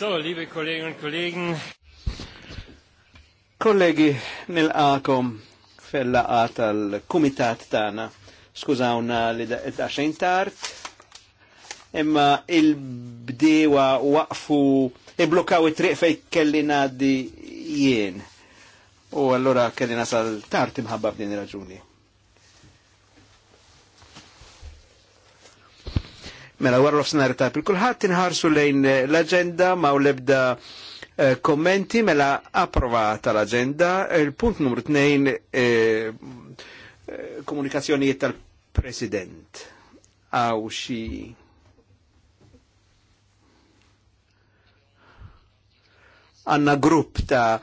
So, liebe Kolleginnen und Kollegen. Kollegi, nil-għakom fell laqat tal-kumitat tana. Skużawna li da' xejn tard, imma il-bdewa waqfu il-blokaw it-triq fej kelli di jien. U allura kelli nasal tard imħabba b'din raġuni. Mela warlof snar ta' kulħadd inħarsu lejn eh, l-agenda ma' u lebda eh, kommenti mela approvata l-agenda. Il-punt numru 2 eh, komunikazzjonijiet tal-President. Għaw xi għanna grupp ta'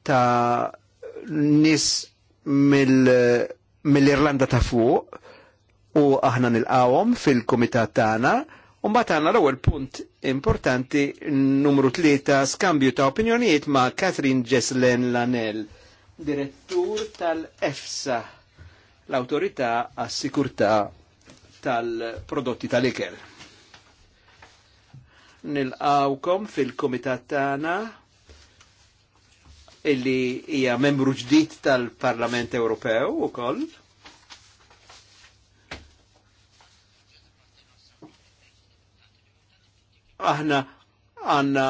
ta' nis mill-Irlanda ta' fuq u aħna nilqawhom fil-kumitat tagħna u mbagħad għandna l-ewwel punt importanti numru tlieta skambju ta' opinjonijiet ma' Catherine Jeslen Lanel, direttur tal-EFSA, l-Awtorità għas-Sikurtà tal-Prodotti tal-Ikel. Nilqawkom fil-kumitat tagħna illi hija membru ġdid tal-Parlament Ewropew ukoll aħna għanna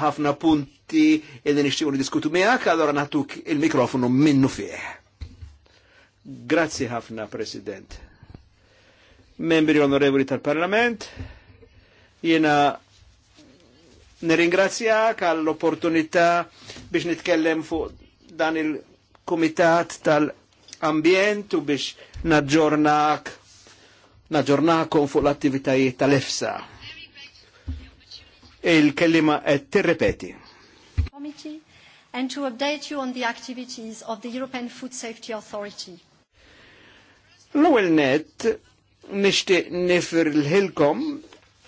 ħafna punti illi nixtiequ diskutu miegħek, allora nagħtuk il-mikrofonu minnu fih. Grazzi ħafna, President. Membri onorevoli tal-Parlament, jiena nirringrazzjak għall-opportunità biex nitkellem fuq dan il-Kumitat tal ambient u biex naġġornak naġġornakom fuq l-attivitajiet tal-EFSA il-kellima tirrepeti. and to update you on the activities of the European Food Safety Authority. L-ewwel net nixtieq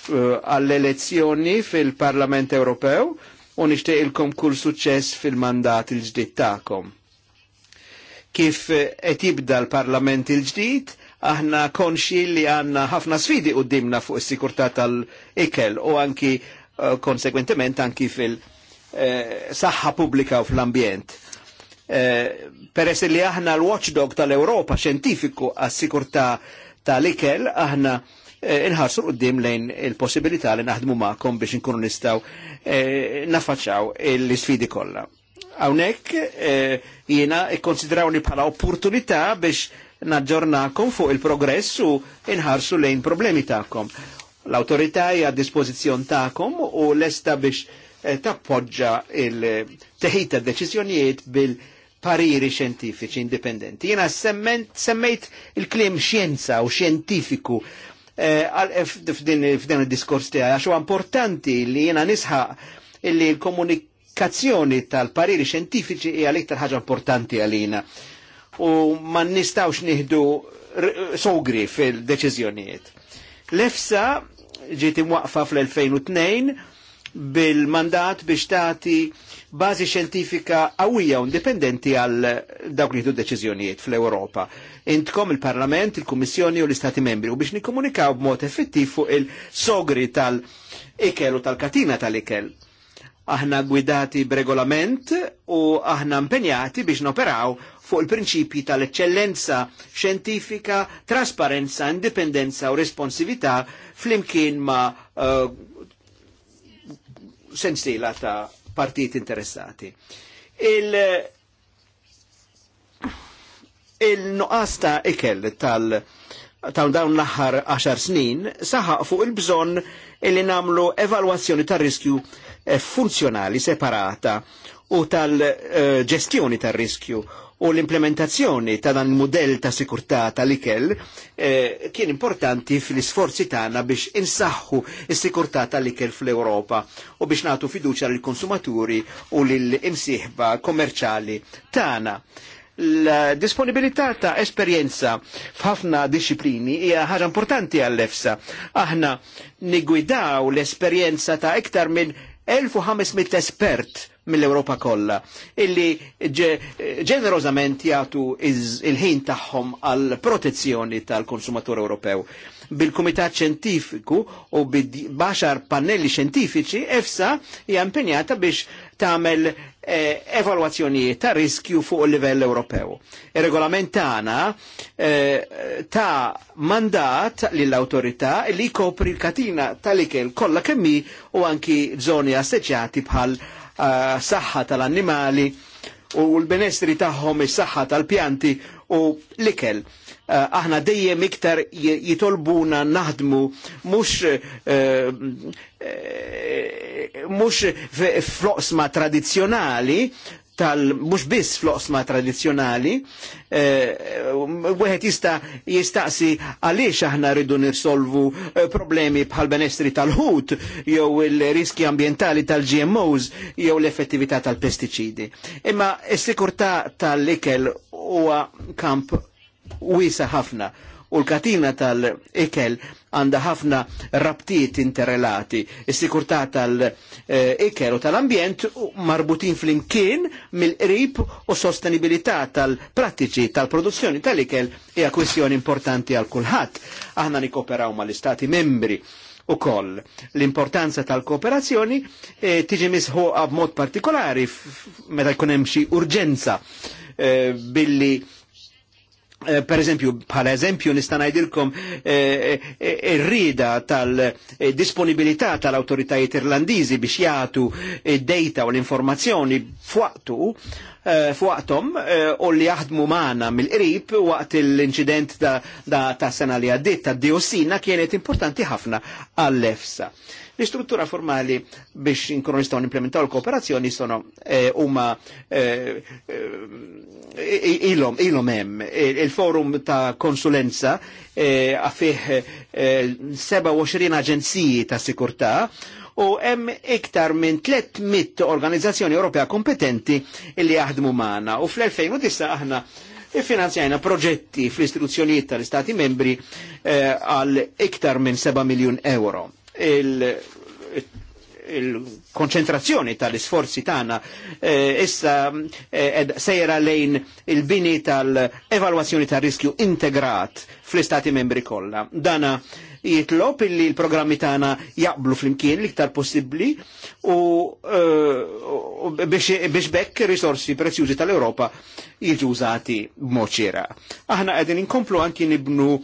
uh, għall-elezzjoni fil-Parlament Ewropew u nixtieq ilkom kull suċċess fil-mandat il-ġdid tagħkom. Kif qed jibda l-Parlament il-ġdid, aħna konxi li għandna ħafna sfidi qudiemna fuq is-sikurtà tal-ikel u anki Eh, konsekwentement anki fil-saħħa eh, publika u fl-ambjent. Eh, peress li aħna l-watchdog tal-Europa xentifiku għas-sikurta tal-ikel, aħna inħarsu qoddim lejn il-possibilità li naħdmu ma'kom biex nkunu nistaw nafaċċaw l-sfidi kollha. Hawnhekk jiena ikkonsidrawni bħala opportunità biex naġġornakom fuq il-progress u inħarsu lejn problemi tagħkom. L-autorità hija dispożizzjon tagħkom u lesta biex eh, tappoġġa il-teħita deċiżjonijiet bil- pariri xjentifiċi indipendenti. Jiena semmejt il kliem xjenza u xjentifiku eh, eh, f'din il-diskors tiegħi għax huwa importanti li jiena nisħaq illi l-komunikazzjoni tal-pariri xjentifiċi hija l-iktar ħaġa importanti għalina. U ma nistawx nieħdu sogri fil-deċiżjonijiet. L-EFSA ġiet imwaqfa fl-2002 bil-mandat biex tagħti bażi xjentifika qawwija u indipendenti għal dawk li jieħdu deċiżjonijiet fl-Ewropa. Intkom il-Parlament, il-Kummissjoni u l-Istati Membri u biex nikkomunikaw b'mod effettiv fuq il-sogri tal-ikel u tal-katina tal-ikel aħna gwidati b'regolament u aħna impenjati biex noperaw fuq il-prinċipji tal-eccellenza xjentifika, trasparenza, indipendenza u responsività flimkien ma uh, eh, sensila ta' partijiet interessati. Il- il ta' ikel tal- ta' dawn l-aħħar 10 snin saħaq fuq il-bżonn illi namlu evalwazzjoni tar riskju eh, funzjonali separata u tal-ġestjoni eh, tar riskju u l-implementazzjoni ta' dan il-modell ta' sikurtà tal-ikel eh, kien importanti fil-isforzi tagħna biex insaħħu s-sikurtà tal-ikel fl-Ewropa u biex nagħtu fiduċja lill-konsumaturi u lill-imsieħba kommerċali tagħna l-disponibilità ta' esperjenza f'ħafna disciplini hija ħaġa importanti għall-EFSA. Aħna nigwidaw l-esperjenza ta' iktar minn 1500 espert mill-Europa kollha illi ġenerozament jagħtu il-ħin tagħhom għal protezzjoni tal-konsumatur Ewropew. Bil-Kumitat Xjentifiku u bil baxar pannelli xjentifiċi EFSA hija impenjata biex tagħmel eh, evalwazzjonijiet ta' riskju fuq il-livell Ewropew. Ir-regolament tagħna eh, ta' mandat lill-awtorità li kopri l-katina tal-ikel kollha kemmi u anki żoni asseċjati bħal eh, saħħa tal-annimali u l-benestri tagħhom is-saħħa tal-pjanti u likel. Eh, aħna dejjem iktar jitolbuna naħdmu mux eh, eh, mux floqsma tradizjonali tal mhux biss fl-oqsma tradizzjonali, eh, wieħed jista' jistaqsi għaliex aħna rridu nirsolvu eh, problemi bħal benestri tal-ħut jew il-riski ambjentali tal-GMOs jew l-effettività tal-pestiċidi. Imma s-sikurtà tal-ikel huwa kamp wiesa ħafna u l-katina tal-ikel għanda ħafna rabtiet interrelati. Is-sikurtà tal-ikel u tal-ambjent marbutin fl-imkien mill-qrib u sostenibilità tal-prattiċi tal-produzzjoni tal-ikel hija kwestjoni importanti għal kulħadd. Aħna nikoperaw mal-istati membri u koll. L-importanza tal-kooperazzjoni e, tiġi għab mod partikolari meta jkun hemm xi urġenza e, billi Eh, per eżempju, bħala eżempju nista' ngħidilkom eh, eh, ir-rida tal-disponibilità tal-awtoritajiet irlandiżi biex jagħtu id-data u l-informazzjoni fuqtu fuqtom u li jaħdmu maħna mill-qrib waqt l-inċident ta' sena li għaddit ta' Diosina kienet importanti ħafna għall-EFSA. L-istruttura formali biex inkunu implementaw l-kooperazzjoni sono eh, huma eh, eh, ilhom ilhom hemm il-forum ta' konsulenza għafih 27 aġenziji ta' sikurtà u hemm iktar minn 300 organizzazzjoni Ewropea kompetenti li jaħdmu magħna u fl-2009 aħna finanzjajna proġetti fl-istituzzjonijiet tal-Istati membri għal iktar minn 7 miljun euro il-konċentrazzjoni tal-isforzi tagħna eh, issa eh, sejra lejn il-bini tal-evalwazzjoni tar-riskju integrat fl-istati membri kollha. Dana jitlob illi l-programmi tagħna jaqblu flimkien l-iktar possibbli u eh, biex bekk risorsi prezzjużi tal-Ewropa jiġu użati b'mod Aħna qegħdin inkomplu anki nibnu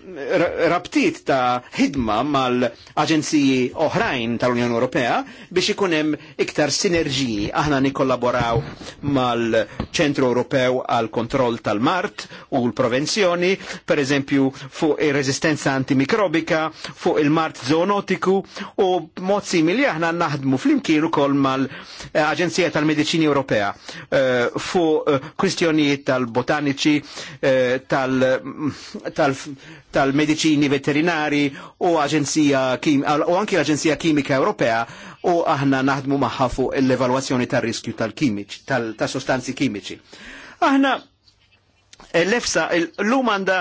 rabtit ta' ħidma mal-aġenziji oħrajn tal-Unjoni Ewropea biex ikun hemm iktar sinerġiji. Aħna nikkollaboraw mal-Ċentru Ewropew għal kontroll tal-Mart u l-Provenzjoni, per eżempju fuq ir-reżistenza antimikrobika, fuq il-Mart zoonotiku u mod simili aħna naħdmu flimkien ukoll mal-Aġenzija tal-Mediċini Ewropea eh, fuq eh, kwistjonijiet tal-botaniċi, eh, tal-, tal, tal tal medicini Veterinari u Aġenzija u anki l-Aġenzija Kimika Ewropea u aħna naħdmu magħha fuq l-evalwazzjoni tar-riskju tal-kimiċ, tal-sostanzi kimiċi. Aħna eh, l-EFSA l-lum għandha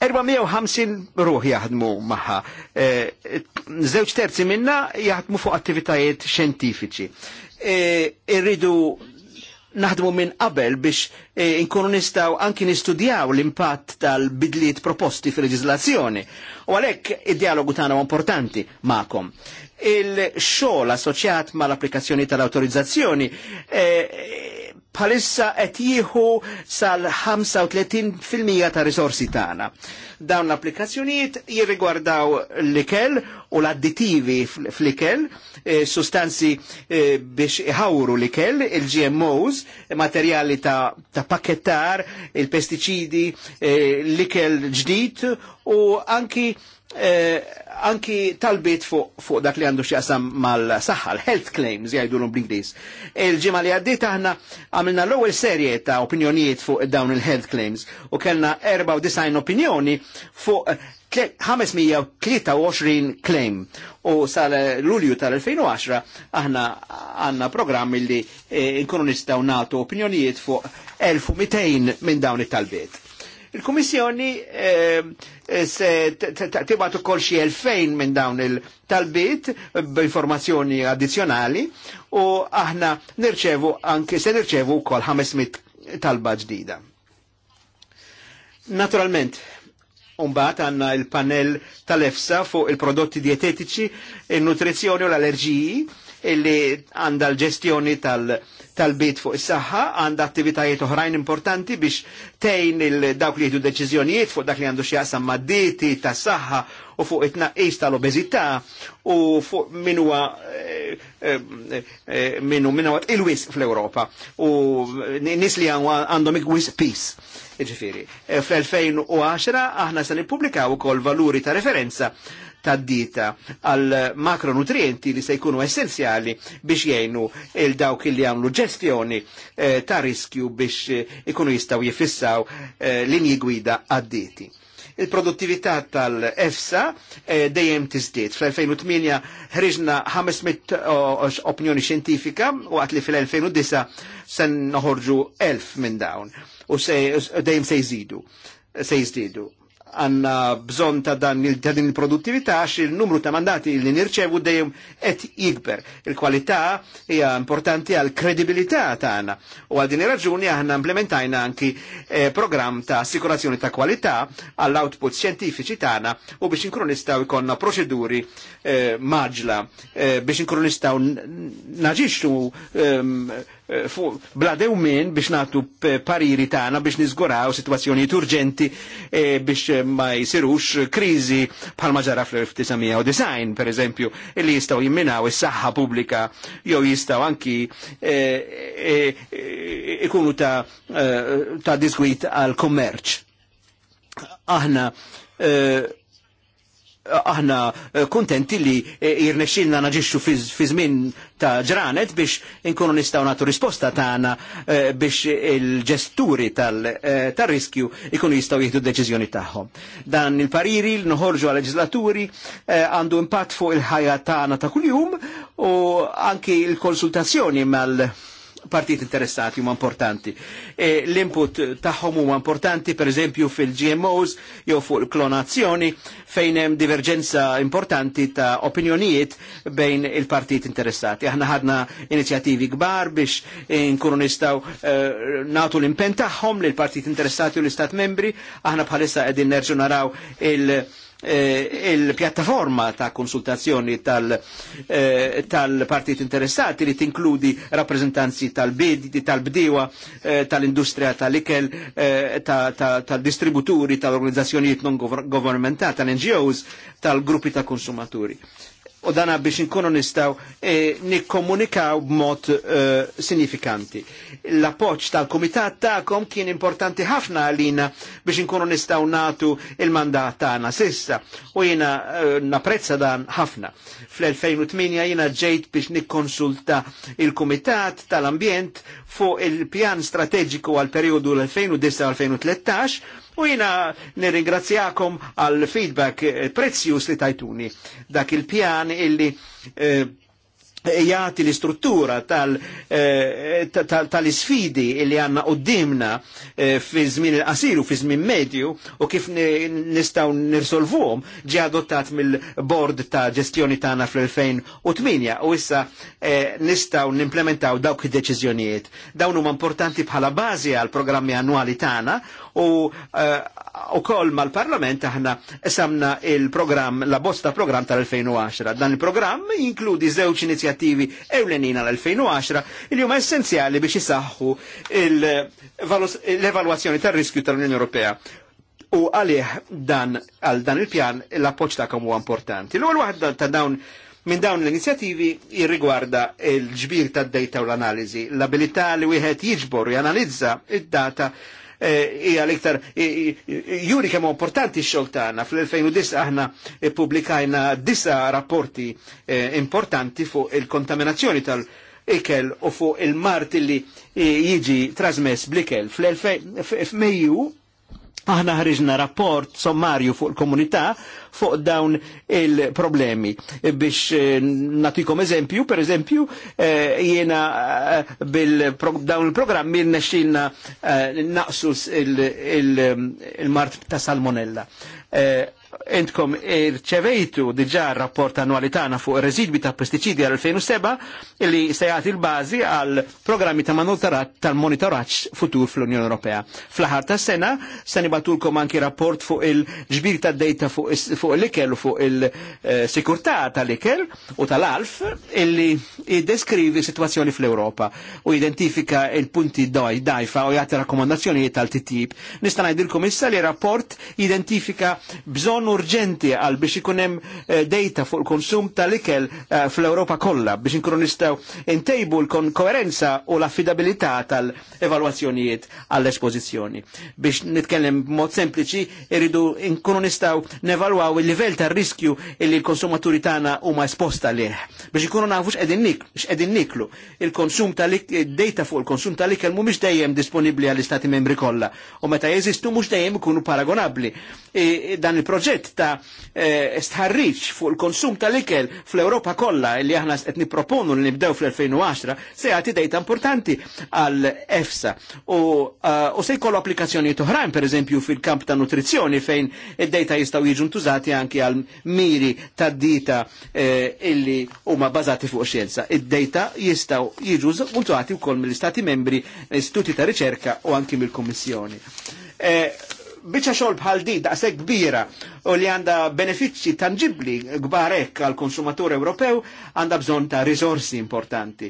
450 ruħ jaħdmu maħħa. Eh, Zewċ terzi minna jaħdmu fuq attivitajiet xentifiċi. Eh, irridu naħdmu minn qabel biex eh, inkunu nistaw anki nistudjaw l-impatt tal-bidliet proposti fil leġislazzjoni U għalhekk id-dialogu tagħna importanti magħkom. Il-xogħol assoċjat mal-applikazzjoni tal-awtorizzazzjoni e, palissa qed jieħu sal-35% ta' risorsi tagħna. Dawn l-applikazzjonijiet jirrigwardaw l-ikel u l-additivi fl-ikel, e, sustanzi e, biex iħawru l-ikel, il-GMOs, materjali ta', ta pakettar, il-pesticidi, e, l-ikel ġdid u anki anki talbiet fuq fu dak li għandu xjaqsam mal-saħħa, health claims jgħidulhom bl inglis Il-ġimgħa li għaddiet aħna għamilna l-ewwel serje ta' opinjonijiet fuq dawn il-health claims u kellna 94 opinjoni fuq 523 claim u sal lulju tal-2010 aħna għanna programm li eh, nkunu nistaw natu opinjonijiet fuq 1200 minn dawn it-talbiet. Il-Kummissjoni eh, eh, se tibat ukoll xi elfejn minn dawn il-talbit b'informazzjoni addizzjonali u aħna nirċevu anke se nirċevu wkoll 500 talba ġdida. Naturalment, Umbat għanna il-panel tal-EFSA fuq il-prodotti dietetiċi, il-nutrizzjoni u l-allerġiji illi għanda l-ġestjoni tal-bit fuq is-saħħa, għanda attivitajiet oħrajn importanti biex tejn il-dawk li jieħdu deċiżjonijiet fuq dak li għandu xjaqsam ma' diti tas-saħħa u fuq it-naqqis tal-obeżità u fuq min eh, eh, eh, minu minu il-wis fl-Europa u nis li għandhom il-wis peace. Ġifiri, fl-2010 aħna se nippubblikaw ukoll valuri ta' referenza tad-dita għal makronutrienti li se jkunu essenzjali biex jgħinu il dawk li għamlu ġestjoni eh, ta' riskju biex eh, ikunu jistaw jifissaw eh, linji gwida għad-diti il-produttività tal-EFSA eh, dejjem tiżdied. Fl-2008 ħriġna 500 opinjoni xjentifika u għat li fil-2009 sen noħorġu 1000 minn dawn u dejjem se jżidu se jżdiedu għanna bżon ta' dan ta' din il-produttività għax il-numru ta' mandati li nirċevu dejjem et jikber. Il-kwalità hija importanti għal kredibilità tagħna. U għal din raġuni aħna implementajna anki eh, programm ta' assikurazzjoni ta' kwalità għall output xjentifiċi tagħna u biex inkronistaw ikonna proċeduri eh, maġla eh, biex inkronistaw nistgħu eh, Eh, bladew min biex natu pariri tana biex nizguraw situazzjoni urġenti eh, biex eh, ma jisirux krizi bħal ma fl-1990 per eżempju li jistaw jimminaw is-saħħa pubblika jew jistaw anki ikunu ta', ta diskwit għal kommerċ. Aħna aħna eh, kontenti li jirnexxilna eh, naġixxu fi żmien ta' ġranet biex inkunu nistgħu nagħtu risposta tagħna eh, biex il-ġesturi tal-riskju ikunu jistgħu jieħdu d-deċiżjoni tagħhom. Dan il-pariri li noħorġu għal leġislaturi għandu impatt fuq il-ħajja tagħna ta' kuljum u anki l-konsultazzjoni mal- partiti interessati huma importanti. E, L-input tagħhom huwa importanti pereżempju fil-GMOs jew fuq il-klonazzjoni fejn hemm diverġenza importanti ta' opinjonijiet bejn il partit interessati. Aħna ħadna inizjattivi kbar biex nkunu nistgħu uh, eh, nagħtu l-impenn tagħhom lill-partit interessati u l-Istat membri, aħna bħalissa qegħdin nerġu naraw il- eh, il-pjattaforma ta' konsultazzjoni eh, tal-partit eh, tal interessati li tinkludi rappresentanzi tal-bdiwa, tal eh, tal-industria tal-ikel, eh, tal-distributuri, tal organizzazzjoni non governmentali, tal-NGOs, tal-gruppi ta' konsumaturi u dana biex nkunu nistaw e, nikkomunikaw b'mod e, sinifikanti. L-appoċ tal-komitat ta'kom kien importanti ħafna għalina biex nkunu nistaw natu il-mandat ta'na sissa u jina e, eh, naprezza dan ħafna. Fl-2008 jina ġejt biex nikkonsulta il-komitat tal-ambjent fuq il-pjan strategiku għal periodu l 2010 2013 u jina nirringrazzjakom għal feedback eh, prezzjus li tajtuni dak il-pjan illi eh, jgħati l-istruttura tal-isfidi tal, eh, tal li għanna qoddimna fi żmien il-qasiru, fi żmien medju u kif nistaw nirsolvuhom ġi adottat mill-bord ta' ġestjoni tagħna fl-2008 u issa nistaw nimplementaw dawk id-deċiżjonijiet. Dawn huma importanti bħala bażi għal programmi annwali tagħna u ma eh, mal-Parlament aħna samna il-programm, la bosta programm tal-2010. Dan il-programm inkludi żewġ inizjattivi ewlenina l 2010 il huma essenzjali biex isaħħu l-evalwazzjoni tar-riskju tal-Unjoni Ewropea. U għalih dan għal dan il-pjan l-appoċ ta' huwa importanti. L-ewwel waħda ta' dawn Minn dawn l-inizjativi jirrigwarda il-ġbir tad data u l-analizi, l-abilità li wieħed jiġbor u janalizza id-data Eh, hija l-iktar juri kemm importanti x-xogħol tagħna. Fl-2009 aħna pubblikajna disa rapporti eh, importanti fuq il-kontaminazzjoni tal- ikel u fuq il-mart li eh, jiġi trasmess blikel fl-2000 f'Mejju Aħna ħriġna rapport sommarju fuq il-komunità fuq dawn il-problemi. Biex eh, natikom eżempju, per eżempju, eh, jena eh, bil-dawn il-programmi n nexxilna naqsus il-mart ta' salmonella. Entkom eh, irċevejtu diġa rapport annuali fuq residwi ta' pesticidi għal 2007 illi se il bazi għal programmi ta' tal-monitoraġġ futur fl unjon Europea. fl ta' sena se batulkom anki rapport fuq il-ġbir ta' dejta fuq l-ikel u fuq il-sikurtà tal-ikel u tal-alf illi id-deskrivi situazzjoni fl europa u identifika il-punti dajfa u jagħti rakkomandazzjonijiet tal-titjib. Nista' ngħidilkom issa li rapport identifika bżon urġenti għal biex ikunem eh, data fuq il-konsum tal-ikel eh, fl-Europa kollha biex inkunu nistgħu intejbu l-koerenza u l-affidabilità tal-evalwazzjonijiet għall-espożizzjoni. Biex nitkellem b'mod sempliċi irridu nkunu nistgħu nevalwaw il-livell tar-riskju illi l-konsumaturi tagħna huma esposta lih. Biex ikunu nafu x'qegħdin niklu. Il-konsum tal-data fuq il-konsum tal-ikel mhumiex dejjem disponibbli għall-istati membri kollha u meta jeżistu mhux dejjem ikunu paragonabbli dan il-proġett ta' eh, stħarriċ fuq il-konsum tal-ikel fl-Europa kollha li aħna qed nipproponu li nibdew fl-2010 se jagħti dejta importanti għal EFSA u eh, se jkollu applikazzjonijiet oħrajn pereżempju fil-kamp ta' nutrizzjoni fejn id-dejta jistgħu jiġu ntużati anki għal miri tad dita eh, illi huma bażati fuq xjenza. Id-dejta jistgħu jiġu użati wkoll mill-Istati membri, istituti ta' riċerka u anki mill-Kummissjoni biċa xol bħal di daqse kbira u li għanda benefici tangibli gbarek għal konsumatur Ewropew għanda bżon ta' risorsi importanti.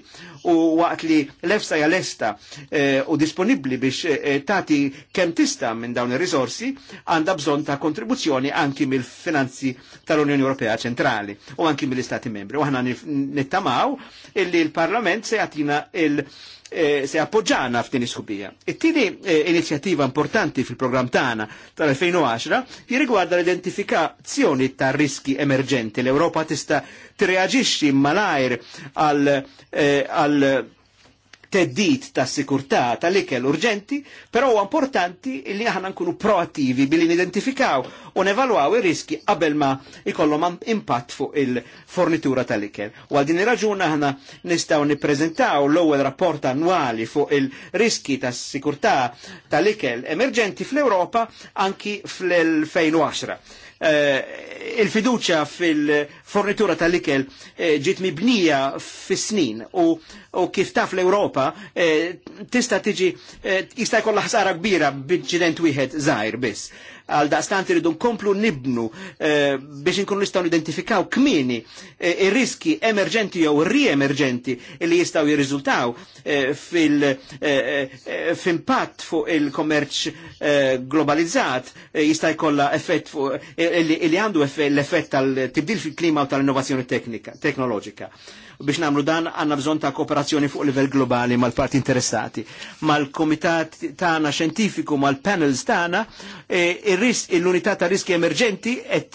U waqt li l jalesta e, eh, u disponibli biex e, eh, tati kem tista minn dawn il risorsi għanda bżon ta' kontribuzzjoni anki mill-finanzi tal-Unjoni Ewropea ċentrali u anki mill-Istati membri. U għana nittamaw illi il-Parlament se jatina il-, -parlament, Eh, se appoġġana f'din isħubija. It-tieni eh, inizjattiva importanti fil-programm tagħna tal-2010 jirrigwarda l-identifikazzjoni ta' riski emerġenti. L-Ewropa tista' tirreaġixxi malajr għal eh, teddit ta' sikurtà tal-ikel urġenti, però huwa importanti li aħna nkunu proattivi billi nidentifikaw u nevalwaw ir-riski qabel ma jkollhom impatt fuq il-fornitura tal-ikel. U għal din ir-raġun aħna nistgħu nippreżentaw l-ewwel rapport annwali fuq il-riski ta' sikurtà tal-ikel emerġenti fl-Ewropa anki fl-2010. Eh, il-fiduċa fil-fornitura tal-ikel eh, ġiet mibnija fis-snin u kif taf l-Ewropa eh, tista tiġi jista' jkollha ħsara kbira b'inċident wieħed żgħir biss. Għal daqstant irridu nkomplu nibnu eh, biex nkunu nistgħu identifikaw kmini eh, ir-riski emerġenti jew riemerġenti li jistgħu jirriżultaw eh, fil-impatt fuq il-kommerċ globalizzat jista' jkollha effett fuq li għandu l-effett tal-tibdil fil-klima u tal-innovazzjoni teknika teknoloġika biex namlu dan għanna bżon ta' kooperazzjoni fuq livell globali mal-parti interessati. Mal-komitat tana xentifiku, mal-panels tana, e, l-unità ta' riski emerġenti et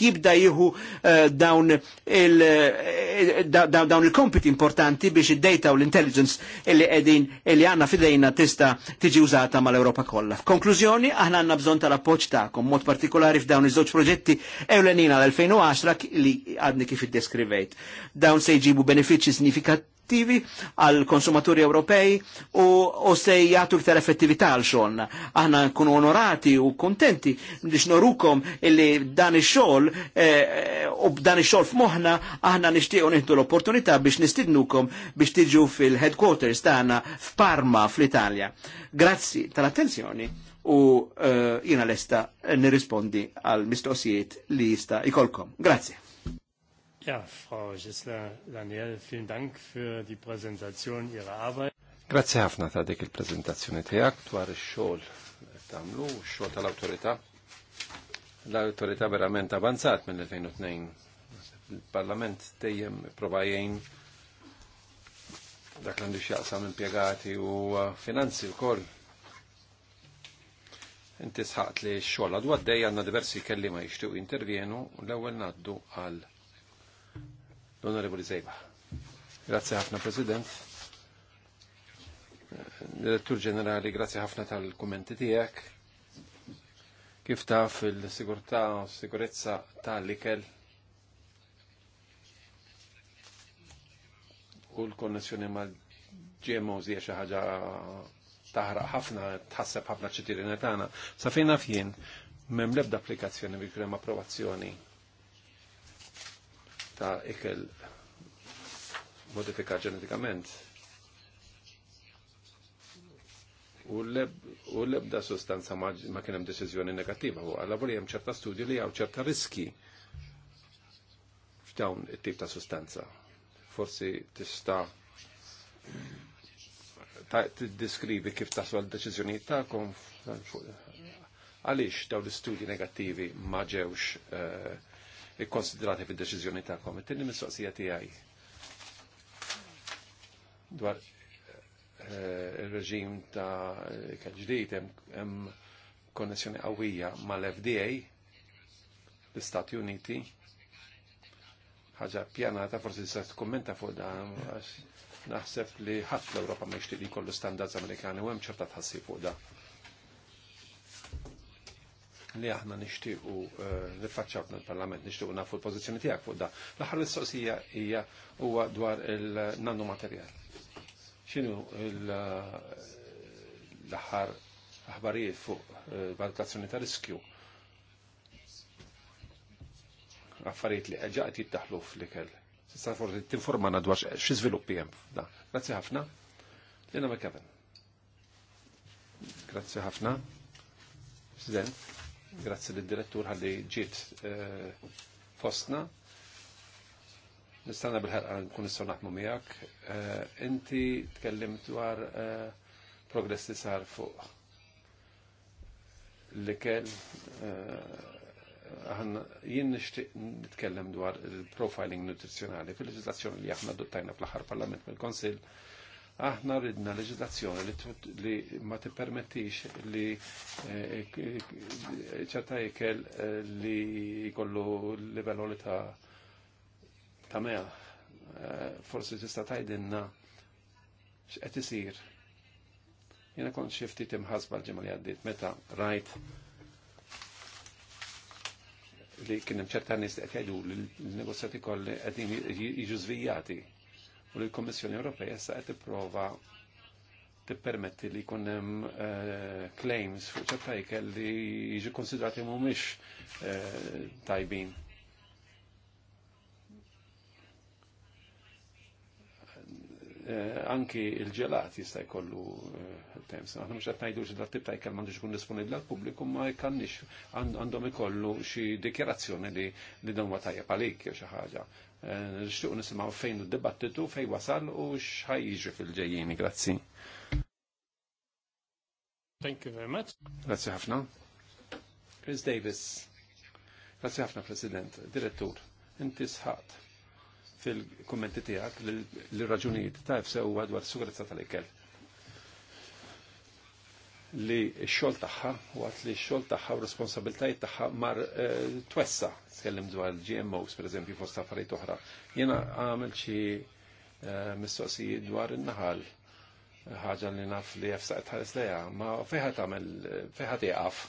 jibda jihu e, dawn il-kompiti e, importanti biex id-data u l-intelligence illi għedin illi għanna fidejna tista tiġi użata mal-Europa kollha. Konklużjoni, aħna għanna bżon tal-appoċ ta'kom, mod partikolari f'dawn iż-żewġ proġetti ewlenina l-2010 li għadni kif id-deskrivejt. Dawn se iġibu benefiċċji signifikattivi għal konsumaturi Ewropej u, se jagħtu ktar effettività għal xogħol. Aħna nkunu onorati u kontenti biex norukom illi dan ix-xogħol eh, u b'dan ix-xogħol f'moħħna aħna nixtiequ nieħdu l-opportunità biex nistidnukom biex tiġu fil-headquarters tagħna f'Parma fl-Italja. Grazzi tal-attenzjoni u uh, eh, jina lesta nirrispondi għal mistoqsijiet li jista' ikolkom. Grazzi. Ja, Frau Gisla Daniel, vielen Dank für die Präsentation Ihrer Arbeit. Grazie ħafna ta' dik il-prezentazzjoni tiegħek dwar ix-xogħol tagħmlu, x-xogħol tal-awtorità. L-awtorità verament avanzat mill-2002. Il-Parlament dejjem ipprova jgħin dak li għandu jaqsam impjegati u finanzi wkoll. Inti sħaqt li x-xogħol għadu għaddej għandna diversi kelli ma jixtiequ u l-ewwel ngħaddu għal l-Onorevoli Zejba. Grazie ħafna, President. Direttur ġenerali, grazie ħafna tal-kommenti tijek. Kif taf il-sigurta u sigurezza tal-ikel u l-konnessjoni mal gmo zie xi ħaġa taħraq ħafna, tħasseb ħafna ċittadini tagħna. Sa fejn naf jien m'hemm l-ebda applikazzjoni bi krem approvazzjoni ta' ikel modifika ġenetikament u l-ebda sostanza ma, kienem deċizjoni negativa u voli jem ċerta studju li għaw ċerta riski f'dawn it-tip ta' sostanza. Forsi tista' t-diskrivi kif taslu għal deċizjoni ta'kom għalix daw l-istudji negativi ma ġewx eh, ikkonsidrati fid-deċiżjoni tagħkom. It-tieni mistoqsija tiegħi dwar eh, il-reġim ta' kħalġdijt hemm konnessjoni qawwija mal-FDA l-Istati Uniti ħaġa pjanata forsi se tkummenta fuq dan naħseb li ħadd l-Ewropa ma jixtieq jkollu standards Amerikani u hemm ċerta tħassib fuq dan li aħna nixtiequ eh, faċċaw fil-Parlament nixtiequ nafu l pozizjoni tiegħek fuq da. L-aħħar sosija hija huwa dwar il-nannu materjal. X'inhu eh, l-aħħar aħbarijiet fuq eh, valutazzjoni ta' riskju affarijiet li ġa qed jittaħlu f'likel. ikel Sista forsi tinformana dwar xi żviluppi hemm da. Grazzi ħafna. Lina McKevin. Grazzi ħafna. President. Grazzi l-direttur għalli ġiet eh, fostna. Nistana bil-ħarqa nkun nistaw naħdmu miegħek. Eh, inti tkellim dwar eh, progress li sar fuq li kell ħanna jien nixtieq nitkellem dwar il-profiling nutrizjonali fil-leġislazzjoni li aħna dottajna fl-aħħar Parlament mill-Konsill aħna ridna leġislazzjoni li ma tippermettix li eh, eh, eh, ċerta ikel li jkollu livell ta' ta' mea. Forsi tista' tajdinna x'qed isir. Jiena kont xi ftit imħasba l-ġimgħa li għaddiet meta rajt li kien hemm ċerta nies qed jgħidu li l-negozjati kolli qegħdin jiġu żvijati u li l-Kommissjoni Ewropea sa qed tipprova tippermetti li jkun eh, claims fuq ċerta li jġi konsidrati mhumiex eh, tajbin. Eh, anki il-ġelat jista' jkollu temps. Aħna mhux qed ngħidu xi dat-tip ta' ikel m'għandux ikun disponibbli għall-pubbliku ma jkannix għandhom ikollu xi dikjerazzjoni li li dan huwa tajjeb għalik jew xi ħaġa. Eh, Nishtuq nisimaw fejn u dibattitu fej wasal u x'ħajjiġi fil-ġejjieni. Grazzi. Thank you very much. Grazzi ħafna. Chris Davis. Grazzi ħafna, President, Direttur. Inti sħat fil-kommenti tijak l-raġunijiet ta' sew s e sigurezza tal-ikel li x-xol taħħa, u għat li xol taħħa u responsabiltajiet taħħa mar eh, twessa, s-kellim dwar GMOs, per eżempju, fost affarijiet uħra. Jena għamil xi eh, mistoqsijiet dwar in-naħal, ħaġa li naf li jafsaq tħares leja, ma fejħat għamil, fejħat jgħaf.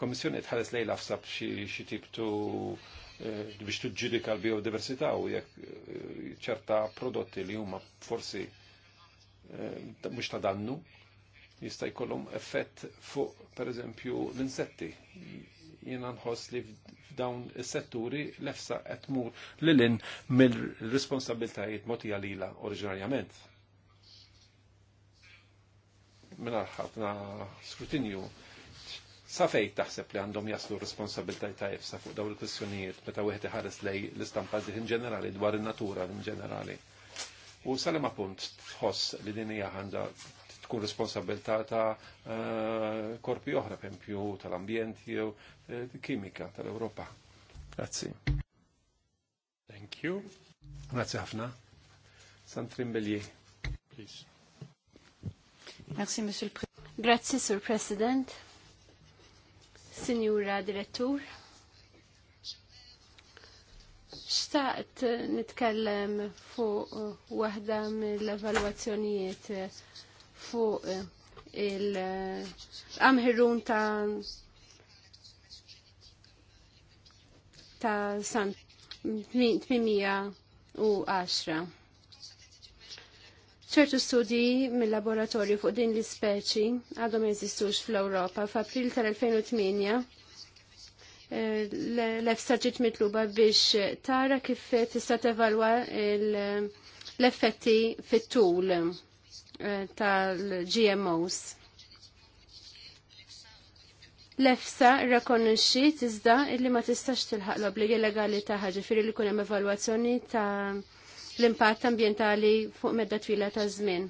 Komissjoni tħares lej lafsab xie tip tu eh, biex tuġġidika l-biodiversità u jek ċerta prodotti li huma forsi mhux ta' dannu jista' jkollhom effett fuq pereżempju l-insetti. Jiena nħoss li f'dawn is-setturi l-efsa qed tmur lil mill-responsabbiltajiet mogħtija lilha oriġinarjament. Mingħajr ħafna skrutinju sa fej taħseb li għandhom jaslu responsabiltajiet ta' jifsa fuq dawn il-kwistjonijiet meta wieħed iħares lej l-istampa in ġenerali dwar in-natura in ġenerali. U salema punt tħoss li din hija ħanda tkun responsabilità ta' eh, korpi oħra, pempju tal-ambjent jew eh, kimika tal europa Grazzi. Thank you. Grazzi ħafna. Santrin Bellier. Please. Merci, Monsieur le Président. Grazie, Monsieur le Président. Signora Direttur. Xtaqt nitkellem fuq wahda mill-evalwazzjonijiet fuq eh, il-amħirun eh, ta' ta' san 810. ċertu studji mill-laboratorju fuq din l-ispeċi għadhom jeżistux fl-Ewropa. F'April tal-2008 eh, l-EFSA ġiet mitluba biex tara kif tista' tevalwa l-effetti fit-tul Eh, tal-GMOs. L-EFSA rekonnuxxiet iżda illi ma tistax tilħaq l-obbligi legali ta' ħaġifieri li jkun hemm evalwazzjoni ta' l-impatt ambjentali fuq medda twila ta' żmien.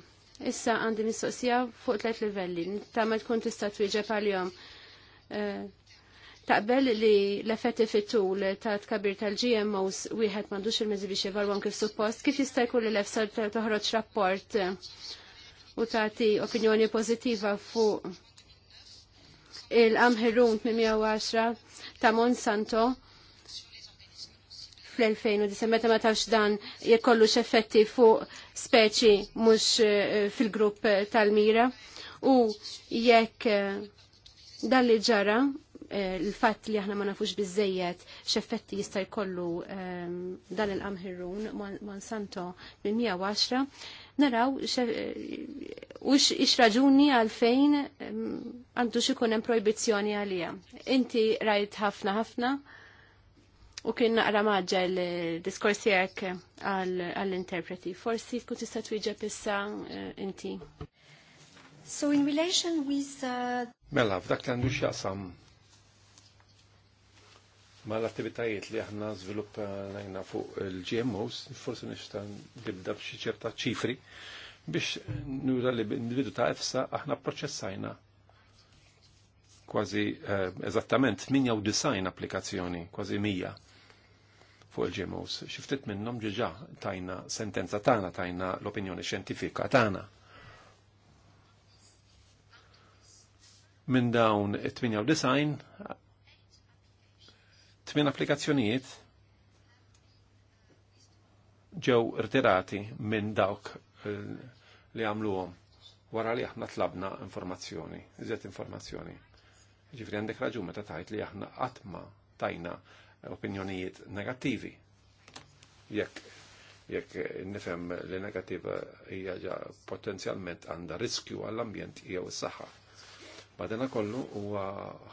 Issa għandi mistoqsija fuq tliet livelli, Ta' ma tkun tista' twieġeb għalihom. Eh, taqbel li l-effetti fit-tul ta' tkabir tal-GMOs wieħed m'għandux il-mezzi biex jevalwhom kif suppost, kif jista' jkun li l-efsar toħroġ rapport u tagħti opinjoni pożittiva fuq il amħirun 810 ta' Monsanto fl-2009 meta ma tafx dan jekollu x'effetti fuq speċi mhux eh, fil-grupp tal-mira u jekk eh, dan li ġara Eh, l-fatt li aħna ma nafux biżejjed x'effetti jista' jkollu ehm, dan il-qamħirrun Monsanto bil-110 naraw eh, ux raġuni għalfejn ehm, għandu xikun hemm projbizzjoni għalija. Inti rajt ħafna ħafna u kien naqra maġġa l-diskorsi eh, għall-interpreti. Forsi tkun tista' twieġeb issa inti. So in relation with uh... Mela, f'dak li għandu x'jaqsam Ma l-attivitajiet li aħna żviluppajna fuq il-GMOs, forsi nista' nibda b'xi ċerta ċifri biex nura li individu ta' EFSA aħna proċessajna kważi eh, eżattament 98 applikazzjoni, kważi 100 fuq il-GMOs. Xiftit minnhom ġiġa tajna sentenza tagħna tajna l-opinjoni xjentifika tagħna. Minn dawn 98 Tmien applikazzjonijiet ġew irtirati minn dawk eh, li għamluhom wara li aħna tlabna informazzjoni, iżet informazzjoni. Ġifri għandek raġun meta tajt li aħna għatma tajna opinjonijiet negattivi. Jekk jekk nifhem li negattiva hija potenzjalment għandha riskju għall-ambjent jew is-saħħa. Badena kollu huwa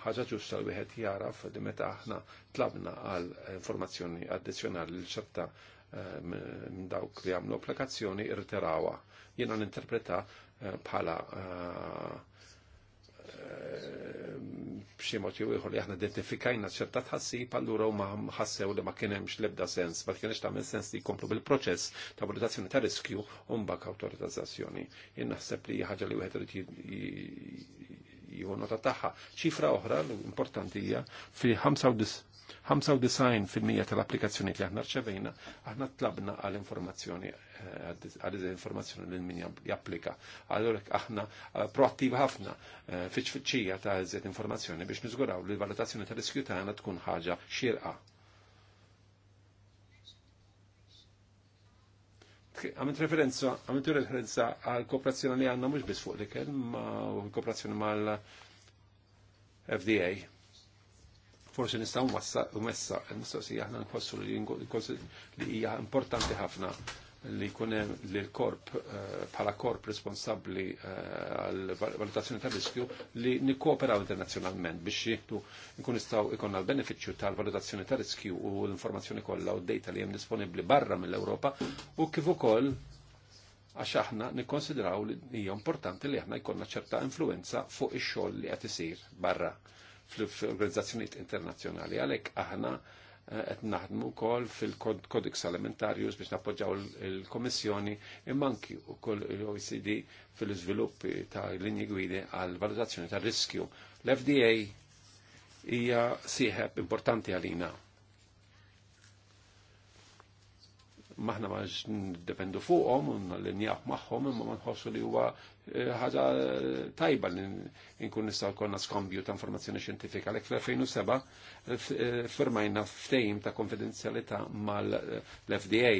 ħaġa ġusta li wieħed jaraf li meta aħna tlabna għal informazzjoni addizzjonali li ċerta eh, minn dawk li għamlu applikazzjoni irterawa. Jiena ninterpreta eh, bħala eh, b'xi mod ieħor li aħna identifikajna ċerta tħassib allura huma ħassew li ma kien hemmx l-ebda sens, ma kienx tagħmel sens li jkomplu bil-proċess ta' valutazzjoni ta' riskju u mbagħad awtorizzazzjoni. Jien naħseb li ħaġa li wieħed jieħu nota tagħha. Ċifra oħra importanti hija fi 95% tal-applikazzjoni li aħna rċevejna, aħna tlabna għal-informazzjoni, eh, għal-informazzjoni li min japplika. Allora aħna eh, proattiv ħafna eh, fiċfiċċija ta' eżiet informazzjoni biex nizguraw li l-valutazzjoni tal-riskju tagħna tkun ħaġa xirqa għamint referenza, għamint referenza għal kooperazzjoni li għanna mux bis fuq dikel, ma kooperazzjoni mal FDA. Forse nistaw messa, messa, nistaw si jahna nħossu li hija importanti ħafna li kunem li l-korp eh, bħala korp responsabli eh, għal valutazzjoni ta' riskju li nikkooperaw internazzjonalment biex jittu nkun istaw ikonna l-beneficju tal-valutazzjoni ta' riskju u l-informazzjoni kollha u d-data li hemm disponibbli barra mill europa u kif ukoll għax aħna nikkonsidraw li hija importanti li aħna jkollna ċerta influenza fuq ix-xogħol li qed isir barra fl-organizzazzjonijiet internazzjonali. Għalhekk aħna qed naħdmu wkoll fil-kodeks alimentarius biex nappoġġaw il-Komissjoni imma anki wkoll l-OECD fil-iżvilupp ta' linji gwidi għal valutazzjoni ta' riskju. L-FDA hija sieħeb importanti għalina. maħna maġ dependu fuqhom u nallinjaw maħħom, imma ma li huwa ħaġa tajba li nkun nistaw jkollna skombju ta' informazzjoni xjentifika. Lek fl-2007 firmajna ftejm ta' konfidenzjalità mal-FDA.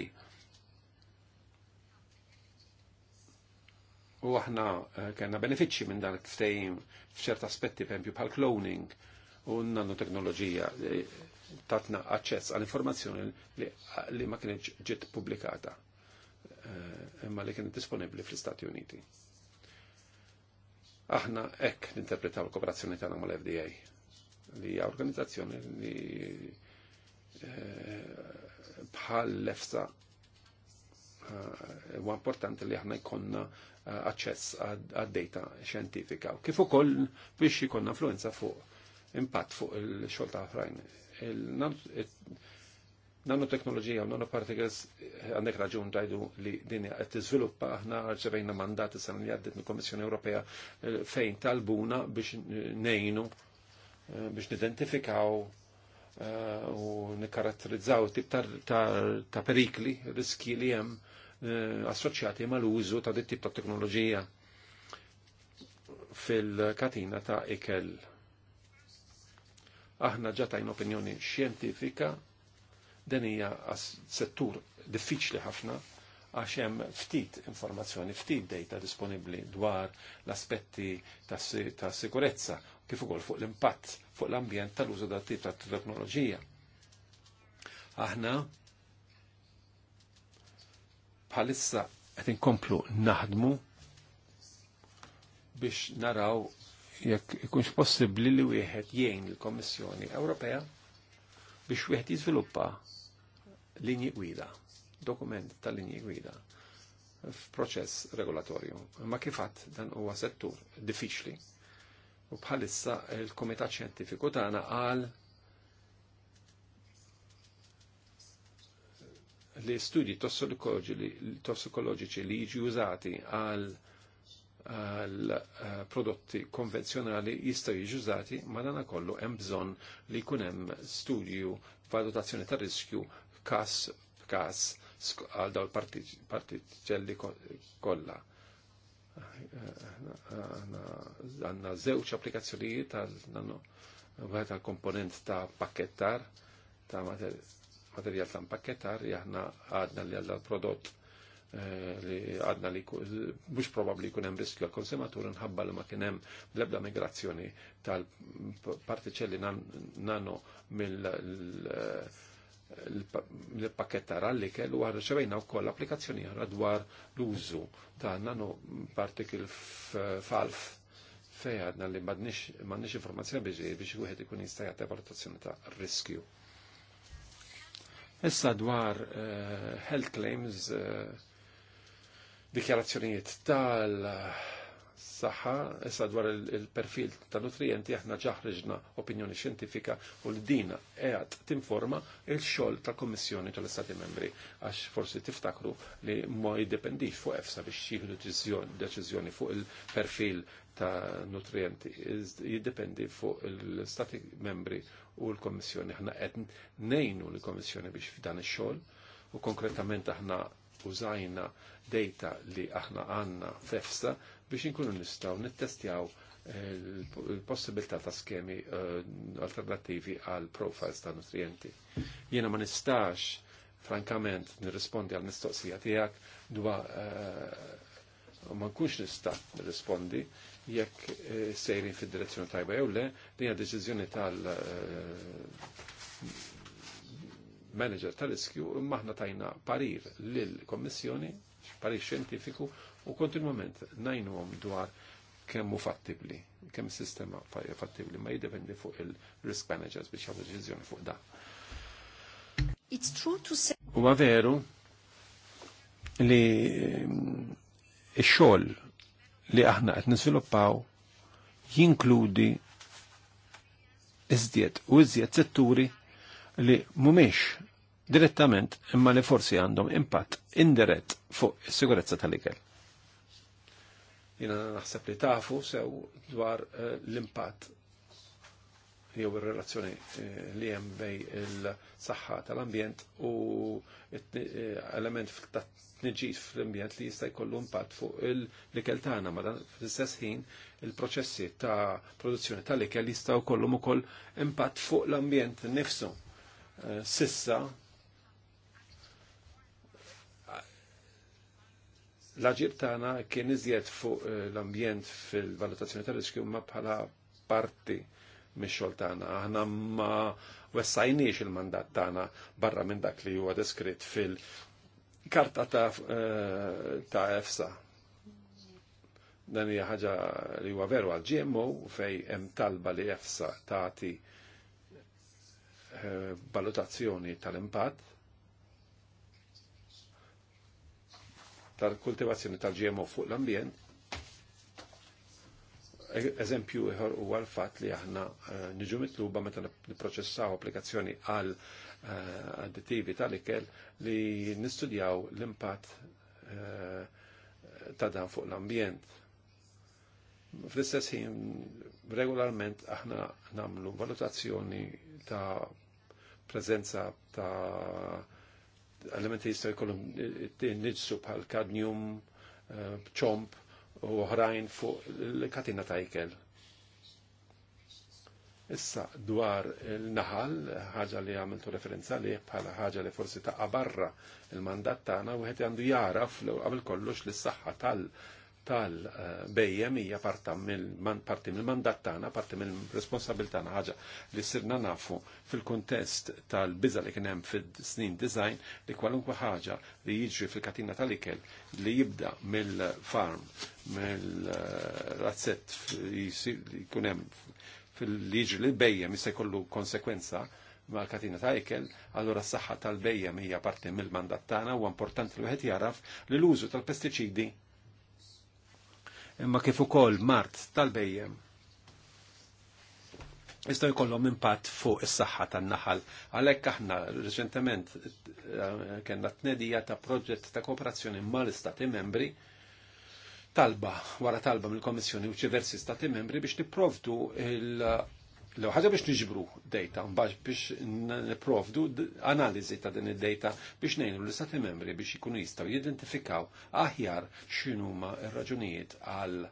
U aħna eh, kellna benefiċċji minn dan ftejm f'ċert aspetti pempju bħal cloning u nanoteknoloġija tatna aċċess għall-informazzjoni li ma kienx ġiet pubblikata eh, imma li kienet disponibbli fl-Istati Uniti. Aħna ek ninterpretaw l-kooperazzjoni tagħna mal-FDA li hija organizzazzjoni li eh, bħal l-EFSA eh, huwa importanti li aħna jkollna eh, aċċess għad-data xjentifika kif ukoll biex jkollna influenza fuq impatt fuq il-xogħol ta' ħrajn Nanoteknoloġija u nanoparticles għandek raġun tajdu li din qed tiżviluppa aħna rċevejna mandati san li għaddit mill-Kommissjoni Ewropea eh, fejn talbuna biex nejnu eh, biex nidentifikaw eh, u nikaratterizzaw tip ta' perikli, riski li hemm assoċjati mal-użu ta' dit tip ta' teknoloġija fil-katina ta' ikel. Aħna ġatajn opinjoni xjentifika Dan hija settur diffiċli ħafna għax hemm ftit informazzjoni, ftit data disponibbli dwar l-aspetti ta' sikurezza kif ukoll fuq l-impatt fuq l-ambjent tal-użu dat tip ta' teknoloġija. Aħna bħalissa qed inkomplu naħdmu biex naraw jekk ikunx possibbli li wieħed jgħin il-Kommissjoni Ewropea biex wieħed jiżviluppa linji gwida, dokument ta' linji gwida f'proċess regolatorju. Ma kifat dan huwa settur diffiċli. U bħalissa il-Komitat Xjentifiku tagħna qal li studji tossikoloġiċi li jiġi użati għal għal eh, prodotti konvenzjonali jistaw jiġi użati, ma dana kollu hemm bżonn li jkun hemm studju valutazzjoni ta' riskju b'kas b'kas għal daw l-partiċelli kolla. Għanna żewġ applikazzjonijiet għal komponent ta' pakettar, ta' materjal ta' pakettar, jahna għadna li għalla prodott eh, li għadna li mux probabli jkun hemm riskju għal konsumatur nħabba li ma kien hemm l-ebda migrazzjoni tal-partiċelli nano mill l pakketta ta' ralli kellu għarra ċevejna u koll applikazzjoni għara dwar l-użu ta' nano particle falf fej għadna li mannix informazzjoni biex biex għuħed ikun jistajat valutazzjoni ta' riskju. Issa dwar eh, health claims eh, dikjarazzjonijiet tal saħħa, issa dwar il-perfil ta' nutrienti aħna ġaħriġna opinjoni xjentifika u l-dina qiegħed tinforma il-xogħol ta' kummissjoni tal-Istati Membri għax forsi tiftakru li ma jiddependix fuq EFSA biex jieħdu deċiżjoni fuq il-perfil ta' nutrienti, jiddependi fuq l-Stati Membri u l-Kommissjoni. Aħna qed nejnu l-Kommissjoni biex f'dan ix-xogħol u konkretament aħna użajna data li aħna għanna f'EFSA biex inkunu nistgħu nittestjaw il-possibilità ta' skemi eh, alternattivi għal profiles ta' nutrienti. Jiena ma nistax frankament nirrispondi għal mistoqsija tiegħek dwar eh, ma nkunx nista' nirrispondi jekk eh, sejrin fid-direzzjoni tajba jew le, din deċiżjoni tal manager tal-iskju maħna aħna tajna parir lill kommissjoni parir xentifiku u kontinuament najnu għom dwar kemmu fattibli, kemm sistema fattibli, ma jidependi fuq il-risk managers biex jagħmlu deċiżjoni fuq da. It's true to say. Huwa veru li eh, ix li aħna qed niżviluppaw jinkludi izdiet u izdiet setturi li mumiex direttament imma li forsi għandhom impatt indirett fuq is-sigurezza tal-ikel. Jina naħseb li tafu sew dwar eh, l-impatt jew ir-relazzjoni eh, li hemm bej il-saħħa tal-ambjent u eh, element tniġis fl-ambjent li jista' jkollu impatt fuq l-ikel tagħna ma fl-istess ħin il-proċessi ta' produzzjoni tal-ikel jistgħu jkollhom ukoll impatt fuq l-ambjent nifsu. Sissa L-ġib tagħna kien iżjed fuq eh, l-ambjent fil-valutazzjoni tal-riskju ma bħala parti mix-xogħol tagħna. Aħna ma wessajniex il-mandat tagħna barra minn dak li huwa deskritt fil-karta ta' eh, EFSA dan hija ħaġa li huwa veru għal GMO fej hemm talba li EFSA tagħti eh, valutazzjoni tal-impatt tal-kultivazzjoni tal-GMO fuq l-ambjent. E-, eżempju ieħor huwa l-fatt li aħna eh, niġu mitluba meta nipproċessaw applikazzjoni għal eh, additivi tal-ikel li nistudjaw l-impatt eh, ta' dan fuq l-ambjent. Fl-istess ħin, regolarment aħna namlu valutazzjoni ta' prezenza ta' elementi jistaw jkollhom nidsu bħal kadnium, eh, ċomp u oħrajn fuq il-katina ta' ikel. Issa dwar il-naħal, ħaġa li għamiltu referenza li bħala ħaġa li forsi ta' barra il-mandat tagħna wieħed għandu jaraf qabel kollox li s-saħħa tal- tal-bejjem hija parti mill-mandat tagħna, parti mill tagħna ħaġa li sirna nafu fil-kuntest tal-biża li kien hemm fid-snin design li kwalunkwe ħaġa li jiġri fil-katina tal-ikel li jibda mill-farm, mill-razzett li jkun hemm fil-liġri li bejjem jista' jkollu konsekwenza ma' katina ta' ikel, allora s-saxħa tal bejja mija parti mill-mandat tagħna u importanti li wieħed jaraf li l-użu tal-pestiċidi imma kif ukoll mart tal-bejjem jistgħu jkollhom impatt fuq is-saħħa tan-naħal. Għalhekk aħna reċentement eh, kellna tnedija ta' proġett ta' kooperazzjoni mal-istati membri talba wara talba mill-Komissjoni u ċiversi stati membri biex nipprovdu il- Lew ħaġa biex niġbru data, mbagħad biex nipprovdu analiżi ta' din id-data biex ngħinu l-istati membri biex ikunu jistgħu jidentifikaw aħjar x'inhuma r-raġunijiet għal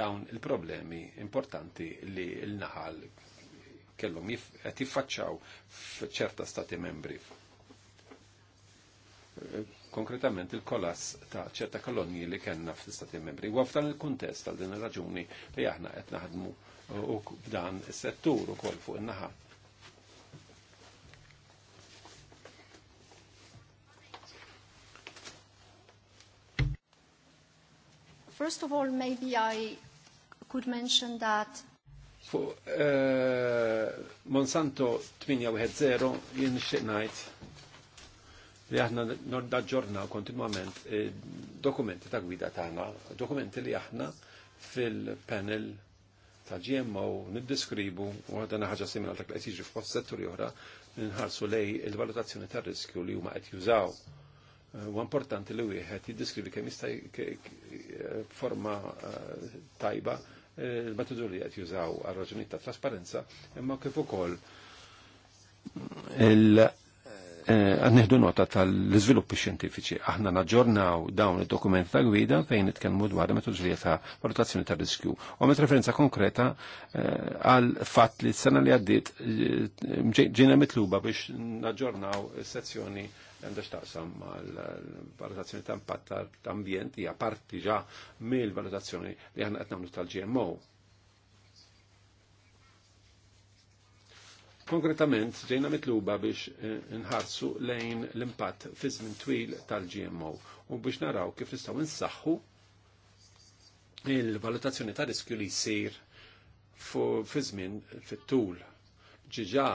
dawn il-problemi importanti li l-naħal kellhom qed jiffaċċaw f'ċerta stati membri eh, konkretament il-kolass ta' ċerta kolonji li kena fl-Istati Membri. U f'dan il kontest għal din il raġuni li aħna qed naħdmu u f'dan is-settur ukoll fuq in-naħa. First of all, maybe I could mention that Fuq uh, Monsanto 810 jien xtiq ngħid li aħna norda ġorna kontinuament eh, dokumenti ta' gwida tagħna, dokumenti li aħna fil-panel ta' GMO niddiskribu u għadana ħagġa simila ta' li qed f'kost setturi oħra nħarsu lej il-valutazzjoni tar-riskju li huma qed jużaw. Eh, u importanti li wieħed jiddiskrivi kemm jista' eh, forma tajba il li qed jużaw għal raġunijiet ta' trasparenza, imma kif ukoll Eh, Għanneħdu nota tal-izviluppi xjentifiċi. Aħna naġġornaw dawn id-dokumenti ta' gwida fejn nitkellmu dwar metodoloġija ta' valutazzjoni ta' riskju. U met referenza konkreta eh, għal fatt li s-sena li għaddit eh, ġina mitluba biex naġġornaw sezzjoni għandha xtaqsam mal-valutazzjoni ta' impatt tal-ambjent hija parti ġa mill-valutazzjoni li aħna qed nagħmlu tal-GMO Konkretament, ġejna mitluba biex eh, nħarsu lejn l-impatt fi żmien twil tal-GMO u biex naraw kif nistgħu nsaħħu il-valutazzjoni ta' riskju li jsir fi żmien fit-tul. Ġiġa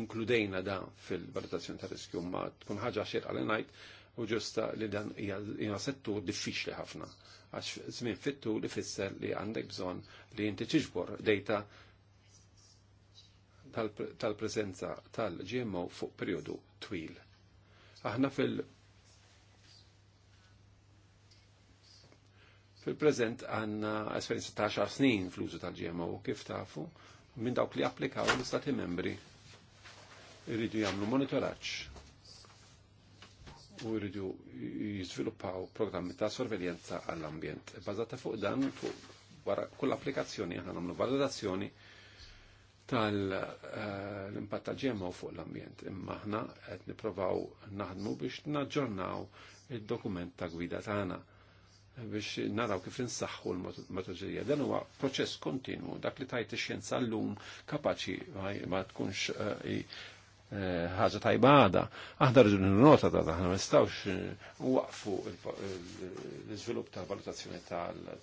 inkludejna dan fil-valutazzjoni ta' riskju ma tkun ħaġa xirqa li ngħid u ġusta li dan hija settur diffiċli ħafna għax żmien fittu li fisser li għandek bżonn li inti tiġbor data tal-prezenza tal-GMO fuq periodu twil. Aħna fil- Fil-prezent għanna esperienza ta' xar snin fl-użu tal-GMO kif tafu minn dawk li applikaw l-istati membri irridu jagħmlu monitoraġġ u jridu jizviluppaw programmi ta' sorveljenza għall-ambjent. Bazzata fuq dan, fuq wara kull applikazzjoni għan għamlu valutazzjoni tal-impatt eh, ta' GMO fuq l-ambjent. Imma aħna qed nippruvaw naħdmu biex naġġornaw id-dokument ta' gwida tagħna biex naraw kif insaħħu l-metoġija. Dan huwa proċess kontinu, dak li tajt ix-xjenza llum kapaċi ma tkunx eh, ħaġa tajba għada. Aħna rridu nota ta' aħna ma eh, waqfu l-iżvilupp ta' valutazzjoni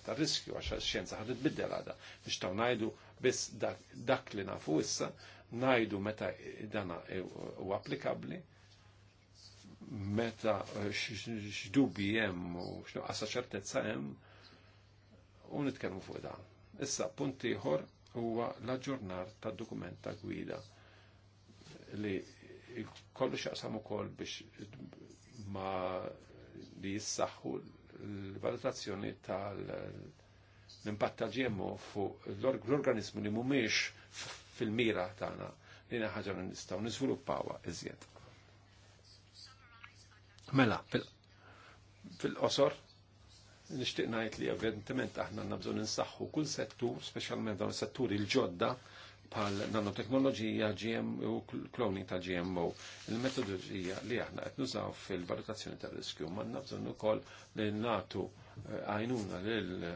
tal-riskju għax xjenza ħad tbiddel għada biex ta' ngħidu biss dak li nafu issa, ngħidu meta dana u applikabbli meta eh, x'dubi hemm u x'nuqqasa ċertezza hemm u nitkellmu fuq dan. Issa punt ieħor huwa l-aġġornar tad-dokument ta' gwida li kollu xaqsam ukoll biex ma li jissaħħu l-valutazzjoni tal-impatt tal fu fuq l organismu li mhumiex fil-mira tagħna li ħaġa li nistgħu niżviluppawha iżjed. Mela, fil-qosor, nixtieq ngħid li evidentement aħna nabżon nsaxħu kull settur, speċjalment dawn is-setturi l-ġodda, bħal nanoteknoloġija GM u kloni ta' GMO. il metodoġija li aħna qed nużaw fil-valutazzjoni ta' riskju manna bżonn ukoll li natu eh, għajnuna lil eh,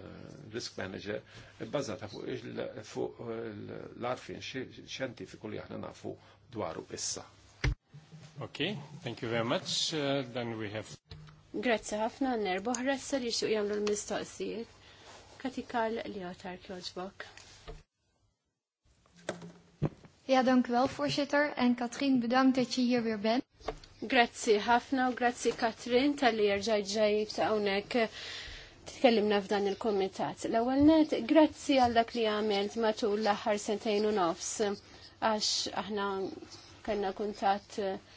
risk manager bbażata fuq eh, l-arfin xjentifiku li aħna nafu dwaru issa. Okay, thank you very much. Uh, then we have Grazie ħafna nerbo ħressa li xuq jamlu l-mistoqsijiet. Katikal li għatar kjoġbok. Ja, dank u wel, voorzitter. En Katrien, bedankt dat je hier weer bent. Grazzi ħafna grazzi Katrin tal-li zijn ġajib eh, ta' tkellimna f'dan il-komitat. L-ewwel net, grazzi għal dak li għamilt matul l-aħħar sentejn u nofs għax aħna kellna kuntat uh, eh,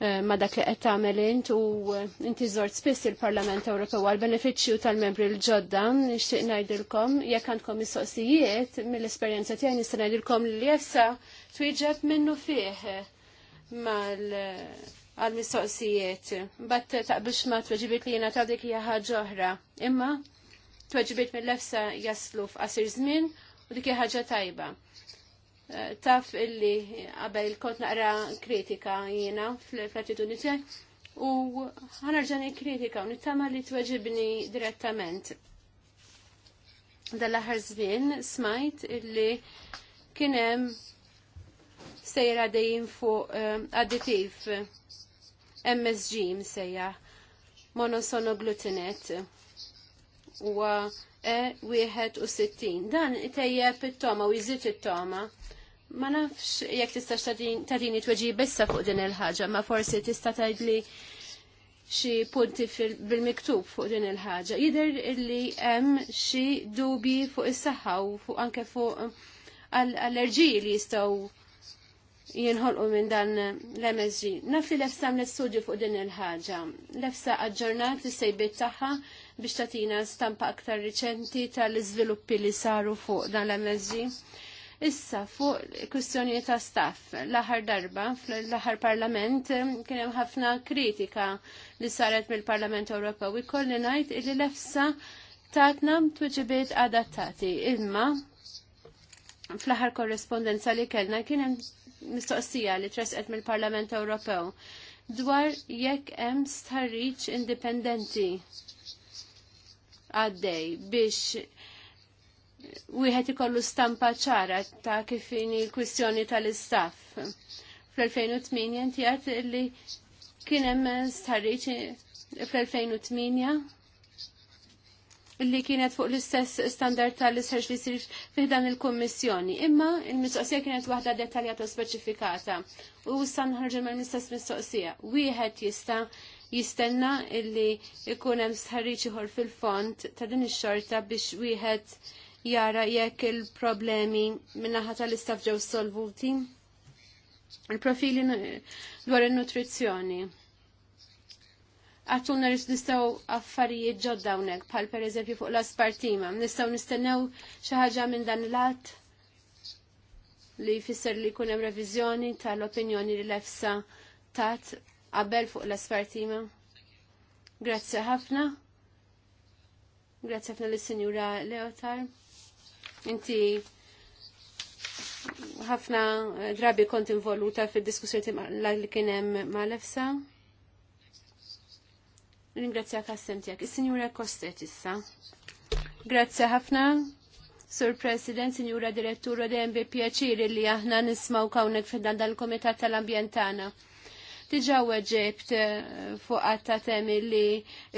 Eh, ma dak li qed tagħmel int u eh, inti żort spiss il-Parlament Ewropew għal benefiċċju tal-membri l-ġodda nixtieq ngħidilkom jekk għandkom mistoqsijiet mill-esperjenza tiegħi nista' ngħidilkom li issa twieġeb minnu fih eh, mal għal mistoqsijiet. Batt taqbilx ma tweġibit li jiena ta' dik hija ħaġa oħra. Imma tweġibit mill-lefsa jaslu f'qasir żmien u dik hija ħaġa tajba taf illi qabel kont naqra kritika jiena fl-attitudni tiegħi u ħanarġani kritika u nittama li tweġibni direttament. Dal-aħħar żmien smajt illi kien hemm sejra dejjem fuq eh, additiv MSG msejja monosonoglutinet e u E61. Dan itejjeb it-toma u jizit it-toma. Ma nafx jekk tistax tadini tweġi bissa fuq din il-ħaġa, ma forsi tista' tgħidli xi punti bil-miktub fuq din il-ħaġa. Jidher li hemm xi dubi fuq is-saħħa u fuq anke fuq allerġiji li jistgħu jinħolqu minn dan l-MSG. Naf li lefsa mill-studju fuq din il-ħaġa. Lefsa aġġornat l-sejbiet tagħha biex tatina stampa aktar riċenti tal-iżviluppi li saru fuq dan l-MSG. Issa fuq kwistjoni ta' staff, l-aħħar darba, fl aħħar parlament, kien hemm ħafna kritika li saret mill-Parlament Ewropew. Ikolli ngħid li l-efsa tatna tweġibiet adattati. Imma fl-aħħar korrespondenza li kellna kien hemm mistoqsija li tresqet mill-Parlament Ewropew dwar jekk hemm starriċ indipendenti għaddej biex wieħed ikollu stampa ċara ta' kif il-kwistjoni tal-istaff. Fl-2008 inti għat li kien hemm starriċ fl-2008 illi kienet fuq l-istess standard tal-isħarġ li sir fiħdan il-kommissjoni. Imma il-mistoqsija kienet waħda dettaljata u speċifikata. U ma' mal-istess mistoqsija. Wieħed jista' jistenna illi ikun hemm sħarriċ ieħor fil-font ta' din ix-xorta biex wieħed jara jekk il-problemi minnaħa tal-istaf ġew solvuti. Il-profili dwar il-nutrizzjoni. Għattu rix nistaw affarijiet ġodda unek, pal per eżempju fuq l-aspartima. Nistaw nistennew xaħġa minn dan l-att li jfisser li kunem revizjoni tal-opinjoni li l-efsa tat qabel fuq l-aspartima. Grazzi ħafna. Grazzi ħafna l-Sinjura Leotar. Inti ħafna drabi kont involuta fil-diskussjoni li kien hemm mal-efsa. Ringrazzjak għas tiegħek. Is-Sinjura Kostet issa. Grazzi ħafna. Sur President, Sinjura Direttura, dejjem bi pjaċiri li aħna nismaw kawnek fid-dan dal-Komitat tal-Ambjentana. tagħna diġa weġibt eh, fuq ta' temi li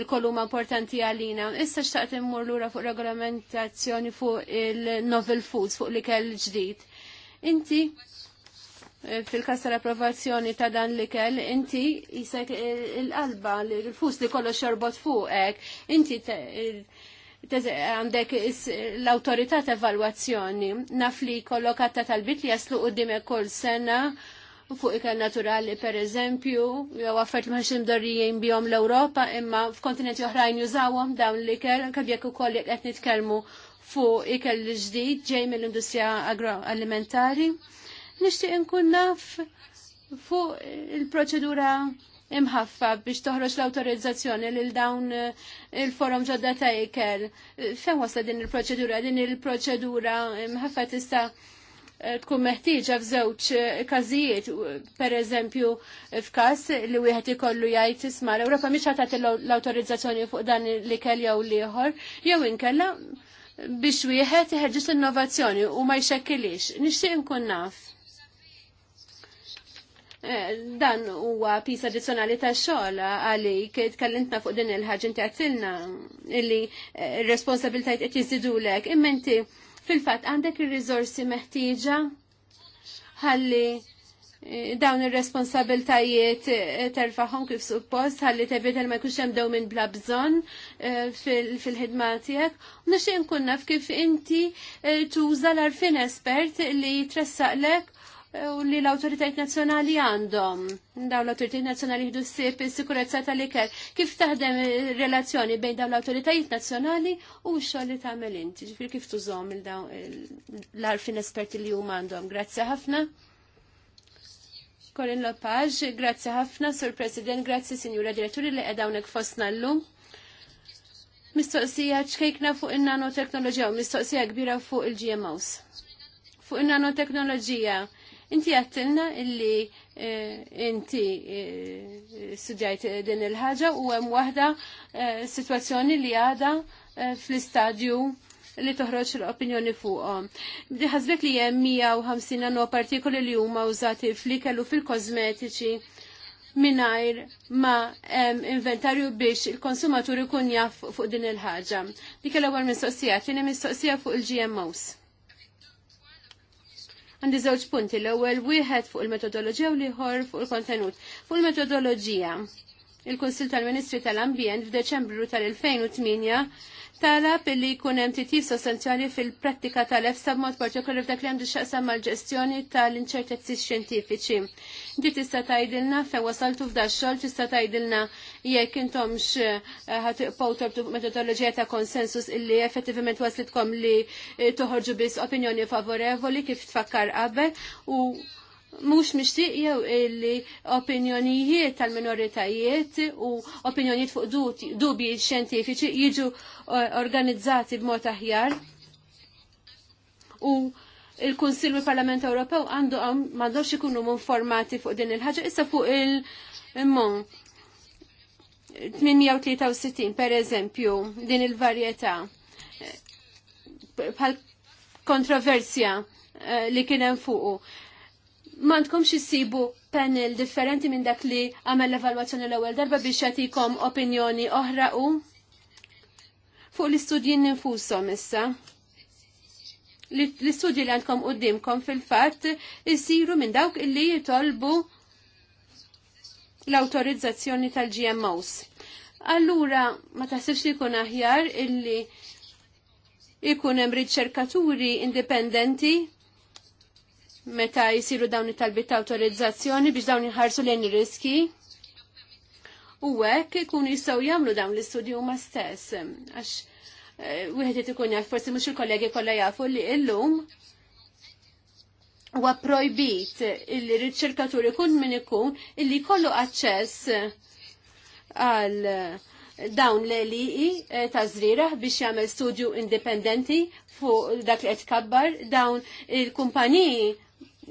il-koluma importanti għalina. Issa xtaqt immur lura fuq regolamentazzjoni fuq il-novel foods, fuq li kell ġdid. Inti, eh, fil kassa tal-approvazzjoni ta' dan li kell, inti jisek il-qalba, il-fus li kollox xorbot fuqek, inti għandek l-autorità ta' evalwazzjoni, naf li kollok għatta tal-bit li jaslu u dimek kol sena fuq ikel naturali per eżempju, jew affert ma xim darrijin bihom l-Ewropa, imma f'kontinenti oħrajn jużawhom dawn l-ikel, kabjek ukoll jekk qed nitkellmu fuq ikel l ġdid ġej mill-industrija agroalimentari. Nixtieq inkun naf fuq il-proċedura imħaffa biex toħroġ l-autorizzazzjoni lil dawn il-forum ġodda ta' ikel. Fejn wasla din il-proċedura? Din il-proċedura imħaffa tista' Eh, tkun meħtieġa f'żewġ eh, każijiet, eh, pereżempju f'każ li wieħed ikollu jgħid isma' l-Ewropa mhix ħatat l-awtorizzazzjoni fuq dan li kell jew ieħor, jew inkella biex wieħed iħeġġis l-innovazzjoni u ma jxekkilix. Nixtieq nkun naf. Dan huwa pis addizzjonali ta' xogħol għalik tkellimtna fuq din il-ħaġa inti illi r-responsabiltajt qed jiżidulek imma inti fil-fatt għandek ir rizorsi meħtieġa ħalli eh, dawn ir-responsabiltajiet eh, terfaħom kif suppost ħalli tebiet ma jkunx hemm dew minn bla bżonn eh, fil-ħidma tiegħek. U nixtieq nkun naf kif inti tuża l-arfin espert li jitressaqlek u li l-autoritajt nazjonali għandhom. Daw l-autoritajt nazjonali jihdu s-sib sikurezza tal-iker. Kif taħdem relazzjoni bejn daw l-autoritajt nazjonali u xoll li tagħmel inti? Ġifier kif tużom l-arfin esperti li huma għandhom. Grazzi ħafna. Korin Lopaj, grazzi ħafna, Sur President, grazzi Sinjura Diretturi li għedawnek fostna l-lum. Mistoqsija ċkejkna fuq il-nanoteknoloġija u mistoqsija kbira fuq il-GMOs. Fuq il-nanoteknoloġija, Inti għattilna illi eh, inti eh, studjajt din il-ħagġa u hemm waħda eh, situazzjoni li għada fl-istadju li toħroġ l-opinjoni fuqhom. Diħazbek li hemm 150 nano partikoli li huma użati fl-ikel u fil-kosmetiċi minajr ma inventarju biex il-konsumatur ikun jaf fuq din il-ħaġa. Dik l-ewwel mistoqsija, tieni mistoqsija fuq il-GMOs. Għandi żewġ punti, l-ewwel wieħed fuq il-metodoloġija u liħor fuq il-kontenut. Fuq il-metodoloġija, il-Kunsil tal-Ministri tal-Ambjent f'Deċembru tal-2008 talab li jkun hemm titjib sostanzjali fil-prattika tal-EFSA b'mod partikolari f'dak li għandu x'aqsam mal-ġestjoni tal-inċertezzi xjentifiċi. Di tista' tgħidilna fejn wasaltu fdax xogħol tista' tgħidilna jekk intomx eh, ħatiqpow tortu metodoloġija ta' konsensus illi effettivament waslitkom li eh, toħorġu biss opinjoni favorevoli kif tfakkar qabel u mux mishtiq jew illi opinjonijiet tal-minoritajiet u opinjonijiet fuq dubji xjentifiċi jiġu eh, organizzati b'mod aħjar. U il konsil u il-Parlament Ewropew għandu m'għandhomx ikunu informati fuq din il-ħaġa issa fuq il-mon. 863 per eżempju din il-varjetà bħal kontroversja eh, li kien hemm fuqu. M'għandkomx issibu panel differenti minn dak li għamel l-evalwazzjoni l-ewwel darba biex jagħtikom opinjoni oħra u fuq l-istudji infushom issa l-istudji li għandkom qoddimkom fil-fatt isiru minn dawk illi jitolbu l-autorizzazzjoni tal-GMOs. Allura, ma taħsibx li jkun aħjar illi jkun hemm riċerkaturi indipendenti meta jisiru dawn it-talbit ta' autorizzazzjoni biex dawn jħarsu lejn ir-riski. U hekk ikun jistgħu jagħmlu dawn l-istudju huma stess għax Eh, wieħed irid ikun jaf forsi mhux il-kollegi kollha jafu li llum huwa għaprojbit il-riċerkatur kun min ikun illi jkollu aċċess għal dawn l-eliqi e, eh, ta' zrira biex jagħmel studju indipendenti fuq dak li qed kabbar dawn il-kumpaniji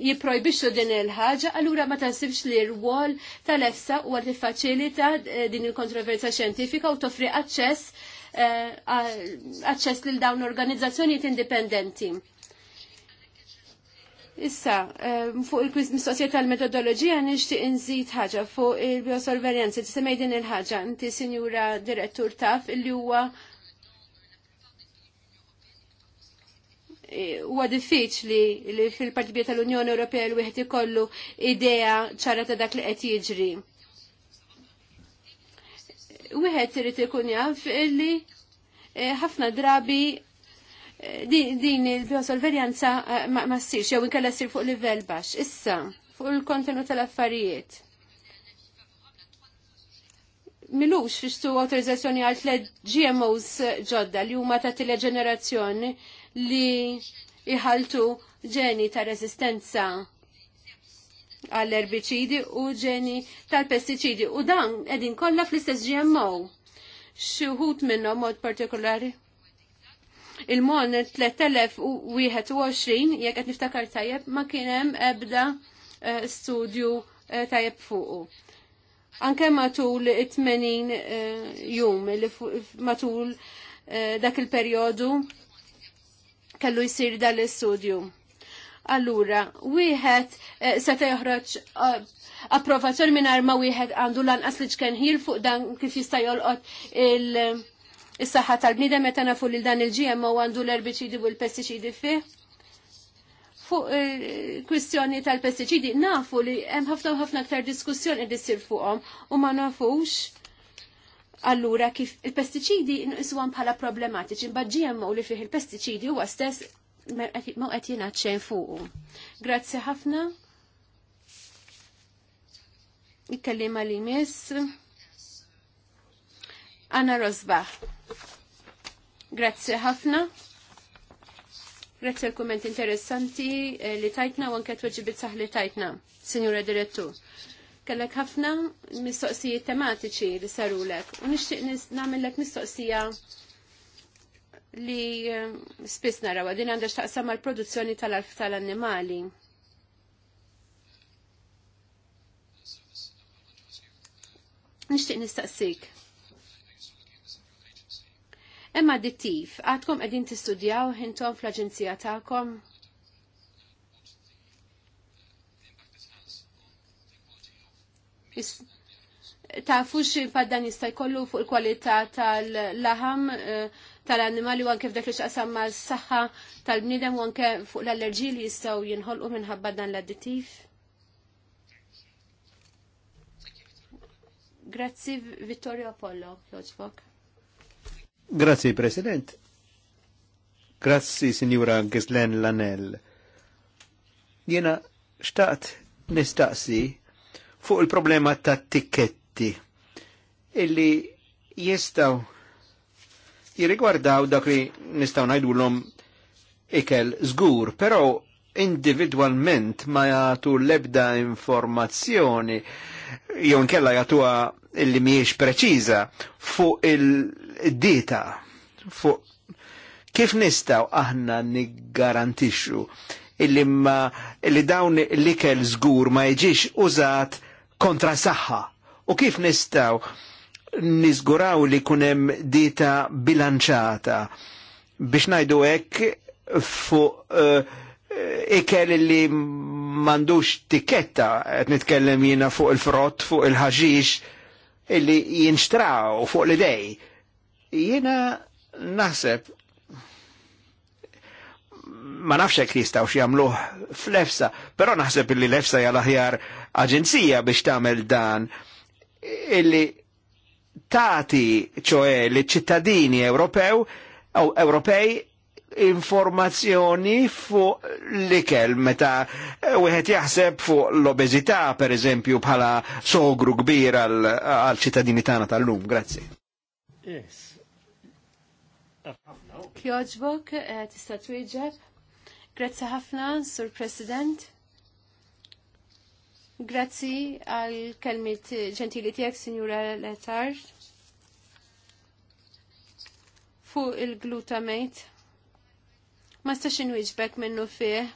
jipprojbixxu din il-ħaġa, allura ma tansibx li r-wol tal essa u għal tiffaċilita eh, din il kontroversa xjentifika u toffri aċċess Eh, aċċess lil dawn organizzazzjonijiet indipendenti. Issa, eh, fuq il-mistoqsija tal metodologija nixtieq inżid ħaġa fuq il-biosolverjanza, tisemmej din il-ħaġa, inti sinjura direttur taf illi huwa huwa diffiċli li fil-Partibija tal-Unjoni Ewropea l-wieħed ikollu idea ċara ta' dak li qed jiġri wieħed irid ikun jaf illi eh, ħafna drabi eh, din il-biosolverjanza eh, ma ssirx jew inkella ssir fuq livell baxx. Issa, fuq il-kontenut tal-affarijiet. Milux fixtu autorizzazzjoni għal tliet GMOs ġodda li huma ta' tile ġenerazzjoni li iħaltu ġeni ta' resistenza għall-erbicidi u ġeni tal-pesticidi u dan edin kollha fl-istess GMO. Xuħut minnhom mod partikolari. Il-mon 3021 jekk qed niftakar tajjeb ma kien hemm ebda eh, studju eh, tajjeb fuqu. Anke matul 80 eh, jum matul dak il-perjodu kellu jsir dal-istudju allura wieħed eh, se joħroġ eh, approvazzjoni mingħajr ma wieħed għandu lanqas li ġkien fuq dan kif jista' jolqot il- Is-saħħa tal-bnidem meta nafu li dan il-GMO għandu l-erbiċidi u l-pestiċidi fih fuq eh, kwistjoni tal-pestiċidi nafu li hemm ħafna ħafna aktar diskussjoni qed issir fuqhom u ma nafux allura kif il-pestiċidi nqisuhom bħala problematiċi imbagħad GMO li fih il-pestiċidi huwa stess qed jingħad xejn fuqu. Grazzi ħafna. Ikkellima li miss. Anna Rosbach. Grazzi ħafna. Grazzi għal-komment interessanti eh, li tajtna u anke tweġibit saħ li tajtna, Sinjura Direttur. Kellek ħafna mistoqsijiet tematiċi li sarulek u nixtieq lek mistoqsija li eh, spiss naraw din għandha x'taqsam mal-produzzjoni tal-alf tal-annimali. Nixtieq nistaqsik. Emma additiv, għadkom qegħdin tistudjaw hintom fl-aġenzija ta'kom? Tafu ximpaddan jista' jkollu fuq il-kwalità tal-laħam uh, tal-annimali u anke f'dak li xaqsam ma' s-saxħa tal-bnidem u anke fuq l-allerġi li jistaw jinħolqu minħabba dan l-additiv? Grazzi Vittorio Apollo, joġbok. Grazzi President. Grazzi Signora Gislen Lanell. Jena xtaqt nistaqsi fuq il-problema ta' tikketti illi jistaw jirigwardaw dak li nistaw l-om ikel żgur, però individualment ma jagħtu l-ebda informazzjoni jew nkella jagħtuha illi mhijiex preċiża fuq il-dieta, fuq kif nistaw aħna niggarantixxu illi ma illi dawn l-ikel żgur ma jiġix użat kontra saħħa u kif nistaw nizguraw li kunem dita bilanċata biex najdu hekk fuq eh, eh, ikel li mandux tiketta qed nitkellem jiena fuq il-frott, fuq il-ħaġix illi jinxtraw fuq l-idej. Jiena naħseb ma nafx hekk jistgħu jagħmluh fl-EFSA, però naħseb illi l-EFSA hija l-aħjar aġenzija biex tagħmel dan illi tati, cioè li ċittadini Ewropew, u Ewropej informazzjoni fu li kell meta eh, wieħed jaħseb fuq l-obeżità per eżempju bħala sogru kbir għal ċittadini tagħna tal-lum. Grazzi. Yes. Kjoġbok, eh, tista' twieġeb. Grazzi ħafna, Sur President. Grazzi għal kelmit ġentili tiegħek, Signora Letar, fuq il-glutamate. Ma staxin inwiġbek minnu fih.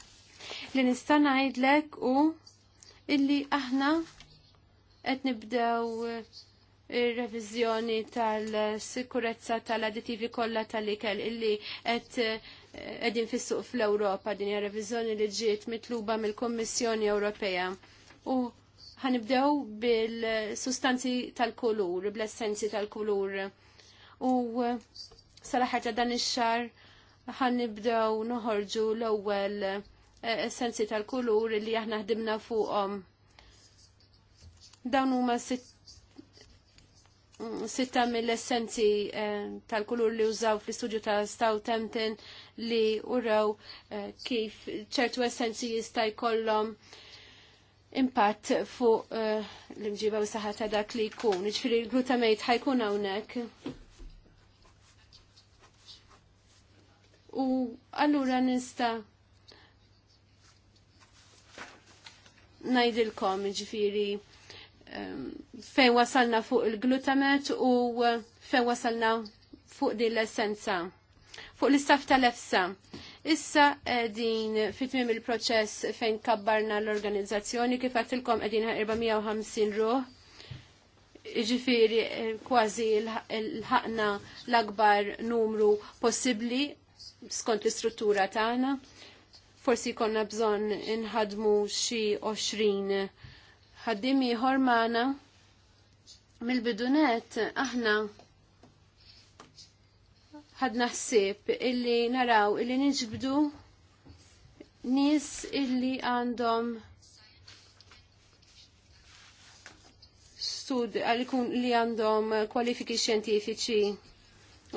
Li nista' ngħidlek u illi aħna qed nibdew ir-reviżjoni tal-sikurezza tal-additivi kollha tal-ikel illi qed eh, qegħdin fis-suq fl-Ewropa din ir reviżjoni li ġiet mitluba mill-Kummissjoni Ewropea u ħanibdew bil-sustanzi tal-kulur, bl-essenzi tal-kulur. U uh, salaħħaġa dan ix-xar ħanibdew noħorġu l-ewwel uh, essenzi tal-kulur li aħna ħdimna fuqhom. Dawn huma sitta mill-essenzi uh, tal-kulur li użaw fl-istudju ta' Southampton li uraw kif ċertu essenzi jista' jkollhom impatt fuq eh, l-imġiba u saħħa ta' dak li jkun. Iġfiri l-glutamate ħajkun hawnhekk. U allura nista' ngħidilkom iġfiri ehm, fejn wasalna fuq il-glutamet u eh, fejn wasalna fuq din l-essenza. Fuq l-istaf tal-efsa Issa din fitmim il-proċess fejn kabbarna l-organizzazzjoni kif għattilkom edin 450 ruħ. Ġifiri eh, kważi l-ħakna l-akbar numru possibli skont l-istruttura tagħna. Forsi konna bżon inħadmu xi 20 ħaddim ieħor magħna mill-bidunet aħna ħadna ħsieb illi naraw illi niġbdu nies illi għandhom studi għalikun li għandhom kwalifiki xjentifiċi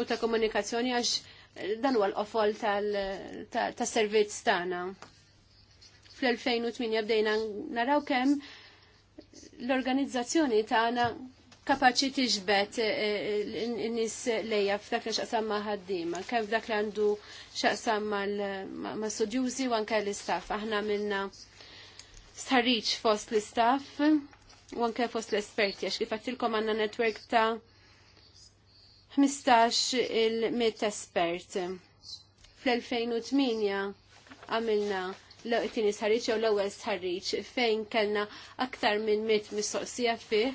u ta' komunikazzjoni għax dan huwa l-qofol tas-servizz ta tagħna. Fl-2008 bdejna naraw kemm l-organizzazzjoni tagħna kapaċi tiġbet eh, eh, n-nis lejja f'dak li xaqsam ma' ħaddima, kemm f'dak li għandu xaqsam ma' studjużi u anke l-istaff. Aħna minna starriċ fost l-istaff u anke fost l-esperti, għax kif għattilkom għanna netwerk ta' 15 il-mit espert. Fl-2008 għamilna l-tini sħarriċ u l-ewel sħarriċ fejn kellna aktar minn 100 mistoqsija fih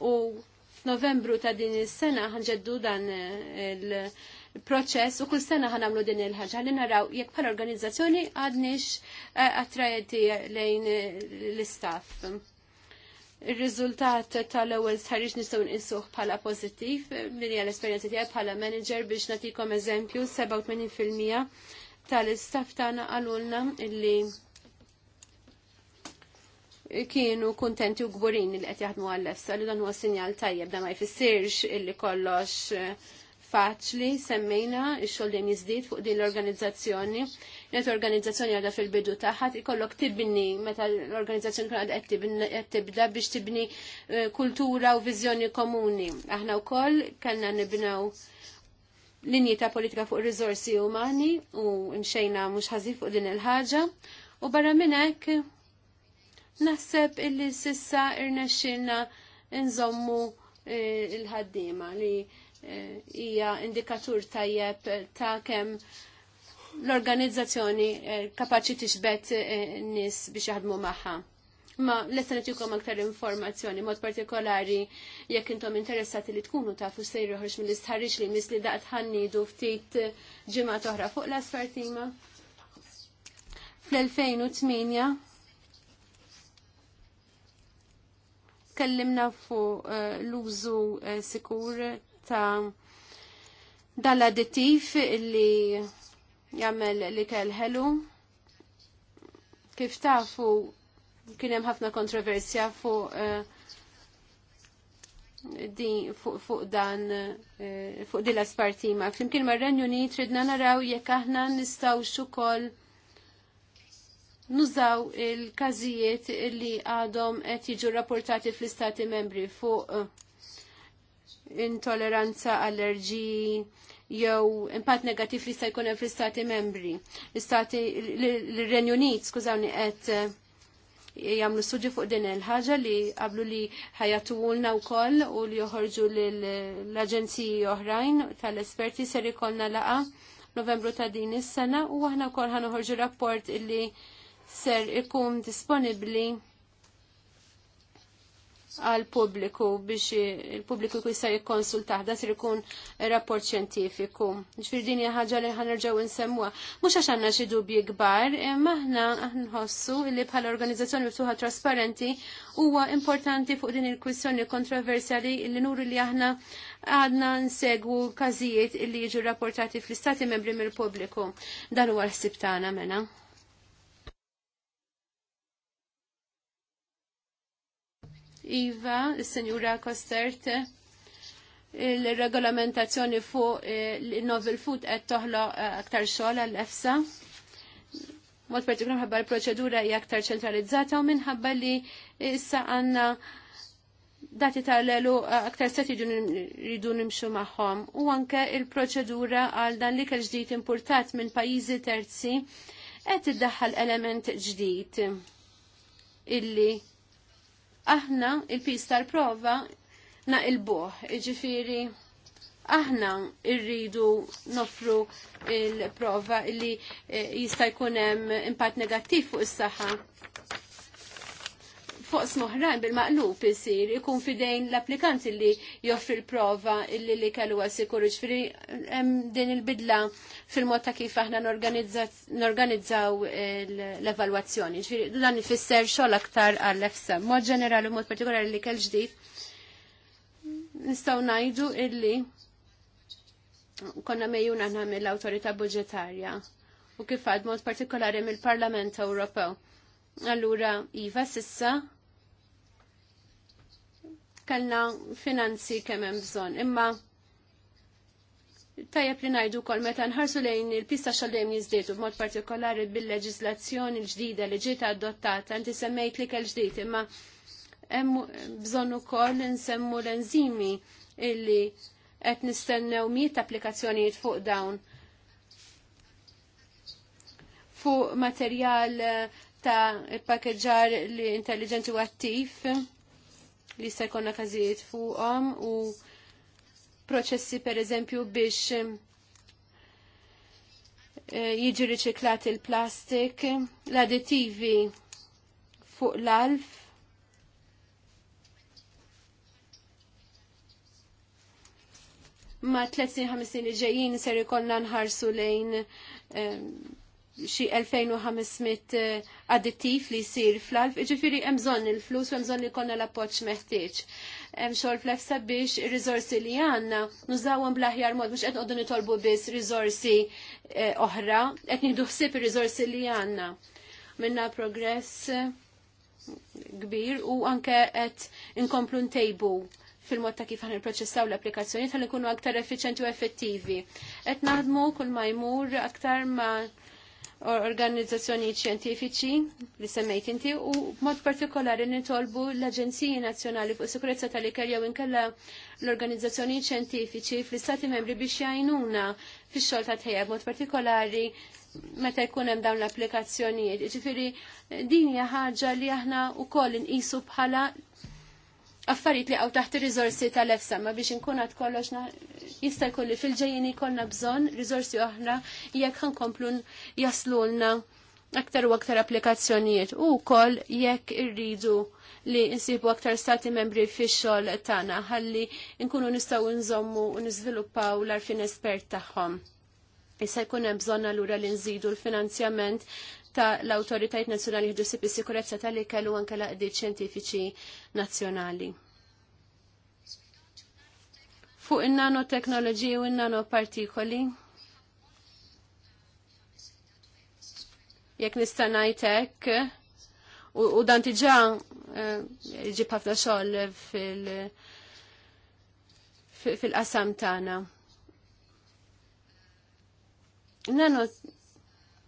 u f'Novembru ta' din is-sena ħanġeddu dan eh, il-proċess u kull sena ħanamlu din il-ħaġa li naraw jekk bħala organizzazzjoni għadniex eh, attrajeti lejn eh, l-istaff. Il-riżultat tal-ewwel sħarriġ nistgħu nqisuh bħala pożittiv min hija l-esperjenza tiegħi bħala manager biex nagħtikom eżempju 87% tal-istaff tagħna qalulna illi kienu kontenti u gburin li qed jaħdmu għall-efsa li dan huwa sinjal tajjeb da ma jfissirx illi kollox eh, faċli semmejna x-xogħol dejjem jiżdied fuq din l-organizzazzjoni. Net organizzazzjoni għadha fil-bidu tagħha ikollok tibni meta l-organizzazzjoni kien qed tibda biex tibni eh, kultura u viżjoni komuni. Aħna wkoll kellna nibnew linji ta' politika fuq riżorsi umani u mxejna mhux ħażin fuq din il-ħaġa u barra minn hekk Naħseb illi sissa irnexxilna nżommu eh, il-ħaddiema li eh, hija indikatur tajjeb ta' kemm l-organizzazzjoni eh, kapaċi tixbet nis biex jaħdmu magħha. Ma lesta nitjukom aktar informazzjoni, mod partikolari jekk intom interessati li tkunu tafu sejri ħorx mill-istħarriġ li li daqt ħannidu ftit ġimgħa toħra fuq l-asfartima. Fl-2008 tkellimna fu eh, l-użu eh, sikur ta' dal-additiv illi jagħmel li kell ħelu. Kif tafu kien hemm ħafna kontroversja fuq eh, din fuq dan fuq din l-aspartima. Flimkien mar-Renju Unit ridna naraw jekk aħna nistgħu ukoll nużaw il-każijiet li għadhom qed jiġu rapportati fl-istati membri fuq eh, intolleranza, allerġiji jew impatt negattiv li jista' jkun hemm fl-istati membri. L-istati l-Renju Unit, skużawni, qed eh, jagħmlu studju fuq din il-ħaġa li qablu li ħajatuwulna wkoll u li joħorġu l-aġenziji oħrajn tal-esperti ser ikollna laqa Novembru ta' din is-sena u aħna wkoll ħanoħorġu rapport illi ser ikun disponibli għal pubbliku biex il-pubbliku jkun sa' jikonsultaħ, da sir ikun rapport xjentifiku. Ġfir din hija ħaġa li ħanarġaw nsemmuha. Mhux għax għandna xi dubji kbar, imma aħna nħossu li bħala organizzazzjoni miftuħa trasparenti huwa importanti fuq din il-kwistjoni kontroversjali li nuru li aħna għadna nsegwu każijiet li jiġu rapportati fl-istati membri mill-pubbliku. Dan huwa l-ħsib tagħna mena. Iva, il-Senjura Kostert, il-regolamentazzjoni fuq eh, il-novel food qed toħlo eh, aktar xogħol għall-EFSA. Mod partikolari ħabba l-proċedura hija aktar ċentralizzata u minħabba li issa għandna dati tal-lelu eh, aktar set jridu nimxu magħhom. U anke il-proċedura għal dan li kell ġdid importat minn pajjiżi terzi qed iddaħħal element ġdid illi aħna il-pis tal-prova na il-buħ, iġifiri aħna irridu nofru il-prova li eh, jista' jkun hemm impatt negattiv fuq is-saħħa fuq smoħran bil-maqlub jisir ikun fidejn l-applikanti li joffri l-prova illi li kellu għasikuru ġifiri din il-bidla fil-mod ta' kif aħna norganizzaw l-evalwazzjoni. Ġifri dan ifisser xogħol aktar għall-efsa. Mod ġenerali, mod partikolari li kell ġdid nistgħu ngħidu illi konna mejjuna aħna l awtorità budġetarja u kif għad mod partikolari mill-Parlament Ewropew. Allura, Iva, sissa, kellna finanzi kemm hemm bżonn. Imma tajjeb li ngħidu wkoll meta nħarsu lejn il-pista xaldejn jiżdiedu b'mod partikolari bil-leġislazzjoni l-ġdida li ġiet adottata, inti semmejt li kell ġdid, imma hemm bżonn ukoll insemmu l-enzimi illi qed nistennew miet applikazzjonijiet fuq dawn fuq materjal ta' pakkeġġar li intelligenti u attiv li se jkollna każijiet fuqhom u proċessi pereżempju biex eh, jiġi riċiklat il-plastik, l-additivi fuq l-alf, ma 30-50 ġejjin ser ikollna nħarsu lejn eh, xi 2500 eh, addittiv li jsir fl-alf, ġifiri hemm bżonn il-flus u hemm li jkollna l-appoġġ meħtieġ. Hemm xogħol fl-efsa biex ir-riżorsi li għandna nużawhom bl-aħjar mod mhux qed nqogħdu nitolbu biss riżorsi eh, oħra, qed nieħdu ħsieb ir-riżorsi li għandna. Minna progress eh, kbir u anke qed inkomplu ntejbu fil-mod ta' kif ħan proċessaw l-applikazzjoni tal-ikunu aktar effiċenti u effettivi. Et naħdmu kull ma jmur aktar ma' organizzazzjoni ċientifiċi li semmejt inti u b'mod partikolari nitolbu l-Aġenziji Nazzjonali fuq Sikurezza tal ikerja jew inkella l-organizzazzjoni ċientifiċi fl-Istati Membri biex jgħinuna fix-xogħol ta' tħejja b'mod partikolari meta jkun hemm dawn l-applikazzjonijiet. Jiġifieri din hija ħaġa li aħna wkoll inqisu bħala affarijiet li għaw taħt il-rizorsi tal-EFSA ma biex inkun għad kollox jista' jkolli fil-ġejjin ikollna bżonn rizorsi oħra jekk ħankomplu jaslulna aktar u aktar applikazzjonijiet u wkoll jekk irridu li nsibu aktar stati membri fix-xogħol tagħna ħalli nkunu nistgħu nżommu u niżviluppaw l-arfin espert tagħhom. Issa jkun hemm bżonn allura li nżidu l-finanzjament ta' l-autoritajt nazjonali jihdu sikurezza tal-ikel u anke l'aqdiet ċentifiċi nazjonali. Fuq in-nanoteknoloġiji u in partikoli, jekk nista' ngħidlek, u dan diġà eh, ġib ħafna xogħol fil-qasam tagħna. Nano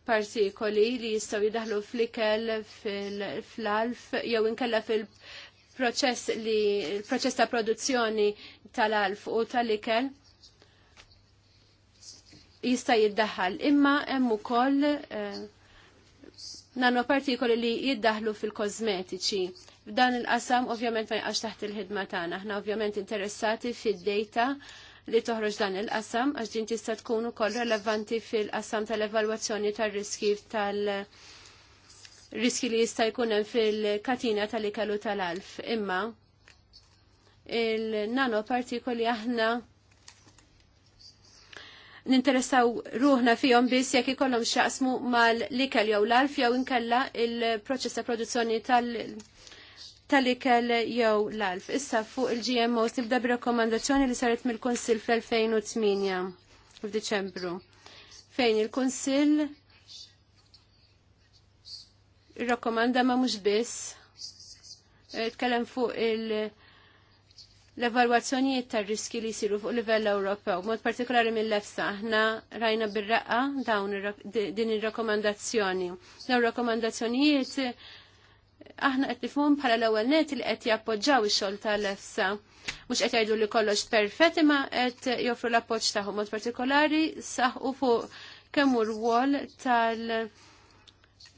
partikoli li jistgħu jidaħlu fl-ikel alf jew inkella fil-proċess li l-proċess ta' produzzjoni tal-alf u tal-ikel jista' jiddaħħal. Imma hemm ukoll eh, nanopartikoli li jiddaħlu fil-kosmetiċi. F'dan il-qasam ovvjament ma jqax taħt il-ħidma tagħna. Aħna ovvjament interessati fid-data li toħroġ dan il-qasam, għax din tista' tkun ukoll relevanti fil-qasam tal-evalwazzjoni tar-riski tal- riski li jista' jkun hemm fil-katina tal ikelu tal-alf. Imma il-nano partikoli aħna ninteressaw ruħna fihom biss jekk ikollhom jaqsmu mal-likel jew l-alf jew inkella il-proċess ta' produzzjoni tal- tal-ikel jew l-alf. Issa fuq il gmo nibda b'rakkomandazzjoni li saret mill-Konsil fl-2008 f'Diċembru. Fejn il-Konsil rakkomanda ma mhux biss eh, tkellem fuq il- l-evalwazzjonijiet tar-riski li jsiru fuq livell Ewropew, mod partikolari mill-EFSA, aħna rajna bir-raqqa dawn din ir-rakkomandazzjoni. Dawn rakkomandazzjonijiet aħna qed nifhom bħala l-ewwel net li qed jappoġġaw ix-xogħol tal-EFSA. Mhux qed jgħidu li kollox perfett imma qed joffru l-appoġġ tagħhom mod partikolari saħqu fuq kemm hu rwol tal-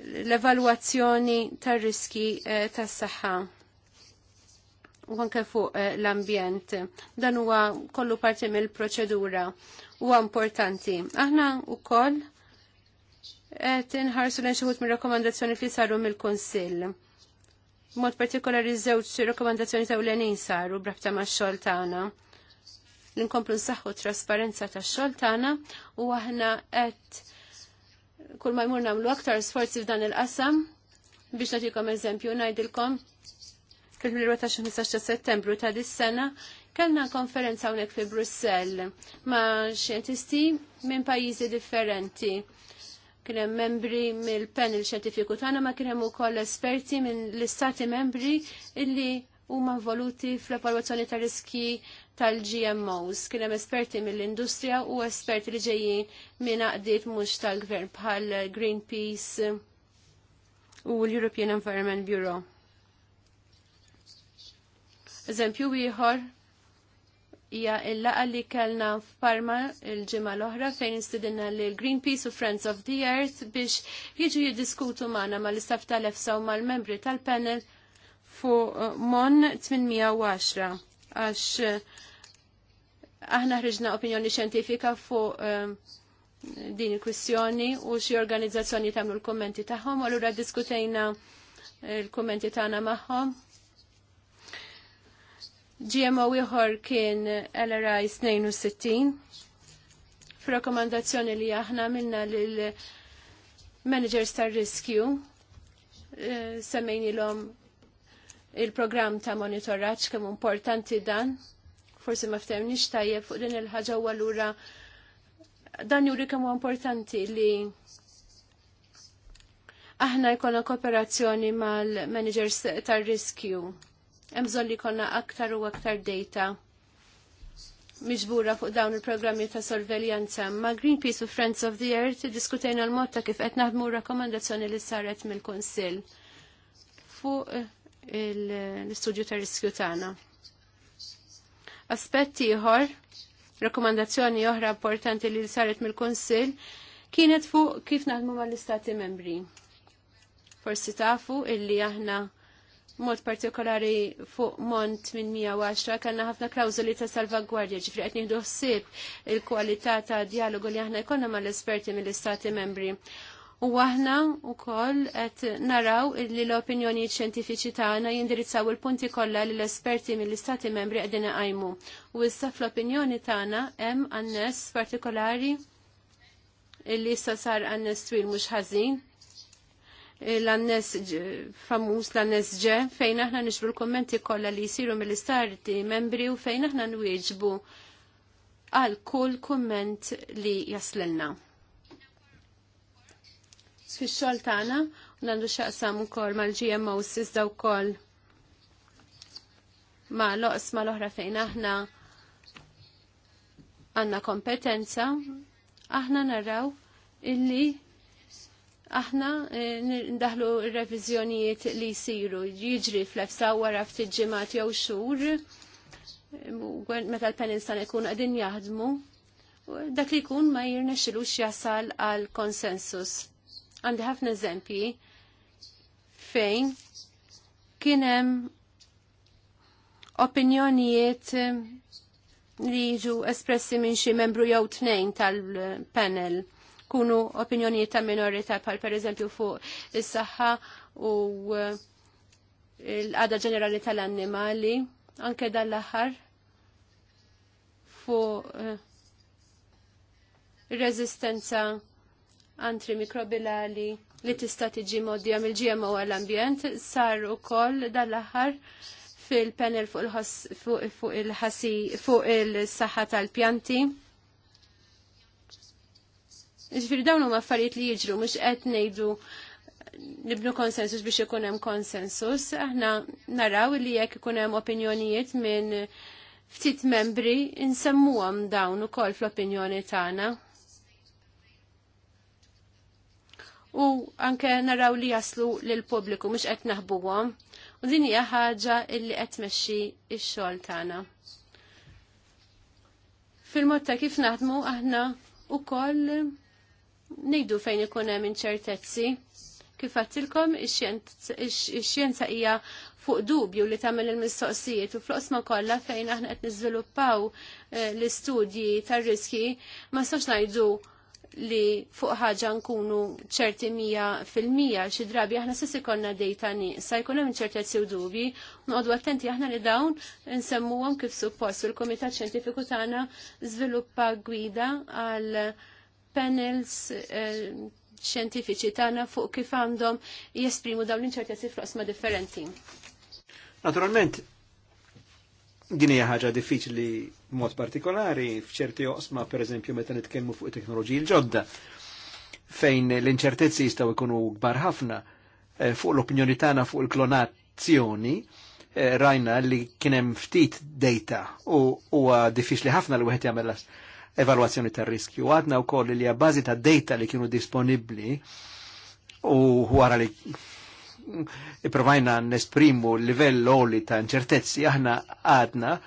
l-evalwazzjoni tar-riski eh, tas-saħħa u anke fuq eh, l-ambjent. Dan huwa kollu parti mill-proċedura huwa importanti. Aħna wkoll qed inħarsu lejn xi mir-rakkomandazzjoni li saru mill-Kunsill mod partikolari żewġ rekomandazzjoni ta' l-enin saru brabta ma' xol tagħna. L-inkomplu nsaħħu trasparenza ta' xol tagħna u aħna qed kull ma jmur nagħmlu aktar sforzi f'dan il-qasam biex nagħtikom eżempju ngħidilkom fil-15 settembru ta' dis-sena kellna konferenza hawnhekk fi Brussell ma' xjentisti minn pajjiżi differenti Kien hemm membri mill-panel xjentifiku tagħna ma kien hemm ukoll esperti minn l-istati membri illi huma voluti fl-evalwazzjoni ta' riski tal-GMOs. Kien hemm esperti mill-industrija u esperti li ġejjin minn għaddit mhux tal-gvern bħal Greenpeace u l-European Environment Bureau. Eżempju ieħor hija il-laqa li kellna f'Parma il-ġimgħa l-oħra fejn instidilna lil Greenpeace u Friends of the Earth biex jiġu jiddiskutu magħna mal-istaff tal-EFSA u mal-membri tal-panel fuq uh, Mon 810 għax uh, aħna ħriġna opinjoni xjentifika fuq uh, din il-kwistjoni u xi organizzazzjoni tagħmlu l-kummenti tagħhom, allura diskutejna l-kummenti tagħna magħhom GMO ieħor kien LRI 62. F'rakkomandazzjoni li aħna minna lil managers tar-riskju eh, l-om il-programm ta' monitoraċ kemm importanti dan. Forsi ma ftehmniex tajjeb fuq din il-ħaġa u allura dan juri kemm importanti li aħna jkollna kooperazzjoni mal-managers tar-riskju Hemm bżonn li jkollna aktar u aktar data miġbura fuq dawn il-programmi ta' sorveljanza. Ma' Greenpeace u Friends of the Earth diskutajna l motta kif qed naħdmu rakkomandazzjoni li saret mill-Kunsill fuq eh, l-istudju ta' riskju tagħna. Aspetti ieħor, rakkomandazzjoni oħra importanti li saret mill-Kunsill kienet fuq kif naħdmu mal-Istati membri. Forsi tafu illi aħna mod partikolari fuq mont minn 110 kellna ħafna klawżoli ta' salvagwardja ġifri qed nieħdu ħsieb il-kwalità ta' dialogu li aħna jkollna mal-esperti mill-istati membri. U aħna wkoll qed naraw li l-opinjoni ċjentifiċi tagħna jindirizzaw il-punti kollha li l-esperti mill-istati membri qegħdin għajmu. U issa fl-opinjoni tagħna hemm għannes partikolari li issa sar għannes twil mhux ħażin Eh, l-annes famuż l-annes ġe fejn aħna nixbu l-kommenti kollha li jisiru mill-istarti membri u fejn aħna nwieġbu għal kull komment li jaslilna. Fix-xogħol tagħna u kol mal ukoll mal-GMOs iżda wkoll ma' loqs ma' l-oħra fejn aħna għanna kompetenza aħna naraw illi aħna eh, ndaħlu revizjonijiet li jisiru, jiġri fl-efsa wara ftit ġimgħat jew xhur, eh, meta l-peninsan ikun qegħdin jaħdmu, dak li jkun ma jirnexxilux jasal għal konsensus. Għandi ħafna eżempji fejn kien hemm opinjonijiet eh, li jiġu espressi minn xi membru jew tnejn tal-panel kunu opinjonijiet ta' minorita pal per eżempju fuq is-saħħa u eh, l għada ġenerali tal-annimali, anke dal l-aħħar fuq eh, rezistenza antimikrobilali li tista' tiġi moddija mill-GMO għall-ambjent sar ukoll dal l-aħħar fil-panel fuq il-ħassi fuq il-saħħa tal-pjanti Ġifiri dawn huma affarijiet li jiġru mhux qed ngħidu nibnu konsensus biex ikun hemm konsensus, aħna naraw li jekk ikun hemm opinjonijiet minn ftit membri insemmuhom dawn ukoll fl-opinjoni tagħna. U anke naraw li jaslu l-publiku pubbliku mhux qed naħbuhom. U din hija ħaġa illi qed tmexxi x-xogħol tagħna. Fil-mod ta' kif naħdmu aħna ukoll nejdu fejn ikun hemm inċertezzi. Kif għattilkom, ix-xjenza hija fuq dubju li tagħmel il-mistoqsijiet u fl osma kollha fejn aħna qed niżviluppaw eh, l-istudji tar-riski ma sax ngħidu li fuq ħaġa nkunu ċerti mija fil-mija xi drabi aħna sissi konna dejta nieqsa jkun hemm inċertezzi u dubji noqogħdu attenti aħna li dawn insemmuhom kif suppost u l-Kumitat Xjentifiku tagħna żviluppa gwida għal panels eh, xjentifiċi tagħna fuq kif għandhom jesprimu dawn l-inċertezzi fl differenti. Naturalment, din hija ħaġa diffiċli mod partikolari f'ċerti oqsma, pereżempju meta nitkellmu fuq it-teknoloġiji l-ġodda, fejn l-inċertezzi jistgħu jkunu kbar ħafna eh, fuq l-opinjoni tagħna fuq il-klonazzjoni, eh, rajna li kien hemm ftit data u huwa diffiċli ħafna li wieħed jagħmel evalwazzjoni ta' riskju Għadna u koll li hija ta' data li kienu disponibli u għara li iprovajna nesprimu l-livell oli ta' inċertezzi aħna għadna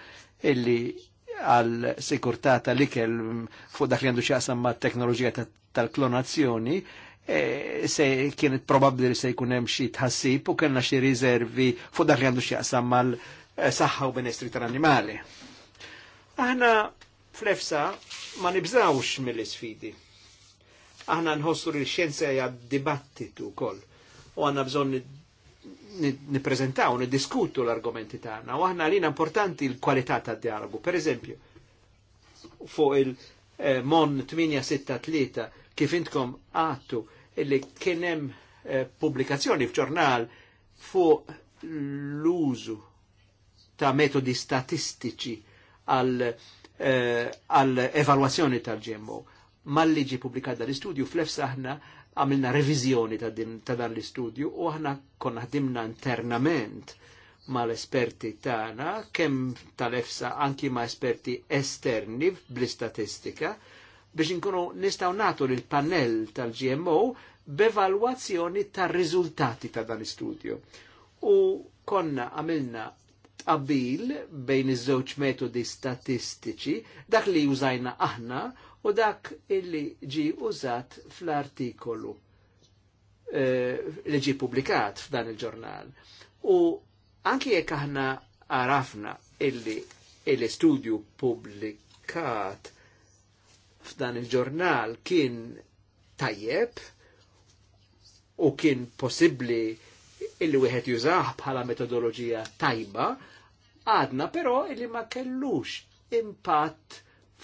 illi għal sikurtà tal-ikel fuq dak li għandu xaqsam ma' teknoloġija tal-klonazzjoni e, se kienet probabli li se jkun hemm xi tħassib u kellna xi riservi fuq dak li għandu x'jaqsam mal-saħħa eh, u benestri tal-annimali. Aħna fl-efsa ma nibżawx mill-isfidi. Aħna nħossu li l-xjenza hija dibattitu wkoll u għandna bżonn nippreżentaw, niddiskutu l-argumenti tagħna u aħna lina importanti l-kwalità tad-dialogu. Per eżempju, fuq il-mon eh, 863 kif intkom għattu illi hemm eh, pubblikazzjoni f'ġurnal fuq l-użu ta' metodi statistiċi għal Eh, għal evalwazzjoni tal-GMO. Mal-liġi publikata dal istudju fl-efsa aħna għamilna revizjoni ta' dan l-istudju u aħna konna ħdimna internament mal-esperti tagħna kemm tal-efsa anki ma' esperti esterni bl-istatistika biex inkunu nistgħu nagħtu l panel tal-GMO b'evalwazzjoni tar-riżultati ta' dan l-istudju. U konna għamilna qabil bejn iż-żewġ metodi statistiċi, dak li użajna aħna u dak illi ġi użat fl-artikolu e, li ġi publikat f'dan il-ġurnal. U anki jekk aħna arafna illi l-istudju publikat f'dan il-ġurnal kien tajjeb u kien possibbli illi wieħed jużah bħala metodoloġija tajba, għadna però li ma kellux impatt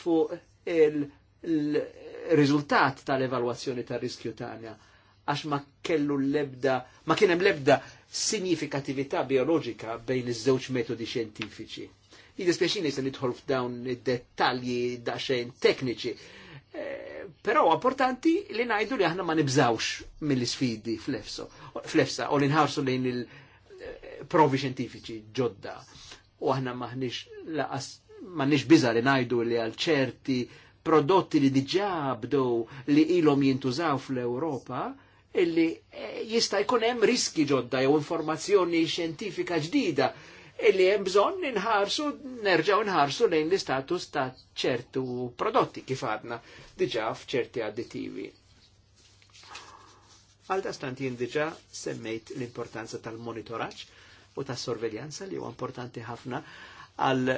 fuq il-riżultat tal-evalwazzjoni tar-riskju tagħna għax ma kellu l-ebda, ma kienem l-ebda sinifikatività biologika bejn iż-żewġ metodi xjentifiċi. Jidispeċini se nidħol f'dawn id-dettalji xejn tekniċi, eh, però importanti li najdu li aħna ma nibżawx mill-sfidi fl-efsa u li nħarsu lejn il-provi eh, xjentifiċi ġodda u aħna maħniex laqas maħniex biza li najdu li għal ċerti prodotti li diġa bdow li ilhom jintużaw fl-Ewropa illi eh, jista' jkun hemm riski ġodda jew informazzjoni xjentifika ġdida illi hemm bżonn inħarsu nerġgħu nħarsu lejn l-istatus ta' ċertu prodotti kif għadna diġà f'ċerti additivi. Għal dastant jien diġà semmejt l-importanza tal-monitoraġġ u ta' sorveljanza li huwa importanti ħafna għal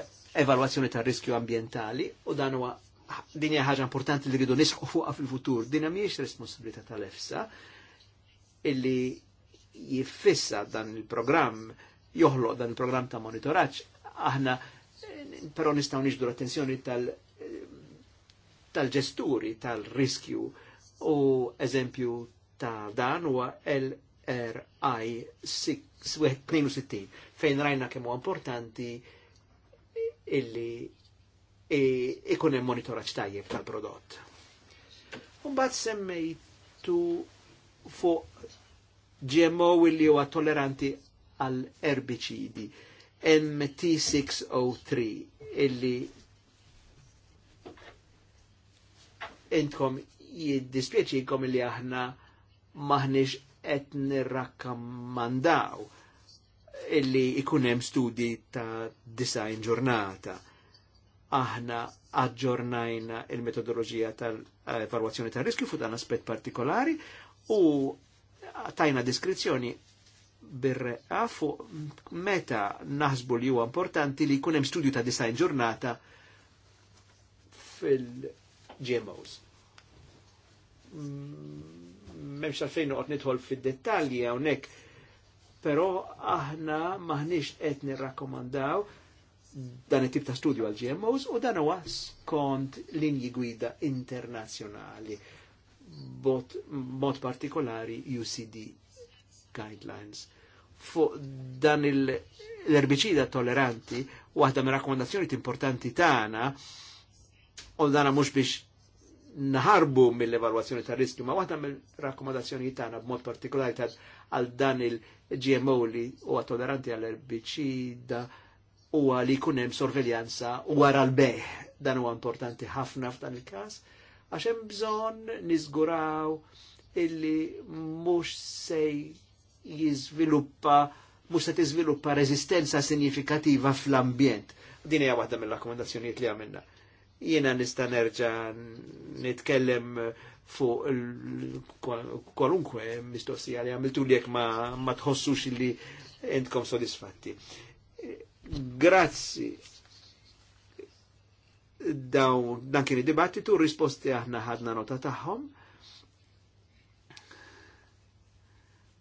evalwazzjoni ta' riskju ambientali u dan huwa din hija ħaġa importanti li rridu nisħu fuqha fil-futur. Din mhijiex responsabilità tal-EFSA illi jiffissa dan il-programm, joħloq dan il-programm ta' monitoraġġ, aħna però nistgħu niġdu l-attenzjoni tal- tal-ġesturi tal-riskju u eżempju ta' dan huwa l RI 62 fejn rajna kemmu importanti illi ikun hemm monitoraġġ tajjeb tal-prodott. Mbagħad semmejtu fuq GMO illi huwa tolleranti għal erbicidi MT603 illi intkom jiddispjaċikom illi aħna maħniġ qed nirrakkammandaw illi ikun hemm ta' design ġurnata. Aħna aġġornajna il-metodoloġija tal-evalwazzjoni ta' riskju fuq dan aspett partikolari u tajna diskrizzjoni birreqqa fuq meta naħsbu li huwa importanti li jkun hemm studju ta' design ġurnata fil-GMOs memx għalfejn uqt nidħol fid-dettalji hawnhekk, però aħna maħniex qed nirrakkomandaw dan it-tip ta' studju għal GMOs u dan huwa skont linji gwida internazzjonali bot, mod partikolari UCD guidelines. Fuq dan l-erbicida tolleranti, waħda minn rakkomandazzjoni importanti tagħna, u dan mhux biex naħarbu mill-evalwazzjoni ta' riskju, ma' waħda mill-rakkomandazzjoni tagħna b'mod partikolari ta' għal dan il-GMO li huwa toleranti għall erbicida u li jkun hemm sorveljanza wara l-beħ. Dan huwa importanti ħafna f'dan il-każ għax hemm bżonn niżguraw illi mhux se jiżviluppa mhux se tiżviluppa reżistenza sinifikativa fl-ambjent. Din hija waħda mill-rakkomandazzjonijiet li għamilna jiena nista' nerġa' nitkellem fuq kwalunkwe mistoqsija li għamiltu li ma, ma tħossux li entkom sodisfatti. Grazzi daw dan kien id-dibattitu, risposti aħna ħadna nota taħħom.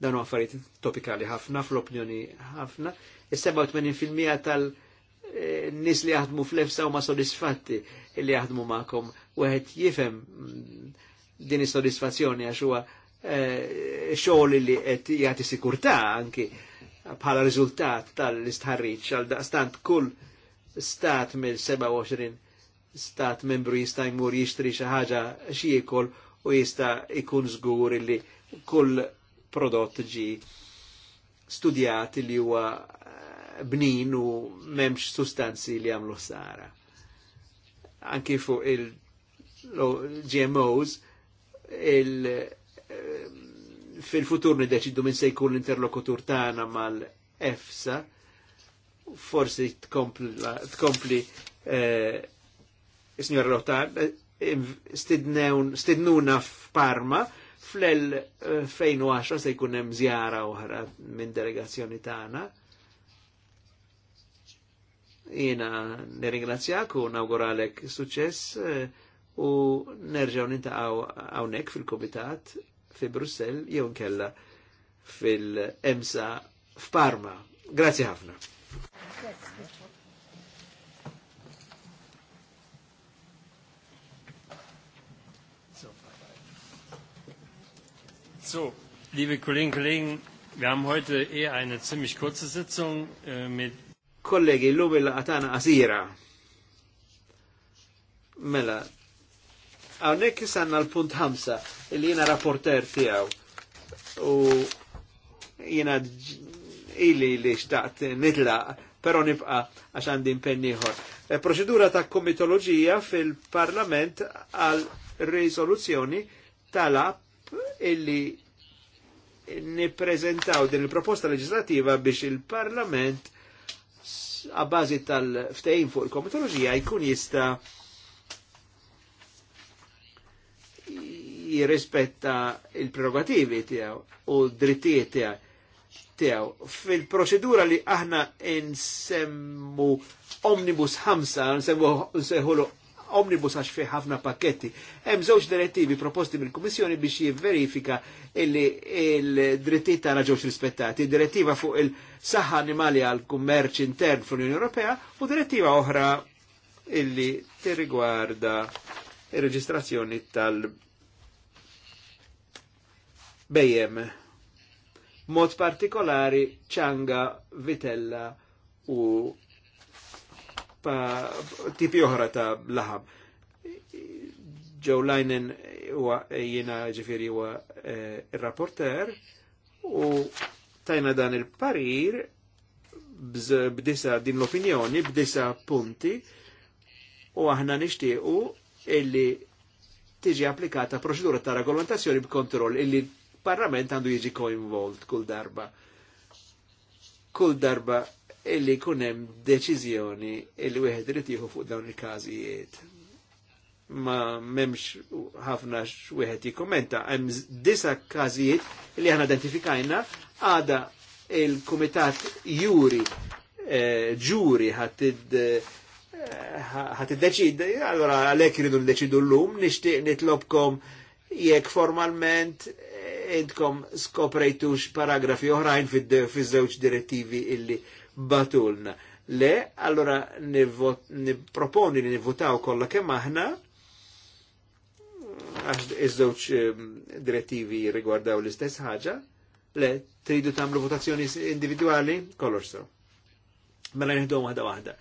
Dan u għaffariet topikali ħafna, fl-opinjoni ħafna. Is-87% tal- nis li jaħdmu fl-efsa u ma sodisfatti li jaħdmu ma'kom u għed jifem mm, din is-sodisfazzjoni għax huwa eh, xogħol li qed jagħti sikurtà anki bħala riżultat tal-istħarriġ għal daqstant kull stat mill-27 stat membru jista' jmur jixtri xi ħaġa xi u jista' ikun żgur li kull prodott ġi studjat li huwa bnin u memx sustanzi li għamlu sara. Anki fuq il-GMOs, il, fil-futur nideċiddu minn se jkun l-interlokutur tagħna mal-EFSA, forsi tkompli eh, signor Rotar, eh, stidnuna f'Parma, fl-2010 eh, se jkun hemm żjara oħra minn delegazzjoni tagħna jina nirringrazzjak u nawguralek suċess eh, u nerġaw nintaqaw għawnek fil-Kumitat fi Brussel jew nkella fil-Emsa f'Parma. Grazzi ħafna. So, liebe Kolleginnen und Kollegen, wir haben heute eher eine ziemlich kurze Sitzung äh, mit Kollegi, l-lum il-laqatana qasira. Mela, għawnek jisanna l-punt ħamsa, il jina rapporter tijaw. U jina ili li xtaqt nidla, pero nibqa għax għandi impenniħor. E Proċedura ta' komitologija fil-parlament għal risoluzzjoni tal-app illi niprezentaw din il-proposta legislativa biex il-parlament għabbażi tal-ftejn fuq il-komitologija jkun jista jirrispetta il-prerogativi tijaw u drittijiet tijaw tiegħu fil-proċedura li aħna nsemmu omnibus ħamsa, nsemmu nsejħulu omnibus għax fih ħafna pakketti. Hemm żewġ direttivi proposti mill-Kummissjoni biex jivverifika illi il-drittijiet tagħna ġewx rispettati. Direttiva fuq il-saħħa animali għal kummerċ intern fl-Unjoni Ewropea u direttiva oħra illi tirrigwarda ir-reġistrazzjoni tal- bejjem mod partikolari ċanga, vitella u tipi oħra ta' laħab. Joe Linen huwa jiena ġifieri huwa eh, ir-rapporter u tajna dan il-parir b'disa din l-opinjoni b'disa punti u aħna nixtiequ illi tiġi applikata proċedura ta' regolamentazzjoni b'kontroll illi parlament għandu jiġi coinvolt kull darba. Kull darba illi kunem deċizjoni illi wieħed irid jieħu fuq dawn il-każijiet. Ma memx ħafna wieħed jikkommenta, hemm disa każijiet li aħna identifikajna għada il-kumitat juri eh, ġuri ħadd eh, ħat id-deċid, allora għalek rridu n-deċidu l-lum, nishtiq nitlobkom jekk formalment intkom skoprejtux paragrafi oħrajn fiż żewġ direttivi illi batulna. Le, allora niproponi li nivotaw kollha kemm aħna għax iż-żewġ ehm, direttivi rigwardaw l-istess ħaġa, le, tridu tagħmlu votazzjoni individwali, kollox so. Mela nieħdu għahda waħda.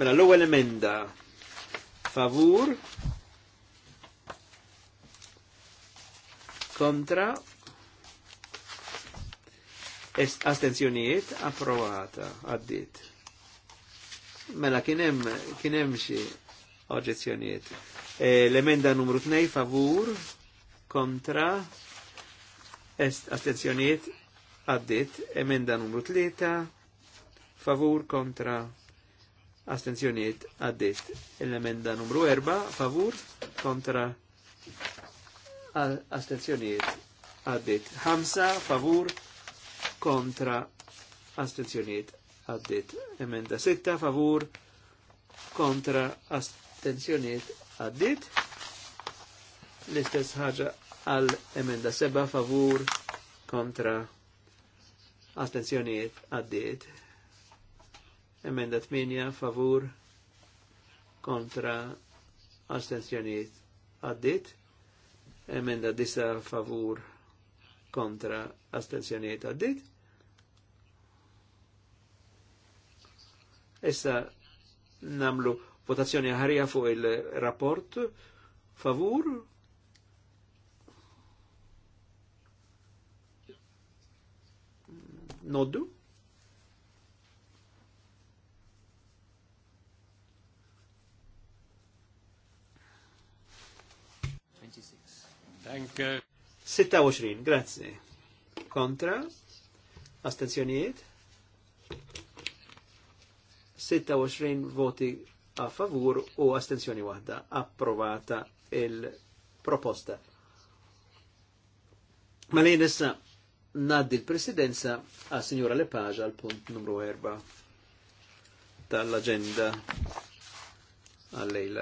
Mela l-ewwel emenda favur kontra astenzjonijiet approvata għaddit. Mela kienem kienem xi oġezzjonijiet. E, L-emenda numru 2 favur kontra astenzjonijiet għaddit. Emenda numru 3 favur kontra astenzjoniet għaddit. l emenda numru 4, favur, kontra astenzjoniet għaddit. Hamsa, favur, kontra astenzjoniet għaddit. Emenda 6 favur kontra astenzjoniet għaddit. L-istess ħaġa għal emenda 7 favur kontra astenzjoniet għaddit. Emenda 8 favur kontra astenzjoniet għaddit. Emenda 9 favur kontra kontra astenzjonijiet għaddit. Issa namlu votazzjoni ħarija fuq il-rapport favur. Noddu. Danke. 26, grazzi. Kontra, astenzjonijiet, 26 voti a favur u astenzjoni wahda approvata il-proposta. Ma lejn issa naddi l-presidenza a signora Lepage al punt numru 4 tal-agenda għal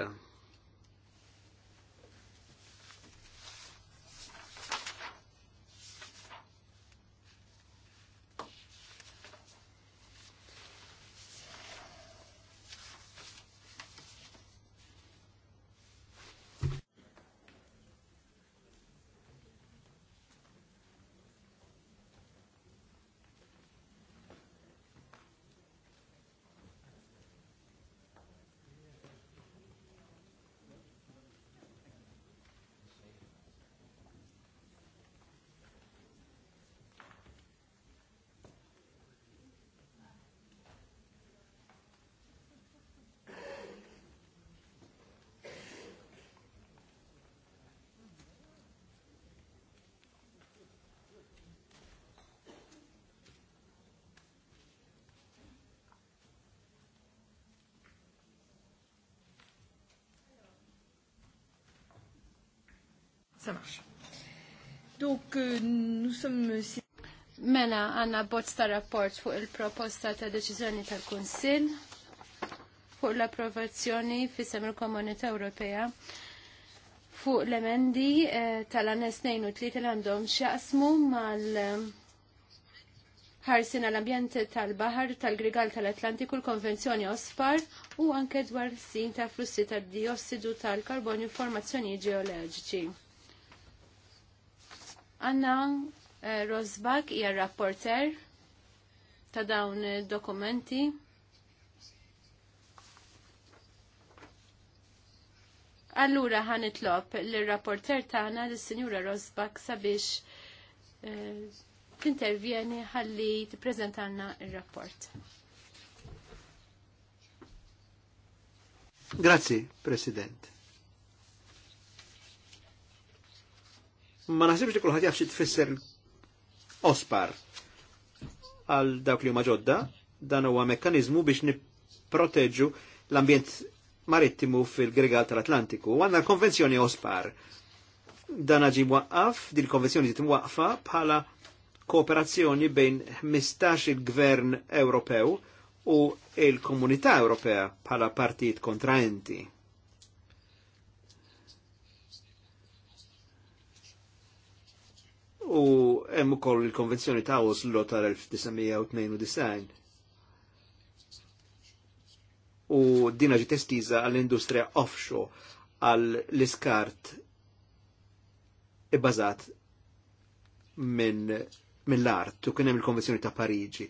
Ça marche. Donc, euh, nous sommes... Euh, mela, għanna bozz ta' rapport fuq il-proposta ta' deċiżjoni tal-Kunsil fuq l-approvazzjoni fis sem il-Komunità Ewropea fuq l-emendi eh, tal-anes 2 u 3 għandhom xaqsmu mal ħarsin għal-ambjent tal-bahar tal-grigal tal-Atlantiku l-Konvenzjoni Ospar u anke dwar sin ta' flussi tad-diossidu tal-karbonju formazzjoni ġeoloġiċi. Anna eh, Rosbach hija rapporter ta' dawn dokumenti. Allura ħanitlob l-rapporter tagħna l-Sinjura Rosbach sabiex eh, tintervjeni ħalli tippreżentanna r rapport Grazzi, President. Ma naħsibx li kulħadd jaf xi tfisser ospar għal dawk li huma ġodda, dan huwa mekkaniżmu biex nipproteġġu l-ambjent marittimu fil-Grigal tal-Atlantiku. l konvenzjoni ospar. Dan ġi waqqaf, din konvenzjoni ġiet waqfa bħala kooperazzjoni bejn 15 il-Gvern Ewropew u il-Komunità Ewropea bħala partit kontraenti. u hemm ukoll il-konvenzjoni ta' Oslo tal-1992. U dina ġiet estiża għall-industrija offshore għal l-iskart ibbażat minn min l-art u kien hemm il-konvenzjoni ta' Pariġi.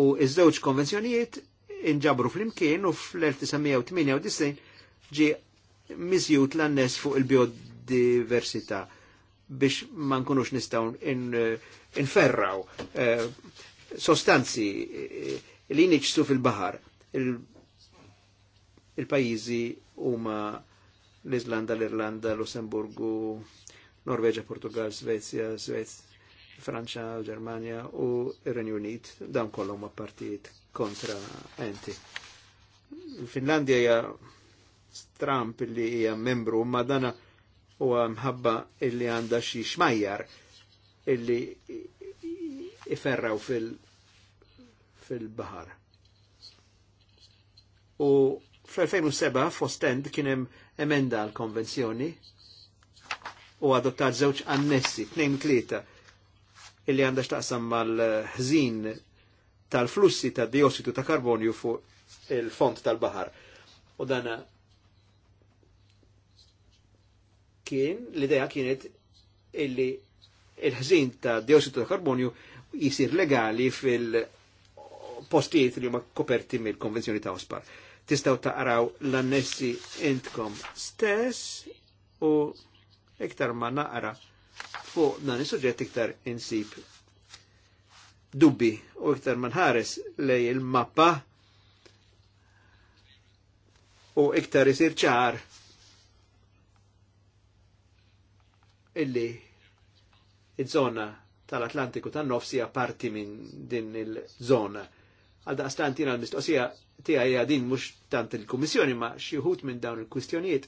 U iż-żewġ konvenzjonijiet inġabru flimkien u fl-1998 ġie miżjut l-annes fuq il-biodiversità biex ma nkunux nistaw eh, inferraw eh, sostanzi eh, li niċsu fil-bahar. Il-pajizi il huma l-Islanda, l-Irlanda, Lussemburgu, Norveġa, Portugal, Svezja, Svezja, Franċa, Germania u Renju Unit, dan kollhom ma partijiet kontra enti. Finlandija hija Trump li hija membru, ma dana u mħabba illi għanda xi xmajjar illi iferraw fil bahar U fl-2007 fostend kienem emenda l konvenzjoni u adottat zewċ annessi, tnejn tlieta, illi għanda xtaqsam mal-ħżin tal-flussi ta' diossitu ta' karbonju fuq il-font tal-bahar. U dana kien, l-ideja kienet illi il-ħżin ta' diossidu ta' karbonju jisir legali fil-postijiet li huma koperti mill-konvenzjoni ta' Ospar. Tistaw ta' araw l-annessi intkom stess u iktar ma naqra fuq dan is-suġġett iktar insib dubbi u iktar ma nħares lej il-mappa u iktar isir ċar illi il zona tal-Atlantiku tan-nofs hija parti minn din il-żona. Għal daqstant jiena l-mistoqsija tiegħi din mhux tant il-Kummissjoni ma xi wħud minn dawn il-kwistjonijiet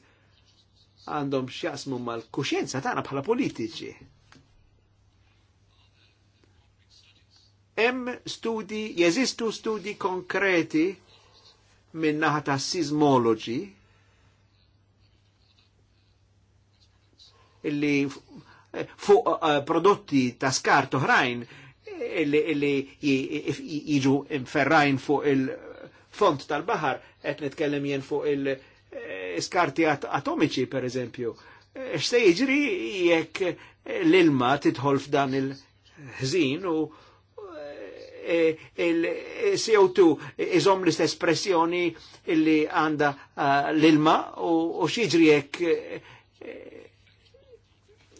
għandhom x'jaqsmu mal-kuxjenza tagħna bħala politiċi. Hemm studi, jeżistu studi konkreti minn naħa ta' sismoloġi li fuq eh, prodotti ta' skart oħrajn li jiġu ferrajn fuq il-font tal-bahar, qed nitkellem jen fuq il-skarti eh, atomiċi per eżempju. X'se jiġri jekk l-ilma titħolf dan il-ħżin u eh, il-CO2 iżom l istespressjoni pressjoni illi għanda l-ilma u xieġri jekk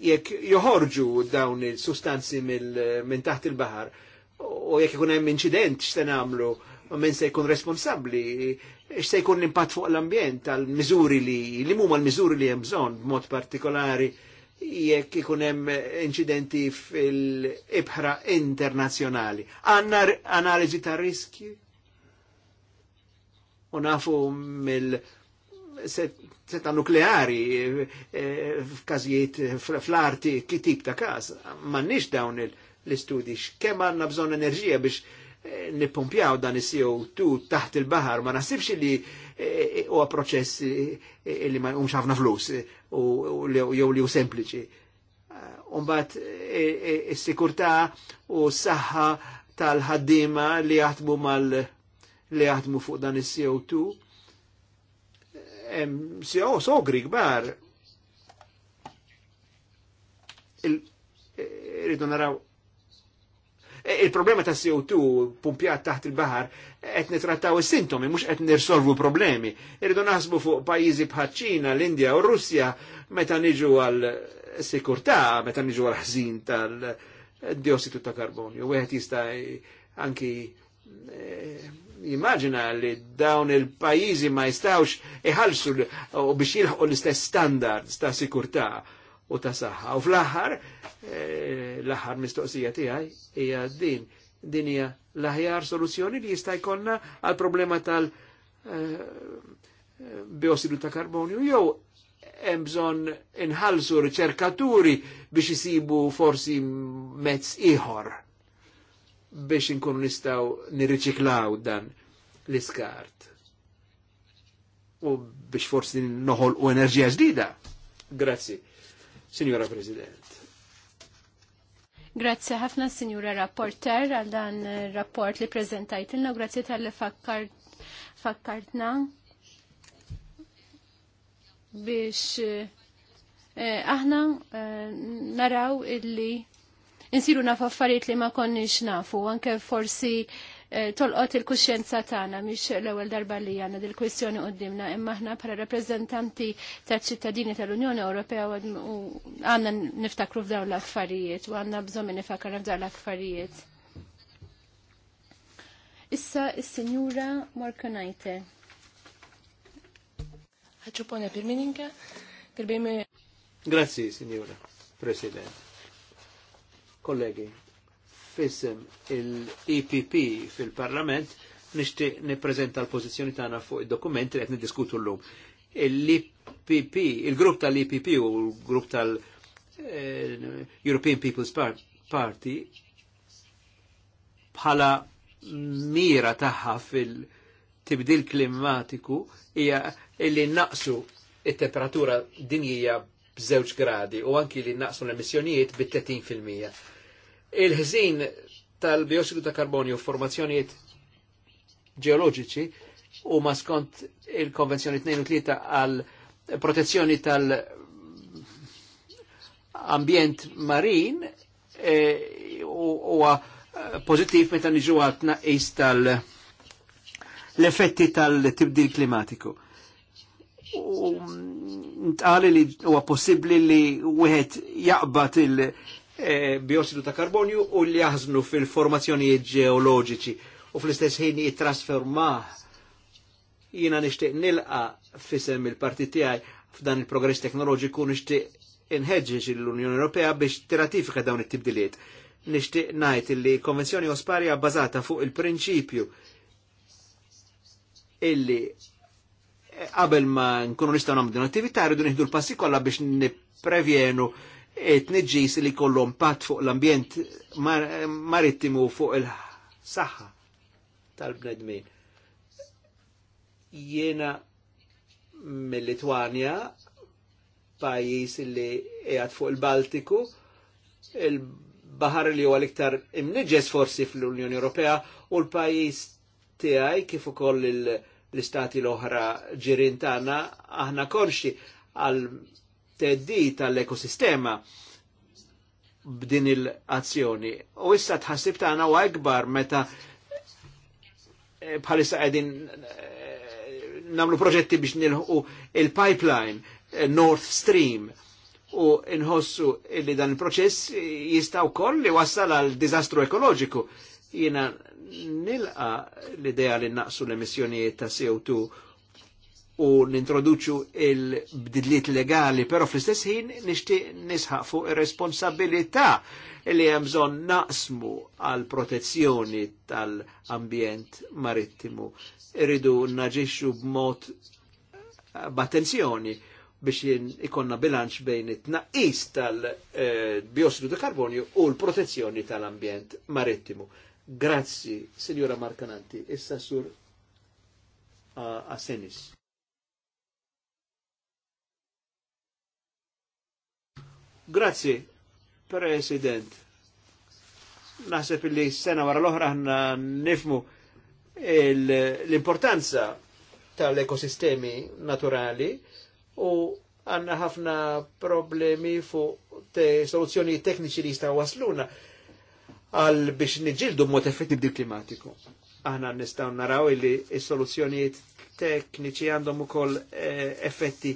jekk joħorġu dawn il-sustanzi minn taħt il-bahar u jekk ikun hemm inċident x'se nagħmlu minn se jkun responsabbli x'se jkun l-impatt fuq l-ambjent tal-miżuri li li huma l-miżuri li hemm bżonn b'mod partikolari jekk ikun hemm inċidenti fil-ibħra internazzjonali. Għandna analiżi ta' riski? U nafu mill seta nukleari eh, f'każijiet fl-arti kitib ta' każ. M'għandniex dawn l-istudji x'kemm għandna bżonn enerġija biex eh, nippumpjaw dan is-CO2 taħt il-baħar ma nasibx li eh, huwa proċess li ma jqumx ħafna flus jew li hu sempliċi. Umbat is-sikurtà u s-saħħa tal-ħaddiema li jaħdmu mal li jaħdmu fuq dan is-CO2 Oh, sogri gbar. Eh, rridu naraw eh, il-problema ta' CO2 pumpjat taħt il-bahar qed nitrattaw is-sintomi mhux qed nirsolvu problemi. Irridu naħsbu fuq pajjiżi bħal Ċina, l-Indja u Russja meta niġu għal sikurtà, meta niġu għal ħżin tal-diossidu ta' karbonju. Wieħed jista' anki eh, jimmaġina li dawn il-pajizi ma jistawx iħalsu u biex jilħu l-istess standards ta' sikurtà u ta' saħħa. U fl-aħħar, eh, l-aħħar mistoqsija tiegħi hija din din hija l-aħjar soluzzjoni li jista' jkollna għal problema tal- eh, biossidu ta' karbonju jew hemm bżonn inħallsu riċerkaturi biex isibu forsi mezz ieħor biex inkunu nistaw nirriċiklaw dan l-iskart. U biex forsi noħol u enerġija ġdida. Grazzi, Signora President. Grazzi ħafna Signora Rapporter għal dan rapport li prezentajtilna, grazzi tal-li fakkartna biex eh, aħna eh, naraw illi insiru naf affarijiet li ma konniex nafu, anke forsi eh, tolqot il-kuxjenza tagħna mhix l-ewwel darba li għandna dil-kwistjoni qudiemna imma aħna bħala rappreżentanti taċ-ċittadini tal-Unjoni Ewropea għandna niftakru f'dawn l-affarijiet u għandna bżonn nifakar f'dawn l-affarijiet. Issa is-Sinjura Morkonajte. Ħaġġupone per per Grazie, Signora President. Kollegi, fissem il-EPP fil-Parlament nishti niprezenta l-pozizjoni tagħna fuq id-dokument li qed niddiskutu llum. Il-EPP, il-grupp tal-EPP u l-grupp tal-European eh, People's Party bħala mira tagħha fil-tibdil klimatiku hija li naqsu it-temperatura dinjija b'żewġ gradi u anki li naqsu l-emissjonijiet bit-30 fil-mija il-ħżin tal-biossidu ta' karbonju formazzjoniet ġeoloġiċi u ma skont il-konvenzjoni 23 għal protezzjoni tal- ambjent marin e, u pozittiv meta niġu għal tnaqqis tal- l-effetti tal-tibdil klimatiku. ntqali li huwa possibbli li wieħed jaqbad il- E, biossidu ta' karbonju u li jaħznu fil formazzjoni ġeoloġiċi u fl-istess ħin jittrasformah. Jina nishtiq nilqa fisem il partiti għaj f'dan il-progress teknoloġiku nishtiq inħeġġeġ l-Unjoni Ewropea biex tiratifika dawn it-tibdiliet. Nishtiq ngħid li konvenzjoni Osparja bazata fuq il-prinċipju illi qabel ma nkunu nistaw nagħmlu din attività rridu nieħdu l-passi kollha biex nipprevjenu tniġġis li kollom pat fuq l-ambjent mar marittimu fuq il-saħħa tal-bnedmin. Jiena mill litwania pajis li jgħat fuq il-Baltiku, il-bahar li huwa l-iktar imniġes forsi fl-Unjoni Ewropea u l-pajis tiegħi kif ukoll l-istati l-oħra ġirin tagħna aħna konxi għal teddi tal-ekosistema b'din il-azzjoni. U issa tħassib tagħna u akbar meta eh, bħalissa qegħdin eh, namlu proġetti biex nilħu il-pipeline eh, North Stream u nħossu li dan il-proċess jista' wkoll li wassal għal diżastru ekoloġiku. Jiena nilqa l-idea li naqsu l-emissjonijiet ta' CO2 u nintroduċu il-bdidliet legali, pero fl-istess ħin nixtieq nisħaq fuq ir-responsabilità li hemm bżonn naqsmu għal protezzjoni tal-ambjent marittimu. Irridu naġixxu b'mod b'attenzjoni biex ikonna bilanċ bejn it-tnaqqis tal-biossidu ta' karbonju u l-protezzjoni tal-ambjent marittimu. Grazzi, Signora Marcananti, issa sur uh, Asenis. Grazzi, President. Naħseb li s-sena wara l-oħra ħna nifmu l-importanza tal-ekosistemi naturali u għanna ħafna problemi fuq te soluzzjoni tekniċi li jistaw wasluna għal biex nġildu mod effetti bdil klimatiku. Aħna nistaw naraw li s-soluzzjonijiet tekniċi għandhom ukoll eh, effetti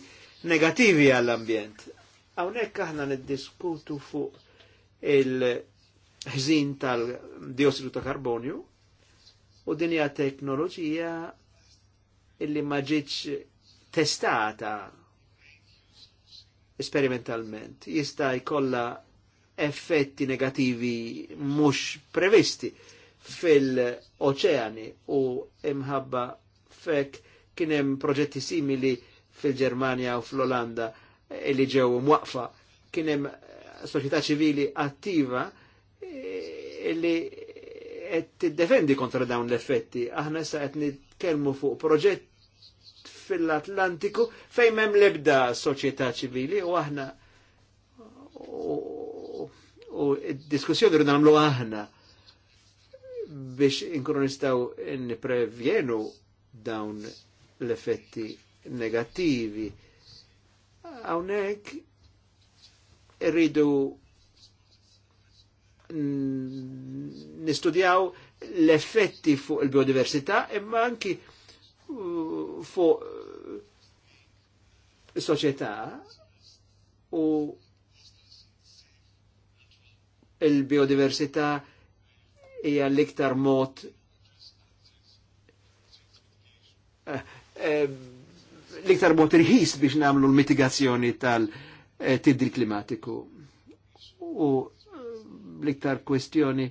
negativi għall-ambjent. Hawnhekk aħna niddiskutu fuq il-ħżin tal-diossidu ta' karbonju u din hija teknoloġija illi ma ġietx testata esperimentalment. Jista' jkollha effetti negativi mhux previsti fil-oċeani u imħabba fek kien hemm proġetti simili fil-Ġermanja u fl-Olanda li ġew mwaqfa. Kien hemm soċjetà ċivili attiva eh, li qed tiddefendi kontra dawn l-effetti. Aħna issa qed nitkellmu fuq proġett fil-Atlantiku fejn hemm l-ebda soċjetà ċivili u aħna u d diskussjoni rridu nagħmlu aħna biex inkunu nistgħu nipprevjenu dawn l-effetti negattivi għawnek rridu nistudjaw l-effetti fuq il-biodiversità imma anki uh, fuq il-soċieta uh, u il-biodiversità hija l-iktar mod eh, eh, l-iktar mod irħis biex namlu l-mitigazzjoni tal-tibdil klimatiku. U eh, l-iktar kwestjoni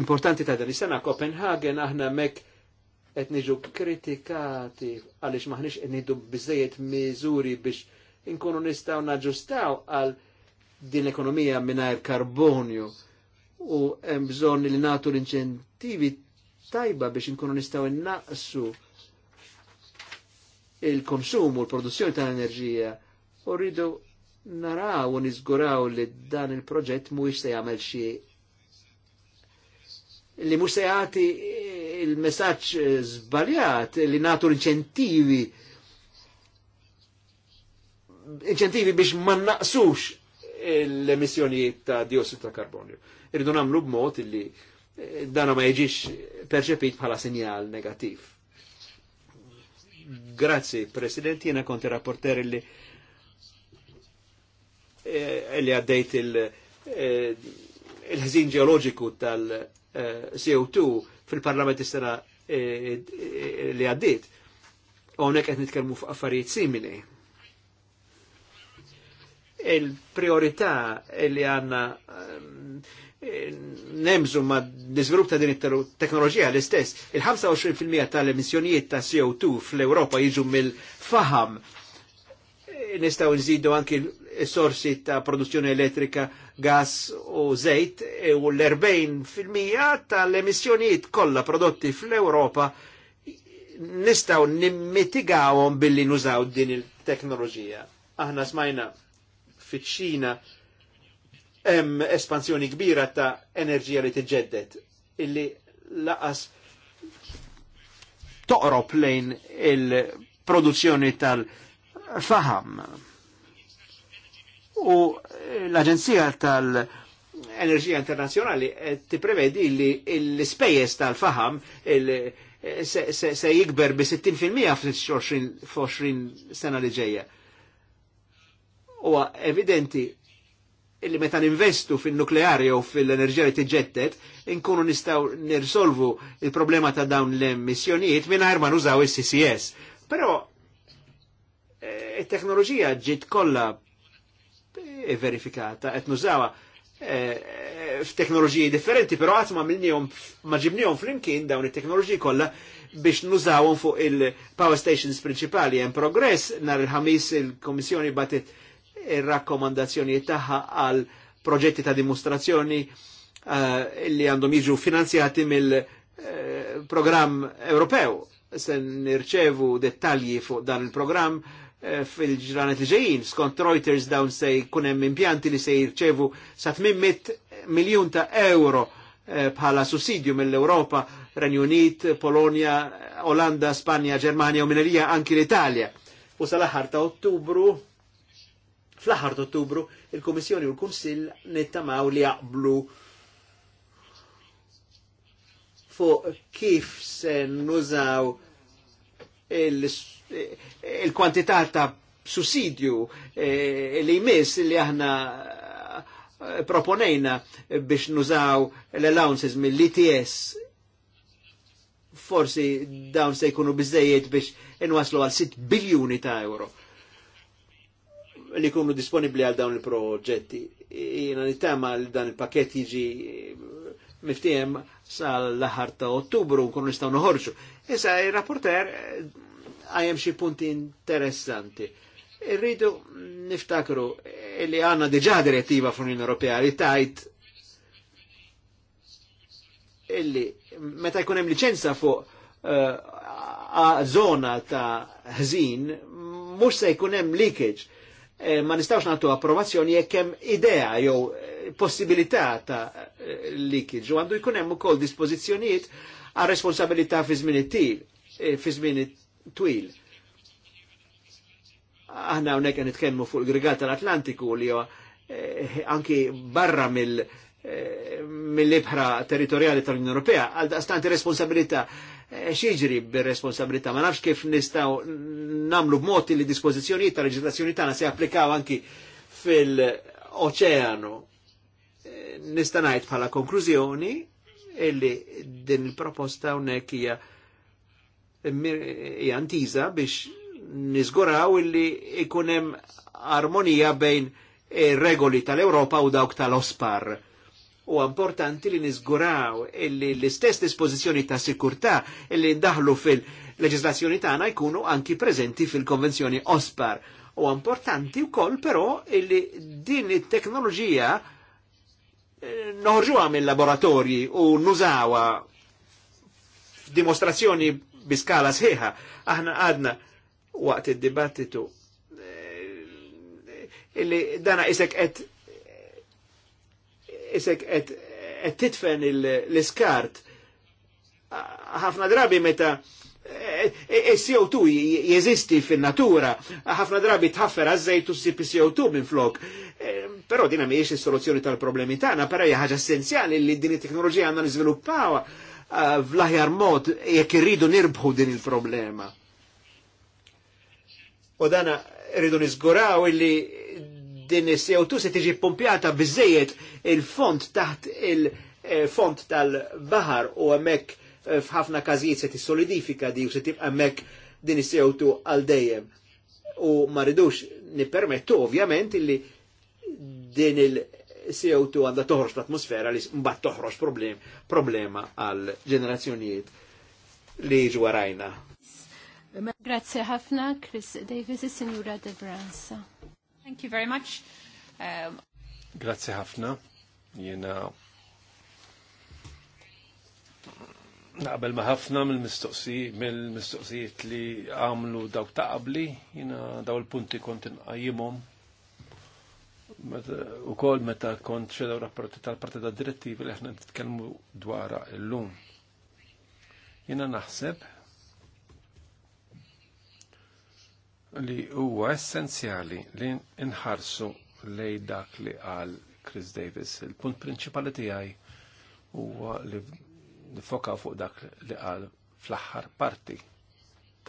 importanti ta' dan is-sena Copenhagen aħna mek qed niġu kritikati għaliex maħniex qed ngħidu biżejjed miżuri biex inkunu nistgħu naġġustaw għal din l-ekonomija mingħajr karbonju u hemm bżonn li nagħtu l-inċentivi tajba biex inkunu nistgħu innaqsu il-konsum u l-produzzjoni ta' enerġija u rridu naraw u nizguraw li dan il-proġett mhuwiex se jagħmel xi li mu se jagħti il messagġ zbaljat li nagħtu l-inċentivi inċentivi biex ma naqsux l-emissjonijiet ta' dioxid ta' karbonju. Irridu nagħmlu b'mod li eh, dana ma jiġix perċepit bħala sinjal negativ. Grazie, President, jena konti rapporter li eh, li għaddejt il eh, ħzin ġeologiku tal-CO2 fil-parlament istana eh, li għaddejt. Għonek għet nitkelmu f'affarijiet simili. Il-priorità li għanna ehm, nemżu ma nizvilup ta' din it-teknoloġija l-istess, il-25% tal-emissjonijiet ta' CO2 fl-Europa jiġu mill-faham. Nistaw nżidu anki sorsi ta' produzzjoni elettrika, gas u zejt e u l-40% tal-emissjonijiet kollha prodotti fl-Europa nistaw nimmitigawhom billi nużaw din il-teknoloġija. Aħna smajna fiċ-Ċina hemm espansjoni kbira ta' enerġija li tiġġedded illi laqas toqrob lejn il-produzzjoni tal-faham. U l-Aġenzija tal-Enerġija ti prevedi li l-spejjeż tal-faham se, se, se jikber bi 60% fl-20 sena li ġejja. Huwa evidenti illi metan investu fil-nukleari u fil-enerġija li tiġġettet, inkunu nistaw nirsolvu il-problema ta' dawn l-emissjonijiet mingħajr ma nużaw il ccs Pero, e, il teknoloġija ġit kolla e, verifikata, qed f e, f'teknoloġiji differenti, pero għatma minnihom ma ġibnihom flimkien dawn il teknoloġiji kolla biex nużawon fuq il-power stations principali jen progress nar il-ħamis il-Komissjoni batet il rakkomandazzjonijiet tagħha għal proġetti ta' dimostrazzjoni uh, li għandhom jiġu finanzjati mill-programm eh, Ewropew. Se nirċevu dettalji fuq dan il-programm eh, fil-ġranet li ġejjin. Skont Reuters dawn se jkun hemm impjanti li se jirċevu sa 800 miljun ta' euro bħala sussidju mill-Europa, Renjunit, Polonia, Olanda, Spanja, Germania u minerija anki l-Italja. U sal-aħħar ta' Ottubru fl-aħħar ottubru il-Kummissjoni u l-Kunsill nittamaw li jaqblu fuq kif se nużaw il-kwantità il ta' sussidju eh, li jmiss li aħna eh, proponejna biex nużaw l-allowances mill its forsi dawn se jkunu bizzejiet biex inwaslu għal 6 biljuni ta' euro li kunu disponibli għal dawn il-proġetti. Jena nittama li dan il-pakket jiġi miftijem sal-laħar ta' ottubru nkunu nistaw noħorġu. Issa il-rapporter għajem xie punti interessanti. Irridu niftakru li għanna diġa direttiva fl-Unjoni Ewropea li tajt illi meta jkun hemm licenza fuq uh, zona ta' ħżin mhux se jkun hemm leakage Eh, ma nistawx nagħtu approvazzjoni jekk hemm idea jew eh, possibilità ta' eh, leakage u għandu jkun hemm ukoll dispożizzjonijiet għal responsabilità fi żmien it-til, fi żmien twil. Aħna hawnhekk qed nitkellmu fuq il-grigat tal-Atlantiku li huwa anki barra mill- ibħra territorjali tal-Unjoni Ewropea għal daqstanti responsabilità Eh, xieġri bil-responsabilità, ma nafx kif nistaw namlu b'mod li dispożizzjonijiet ta' leġislazzjoni tagħna se applikaw anki fil-oċeanu. Eh, nista' ngħid bħala konklużjoni illi din il-proposta hawnhekk hija jantiza antiża biex niżguraw illi ikun hemm armonija bejn regoli tal-Europa u dawk tal-Ospar u importanti li nizguraw illi l-istess dispożizzjoni ta' sikurtà illi ndaħlu fil-leġislazzjoni tagħna jkunu anki preżenti fil-konvenzjoni OSPAR. U importanti wkoll però illi din it-teknoloġija eh, noħorġuha mill-laboratorji u nużawa dimostrazzjoni biskala sħiħa. Aħna għadna waqt id-dibattitu eh, illi dana isek qed isek et titfen l-iskart ħafna drabi meta il e, e, CO2 jeżisti fin-natura, ħafna drabi tħaffer għażejt u ssib CO2 minn flok. E, però dinam mhijiex il soluzzjoni tal-problemi tagħna, però hija ħaġa essenzjali li din it-teknoloġija għandna niżviluppawha fl-aħjar mod jekk irridu nirbħu din il-problema. U dana rridu niżguraw illi din is-CO2 se tiġi pumpjata biżejjed il-font taħt il-font eh, tal-baħar u hemmhekk eh, f'ħafna każijiet se tissolidifika di u se tibqa' hemmhekk din is-CO2 għal dejjem. U ma ridux nippermettu ovvjament illi din il-CO2 għandha toħroġ l atmosfera li mbagħad toħroġ problem, problema għal ġenerazzjonijiet li jiġu warajna. Grazie ħafna, Chris Davis, Signora De Branza. Thank you very much. Um... Grazie ħafna. Jena naqbel ma ħafna mill mistoqsi mill-mistoqsijiet li għamlu dawk ta' qabli, jina daw il-punti kont inqajjimhom u kol meta kont xedaw rapporti tal-partita direttivi li ħna nitkellmu dwara illum. Jina naħseb li huwa essenzjali li nħarsu lej dak li għal Chris Davis. Il-punt prinċipali tiegħi huwa li nifoka fuq dak li għal fl-aħħar parti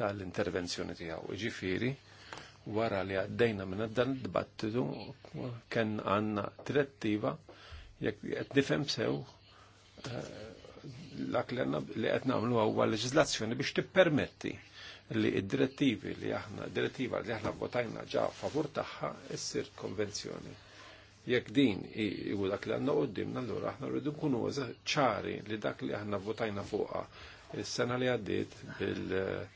tal-intervenzjoni tiegħu. Iġifiri, wara li għaddejna minn dan dibattitu kien għandna direttiva jekk qed nifhem sew eh, dak li qed nagħmlu huwa leġizlazzjoni biex tippermetti li id-direttivi li aħna, direttiva li aħna votajna ġa favur tagħha issir konvenzjoni. Jekk din u dak li għandna qoddimna, allura aħna rridu nkunu ċari li dak li aħna votajna fuqha is-sena li għaddiet bil-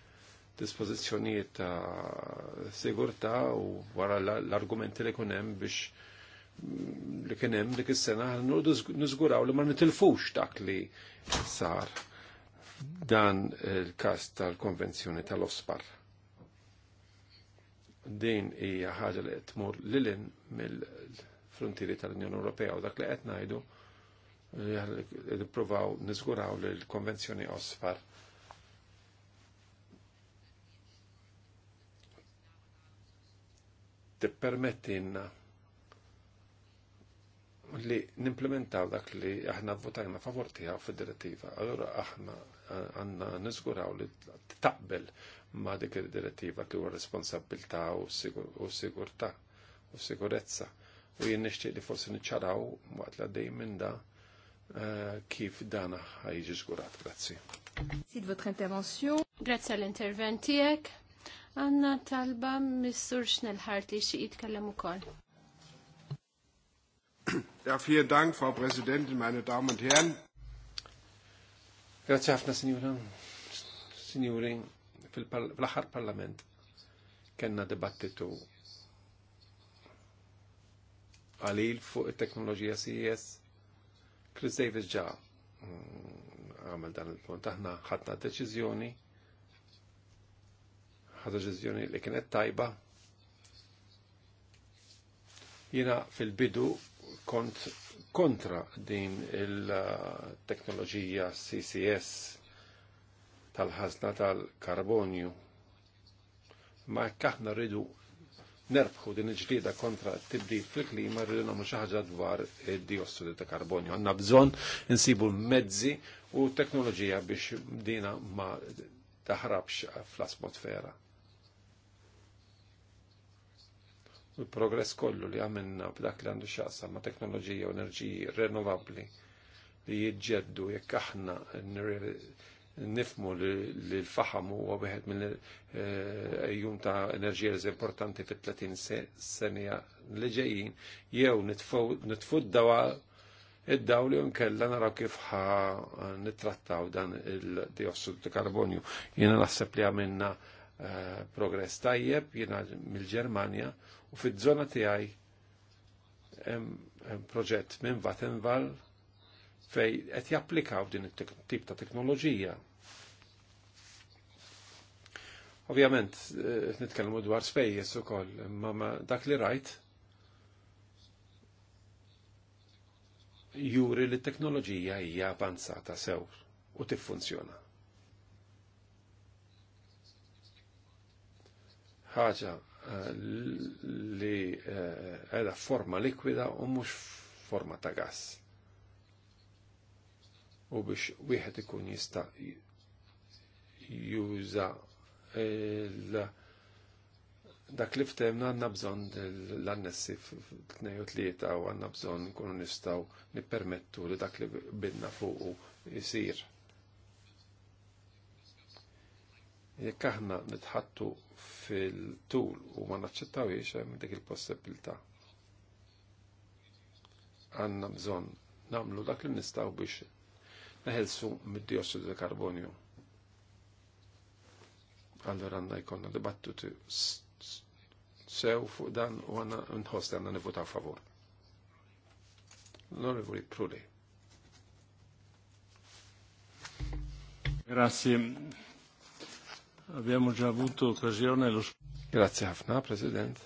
dispożizzjonijiet ta' sigurtà u wara l-argumenti li kunem hemm biex li kien hemm dik is-sena nużguraw li ma nitilfux dak li sar f'dan il-kas tal-konvenzjoni tal-Ospar. Din hija ħaġa li qed tmur lilin mill-frontieri tal-Unjoni Ewropea u dak li qed ngħidu eh, nippruvaw niżguraw li l-konvenzjoni Ospar tippermettinna li nimplementaw dak li aħna votajna favor tiegħu fid-direttiva. Allura aħna għandna niżguraw li taqbel ma' dik id-direttiva li huwa responsabilità u sigurtà u sigurezza. U jien nixtieq li forsi niċċaraw waqt li għaddej minn da kif dana ħajġi żgurat. Grazzi. Sid votre intervention. Grazzi għall-intervent tiegħek. Għanna talba Missur Schnellhardt li xi jitkellem ukoll. Ja, vielen Dank, Frau Präsidentin, meine Damen und Herren. Grazie ħafna, Signora. Signori, fil-aħħar parlament kena dibattitu għalil fuq il-teknoloġija CES. Chris Davis ġa mm, għamil dan il-punt. Aħna ħadna deċiżjoni, ħadna deċiżjoni li kienet tajba. Jina fil-bidu kont kontra din il-teknoloġija CCS tal-ħazna tal-karbonju. Ma kaħna rridu nerbħu din il ġdida kontra tibdil fil-klima rridu nagħmlu xi ħaġa dwar id-diossidu ta' karbonju. Għanna bżonn insibu mezzi u teknoloġija biex dina ma taħrabx fl-atmosfera. il progress kollu li għamilna b'dak li għandu xaqsa ma' teknoloġija u enerġiji renovabli li jġeddu jekk aħna nifmu li l faħam huwa wieħed mill eh, ejjum ta' enerġija eż importanti fit-30 senja li ġejjin jew nitfuddaw id-daw li nkella naraw kif ħa nittrattaw dan il-dioxid ta' karbonju. Jiena naħseb li għamilna eh, progress tajjeb, jiena mill-Ġermanja u fid-żona tiegħi hemm proġett minn Vattenval fej qed japplikaw din it-tip ta' teknoloġija. Ovvjament, eh, nitkellmu dwar spejjeż ukoll, imma dak li rajt juri li t-teknoloġija hija avanzata sew u tiffunzjona. ħaġa Eh, li għeda eh, forma likwida u mhux forma ta' gas. U biex wieħed ikun jista' juża dak li ftemna għandna bżonn l-annessi f u tlieta u għanna bżon nkunu nistgħu nippermettu li dak li bidna fuq isir. Jekk aħna nitħattu fil-tul u ma naċċettawiex hemm dik il-possibilità. Għandna bżonn nagħmlu dak li nistgħu biex neħelsu mid-dioxidu ta' karbonju. Allora għandna jkollna dibattuti sew fuq dan u għanna nħoss li għanna nivvotaw favor. L-onorevoli Pruli. Grazie. Abbiamo già avuto occasione lo Grazie ħafna, President.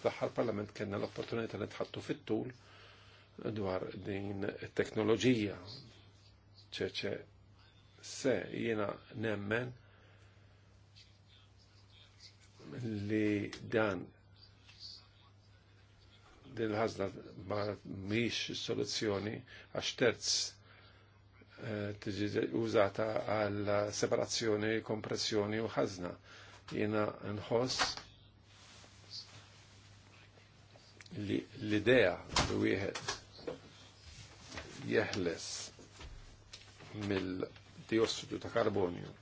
fl Parlament kena l-opportunità li tħattu fit-tul dwar din it-teknoloġija. ċeċe se jiena nemmen li dan din l ħazna ma miex soluzzjoni għax terz Eh, tiġi użata għal separazzjoni, kompressjoni u ħazna. Jena nħoss li l-idea li wieħed jeħles mill-diossidu ta' karbonju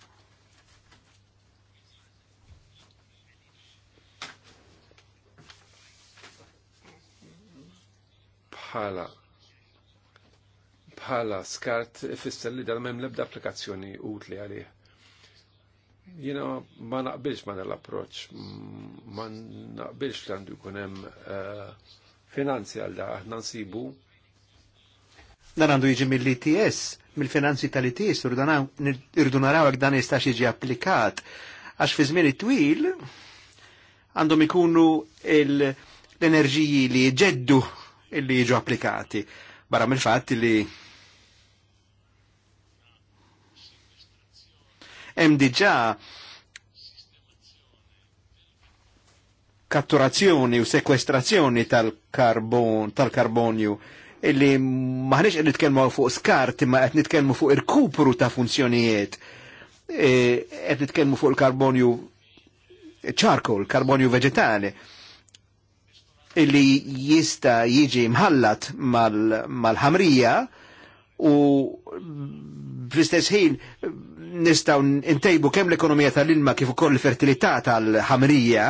bħala bħala skart fissel li dan memleb da applikazzjoni utli għalih. Jiena ma naqbilx ma l-approċ, mm, ma naqbilx li għandu jkun hemm eh, finanzi għal da nansibu. Dan għandu jiġi mill-ITS, mill-finanzi tal-ITS, urdu naraw għak dan jistax jiġi applikat. Għax fi żmien twil għandhom ikunu l-enerġiji li ġeddu illi jiġu applikati. Barra mill-fatt li hemm diġà katturazzjoni u sekwestrazzjoni tal-karbon tal-karbonju illi maħniex qed nitkellmu fuq skart imma qed nitkellmu fuq irkupru ta' funzjonijiet e, qed nitkellmu fuq il-karbonju charcoal, karbonju vegetali illi jista jiġi mħallat mal-ħamrija mal u fl-istess ħin nistaw intejbu kemm l-ekonomija tal-ilma kif ukoll l-fertilità tal-ħamrija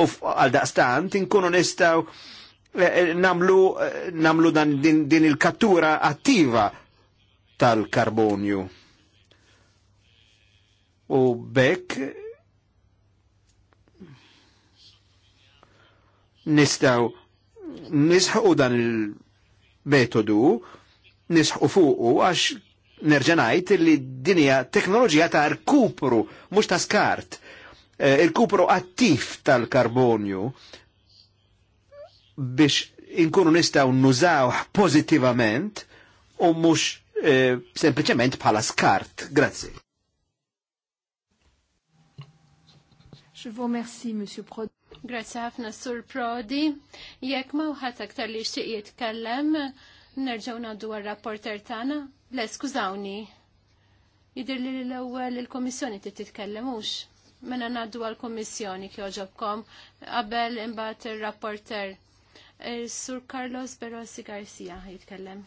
u għal daqstant inkunu nistaw eh, eh, namlu, eh, namlu dan din, din il-kattura attiva tal-karbonju. U bekk nistaw nisħu dan il-metodu nisħu fuqu għax nerġanajt li dinja teknoloġija ta' rkupru, mux ta' skart, rkupru eh, attiv tal-karbonju biex inkunu nistaw nużawh pozitivament u mux eh, sempliciment bħala skart. Grazie. Je vous remercie, Monsieur Prodi. Grazie ħafna, Sur Prodi. Jekk ma uħat aktar li xtieq jitkellem, nerġgħu dwar rapporter tagħna, Le, skużawni, jidir li l-ewel il-Komissjoni ti titkellemux. Mena naddu għal-Komissjoni kjoġobkom qabel imbat il-rapporter. Eh, Sur Carlos Berossi Garcia jitkellem.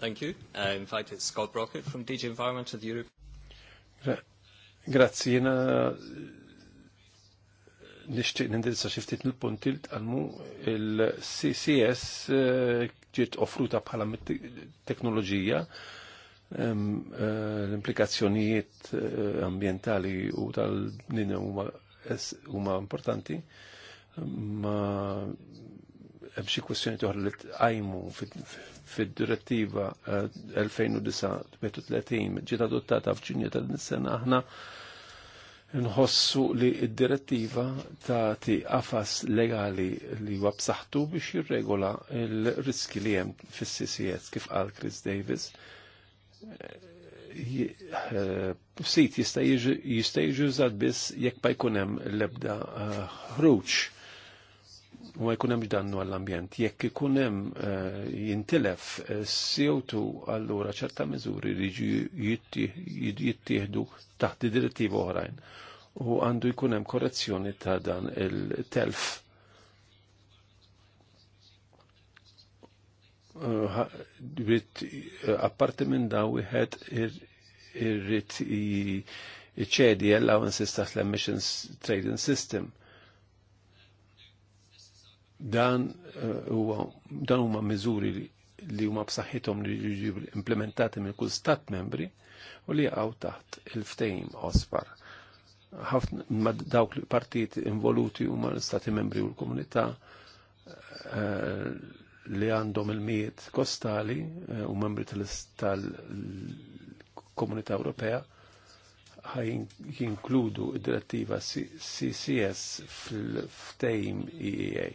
Thank you. Uh, in fact, it's Scott Brockett from DG Environment of Europe. Grazie, jena eh, nishtiq nindirizza xiftit nil-puntilt għalmu il-CCS eh, ġiet offruta bħala teknoloġija eh, l-implikazzjonijiet eh, ambientali u tal-nina huma importanti ma hemm xi kwestjoni toħra li tqajmu fid-direttiva 2039 eh, ġiet adottata f'Ġunju tal-sena aħna nħossu li id-direttiva tagħti afas legali li huwa b'saħħtu biex jirregola l-riski li hemm fis-CCS kif qal Chris Davis. Eh, eh, sit jista' jiġi użat biss jekk ma jkun hemm l-ebda eh, ħruġ u jkun hemm dannu għall-ambjent. Jekk ikun hemm eh, jintilef eh, CO2 allura ċerta miżuri jiġu jittieħdu taħt direttivi oħrajn u għandu jkun hemm korrezzjoni ta' dan il-telf. Eh, apparti minn daw wieħed irrid iċedi allowances taħt l-emissions trading system. Uh, Dan eh, huwa dan huma miżuri li huma b'saħħithom li jiġu implementati minn kull stat membri u li jaqgħu taħt il ftejm osfar. Ħafna dawk li partit involuti huma l-istati membri u l-komunità eh, li għandhom il-mijiet kostali eh, u membri tal-Komunità Ewropea jinkludu id-direttiva CCS fil-ftejm EEA.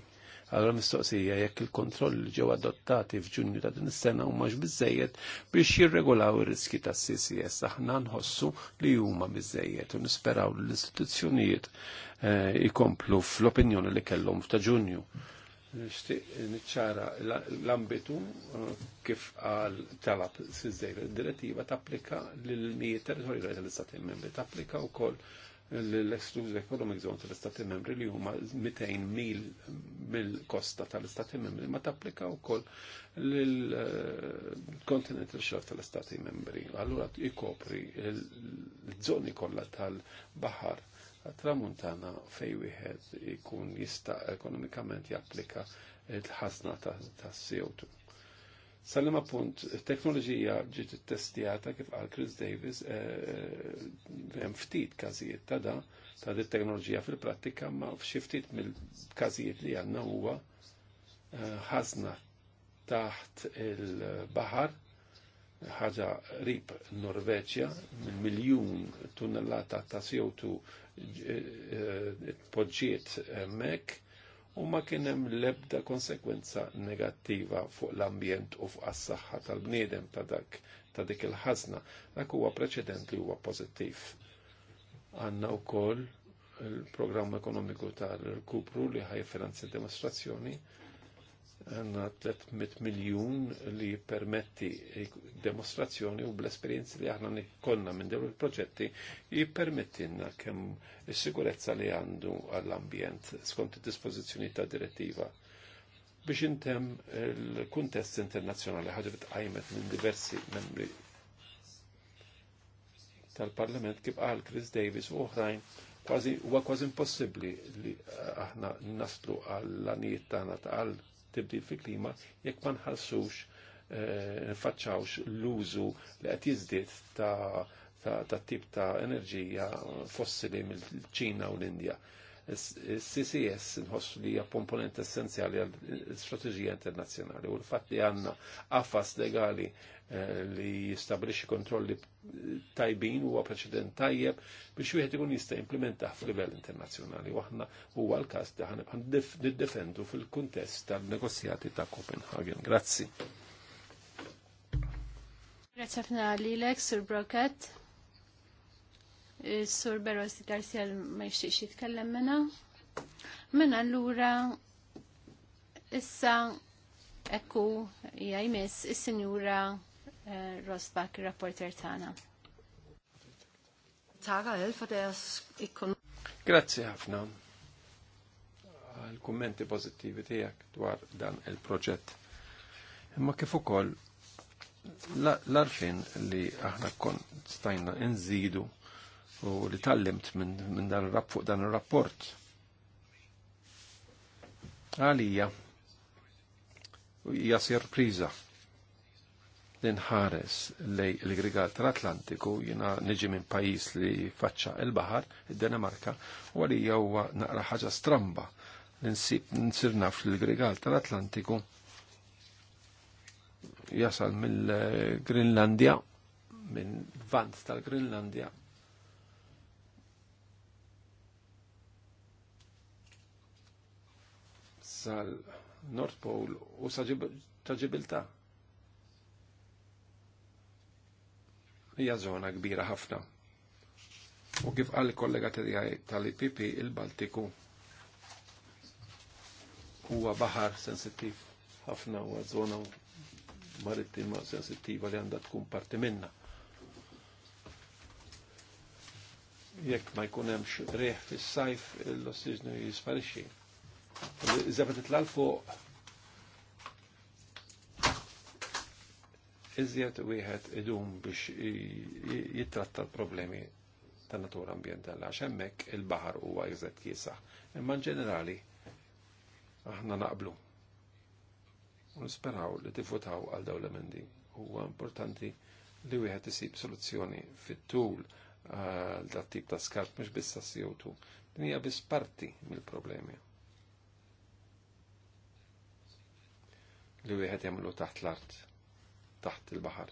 Allora mistoqsija jekk il-kontroll ġew adottati f'Ġunju ta' din is-sena huma biżejjed biex jirregolaw ir-riski tas-CCS aħna nħossu li huma biżejjed u nisperaw li l-istituzzjonijiet eh, ikomplu fl-opinjoni li kellhom f'ta' Ġunju. Nixtieq niċċara l-ambitu eh, kif għal talab sizzejr id direttiva tapplika lil mijiet territorjali tal-istati membri, tapplika wkoll l-Exclusive Economic Zone tal-Istati Membri li huma 200 mil mill-kosta tal-Istati Membri ma tapplika wkoll l-kontinent eh, il-xelf tal-Istati Membri. Allura ikopri l-żoni kollha tal-baħar tramuntana fej wieħed ikun jista' ekonomikament japplika l-ħasna tas-CO2. Sallim appunt, teknoloġija ġiet testijata kif għal Chris Davis eh, eh, hemm ftit każijiet ta' da ta' dit teknoloġija fil-prattika ma f'xi ftit mill-każijiet li għandna huwa eh, ħazna taħt il-baħar ħaġa rib Norveċja minn miljun tunnellata ta' CO2 poġġiet hemmhekk u ma kien hemm l-ebda konsekwenza negattiva fuq l-ambjent u fuq as-saħħa tal-bniedem ta' dak ta' dik il ħazna Dak huwa preċedent li huwa pożittiv. Għandna wkoll il-programm ekonomiku tal-rkupru li ħaj finanzja demonstrazzjoni għanna 300 miljon li permetti demonstrazzjoni u bl-esperienzi li aħna nikonna minn dewl il-proġetti jippermettinna kemm is-sigurezza li għandu għall-ambjent skont id-dispożizzjoni ta' direttiva biex intem il-kuntest internazzjonali ħaġa tqajmet minn diversi membri tal-Parlament kif għal Chris Davis u oħrajn kważi huwa kważi impossibbli li aħna naslu għall-anijiet tagħna tibdil fi klima jekk ma nħassux eh, nfaċċawx l-użu li qed jiżdied ta' tip ta' enerġija fossili mill-ċina u l-Indja. CCS nħossu li hija komponent essenzjali għall strateġija internazzjonali u l-fatt li għandna qafas legali Eh, li jistabilixi kontrolli tajbin u għapreċedent tajjeb biex u wieħed ikun jista' implementaħ f'livell internazzjonali waħna u għal-kas każ li nid-defendu fil-kuntest tal negozjati ta' Copenhagen. Grazzi. Grazzi ħafna lilek, Sur Brokat. Eh, Sur Beros Garcia ma jixtiex jitkellem mena. Mena l-ura issa ekku jajmis is senjura Eh, Rosbach, rapporter tana. Taga, elfa deres ikkon. Grazie ħafna għal-kummenti pozittivi tijak dwar dan il-proġett. Imma kif ukoll l-arfin li aħna kon stajna nżidu u li tallimt minn dan fuq dan il-rapport. Għalija, hija sirpriża ninħares lej l-grigal tal-Atlantiku, jina niġi minn pajis li faċċa il-bahar, id denemarka u għalli jawwa naqra ħaġa stramba l-insib nsir naf l-grigal tal-Atlantiku jasal mill-Grinlandja, minn vant tal-Grinlandja. sal Nord Pole u saġibilta. hija żona kbira ħafna. U kif qal kollega tal-IPP il-Baltiku huwa baħar sensittiv ħafna u żona marittima sensittiva li għandha tkun parti minna. Jekk ma jkun hemmx riħ fis-sajf, l-ossiġnu jisparixxi. Iżda titla' fuq iżjed wieħed idum biex jittratta l-problemi ta' natura ambientali, għax hemmhekk il-baħar huwa iżjed kiesaħ. Imma ġenerali aħna naqblu. U nisperaw li tifutaw għal dawn l-emendi. Huwa importanti li wieħed isib soluzzjoni fit-tul eh, għal dat tip ta' skart mhux biss CO2. Din hija biss parti mill-problemi. Li wieħed jagħmlu taħt l-art taħt il bahar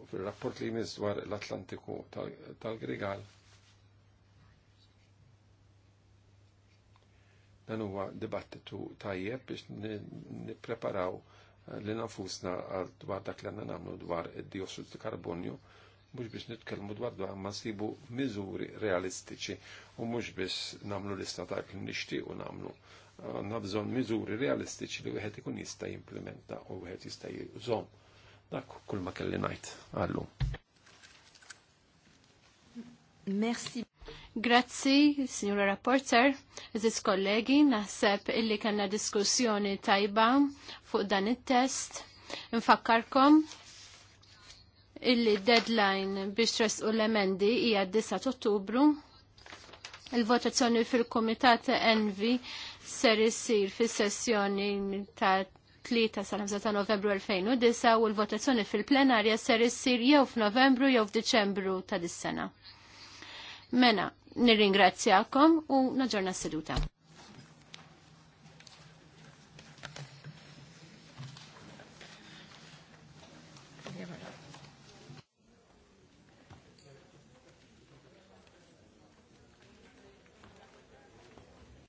U fil-rapport li jmiss dwar l-Atlantiku tal-Grigal, dan huwa dibattitu tajjeb biex nippreparaw eh, li nafusna għal dwar dak li għanna namlu dwar id-dioxid karbonju mux biex nitkelmu dwar dwar ma sibu miżuri realistiċi u mux biex namlu lista ta' li nishti u namlu għanna bżon miżuri realistiċi li wieħed ikun jista' jimplementa u wieħed jista' jizom. Dak kull ma kelli ngħid għallu. Merci. Grazzi, signora rapporter, eżis kollegi, naħseb illi kanna diskussjoni tajba fuq dan il-test. Nfakkarkom illi deadline biex u l-emendi hija 9 ottubru. Il-votazzjoni fil-Komitat Envi ser issir fis-sessjoni ta' 3 sal-5 ta' novembru 2009 u l-votazzjoni fil-plenarja ser issir jew f'Novembru jew f'Diċembru ta' dis-sena. Mena, nirringrazzjakom u naġorna s-seduta.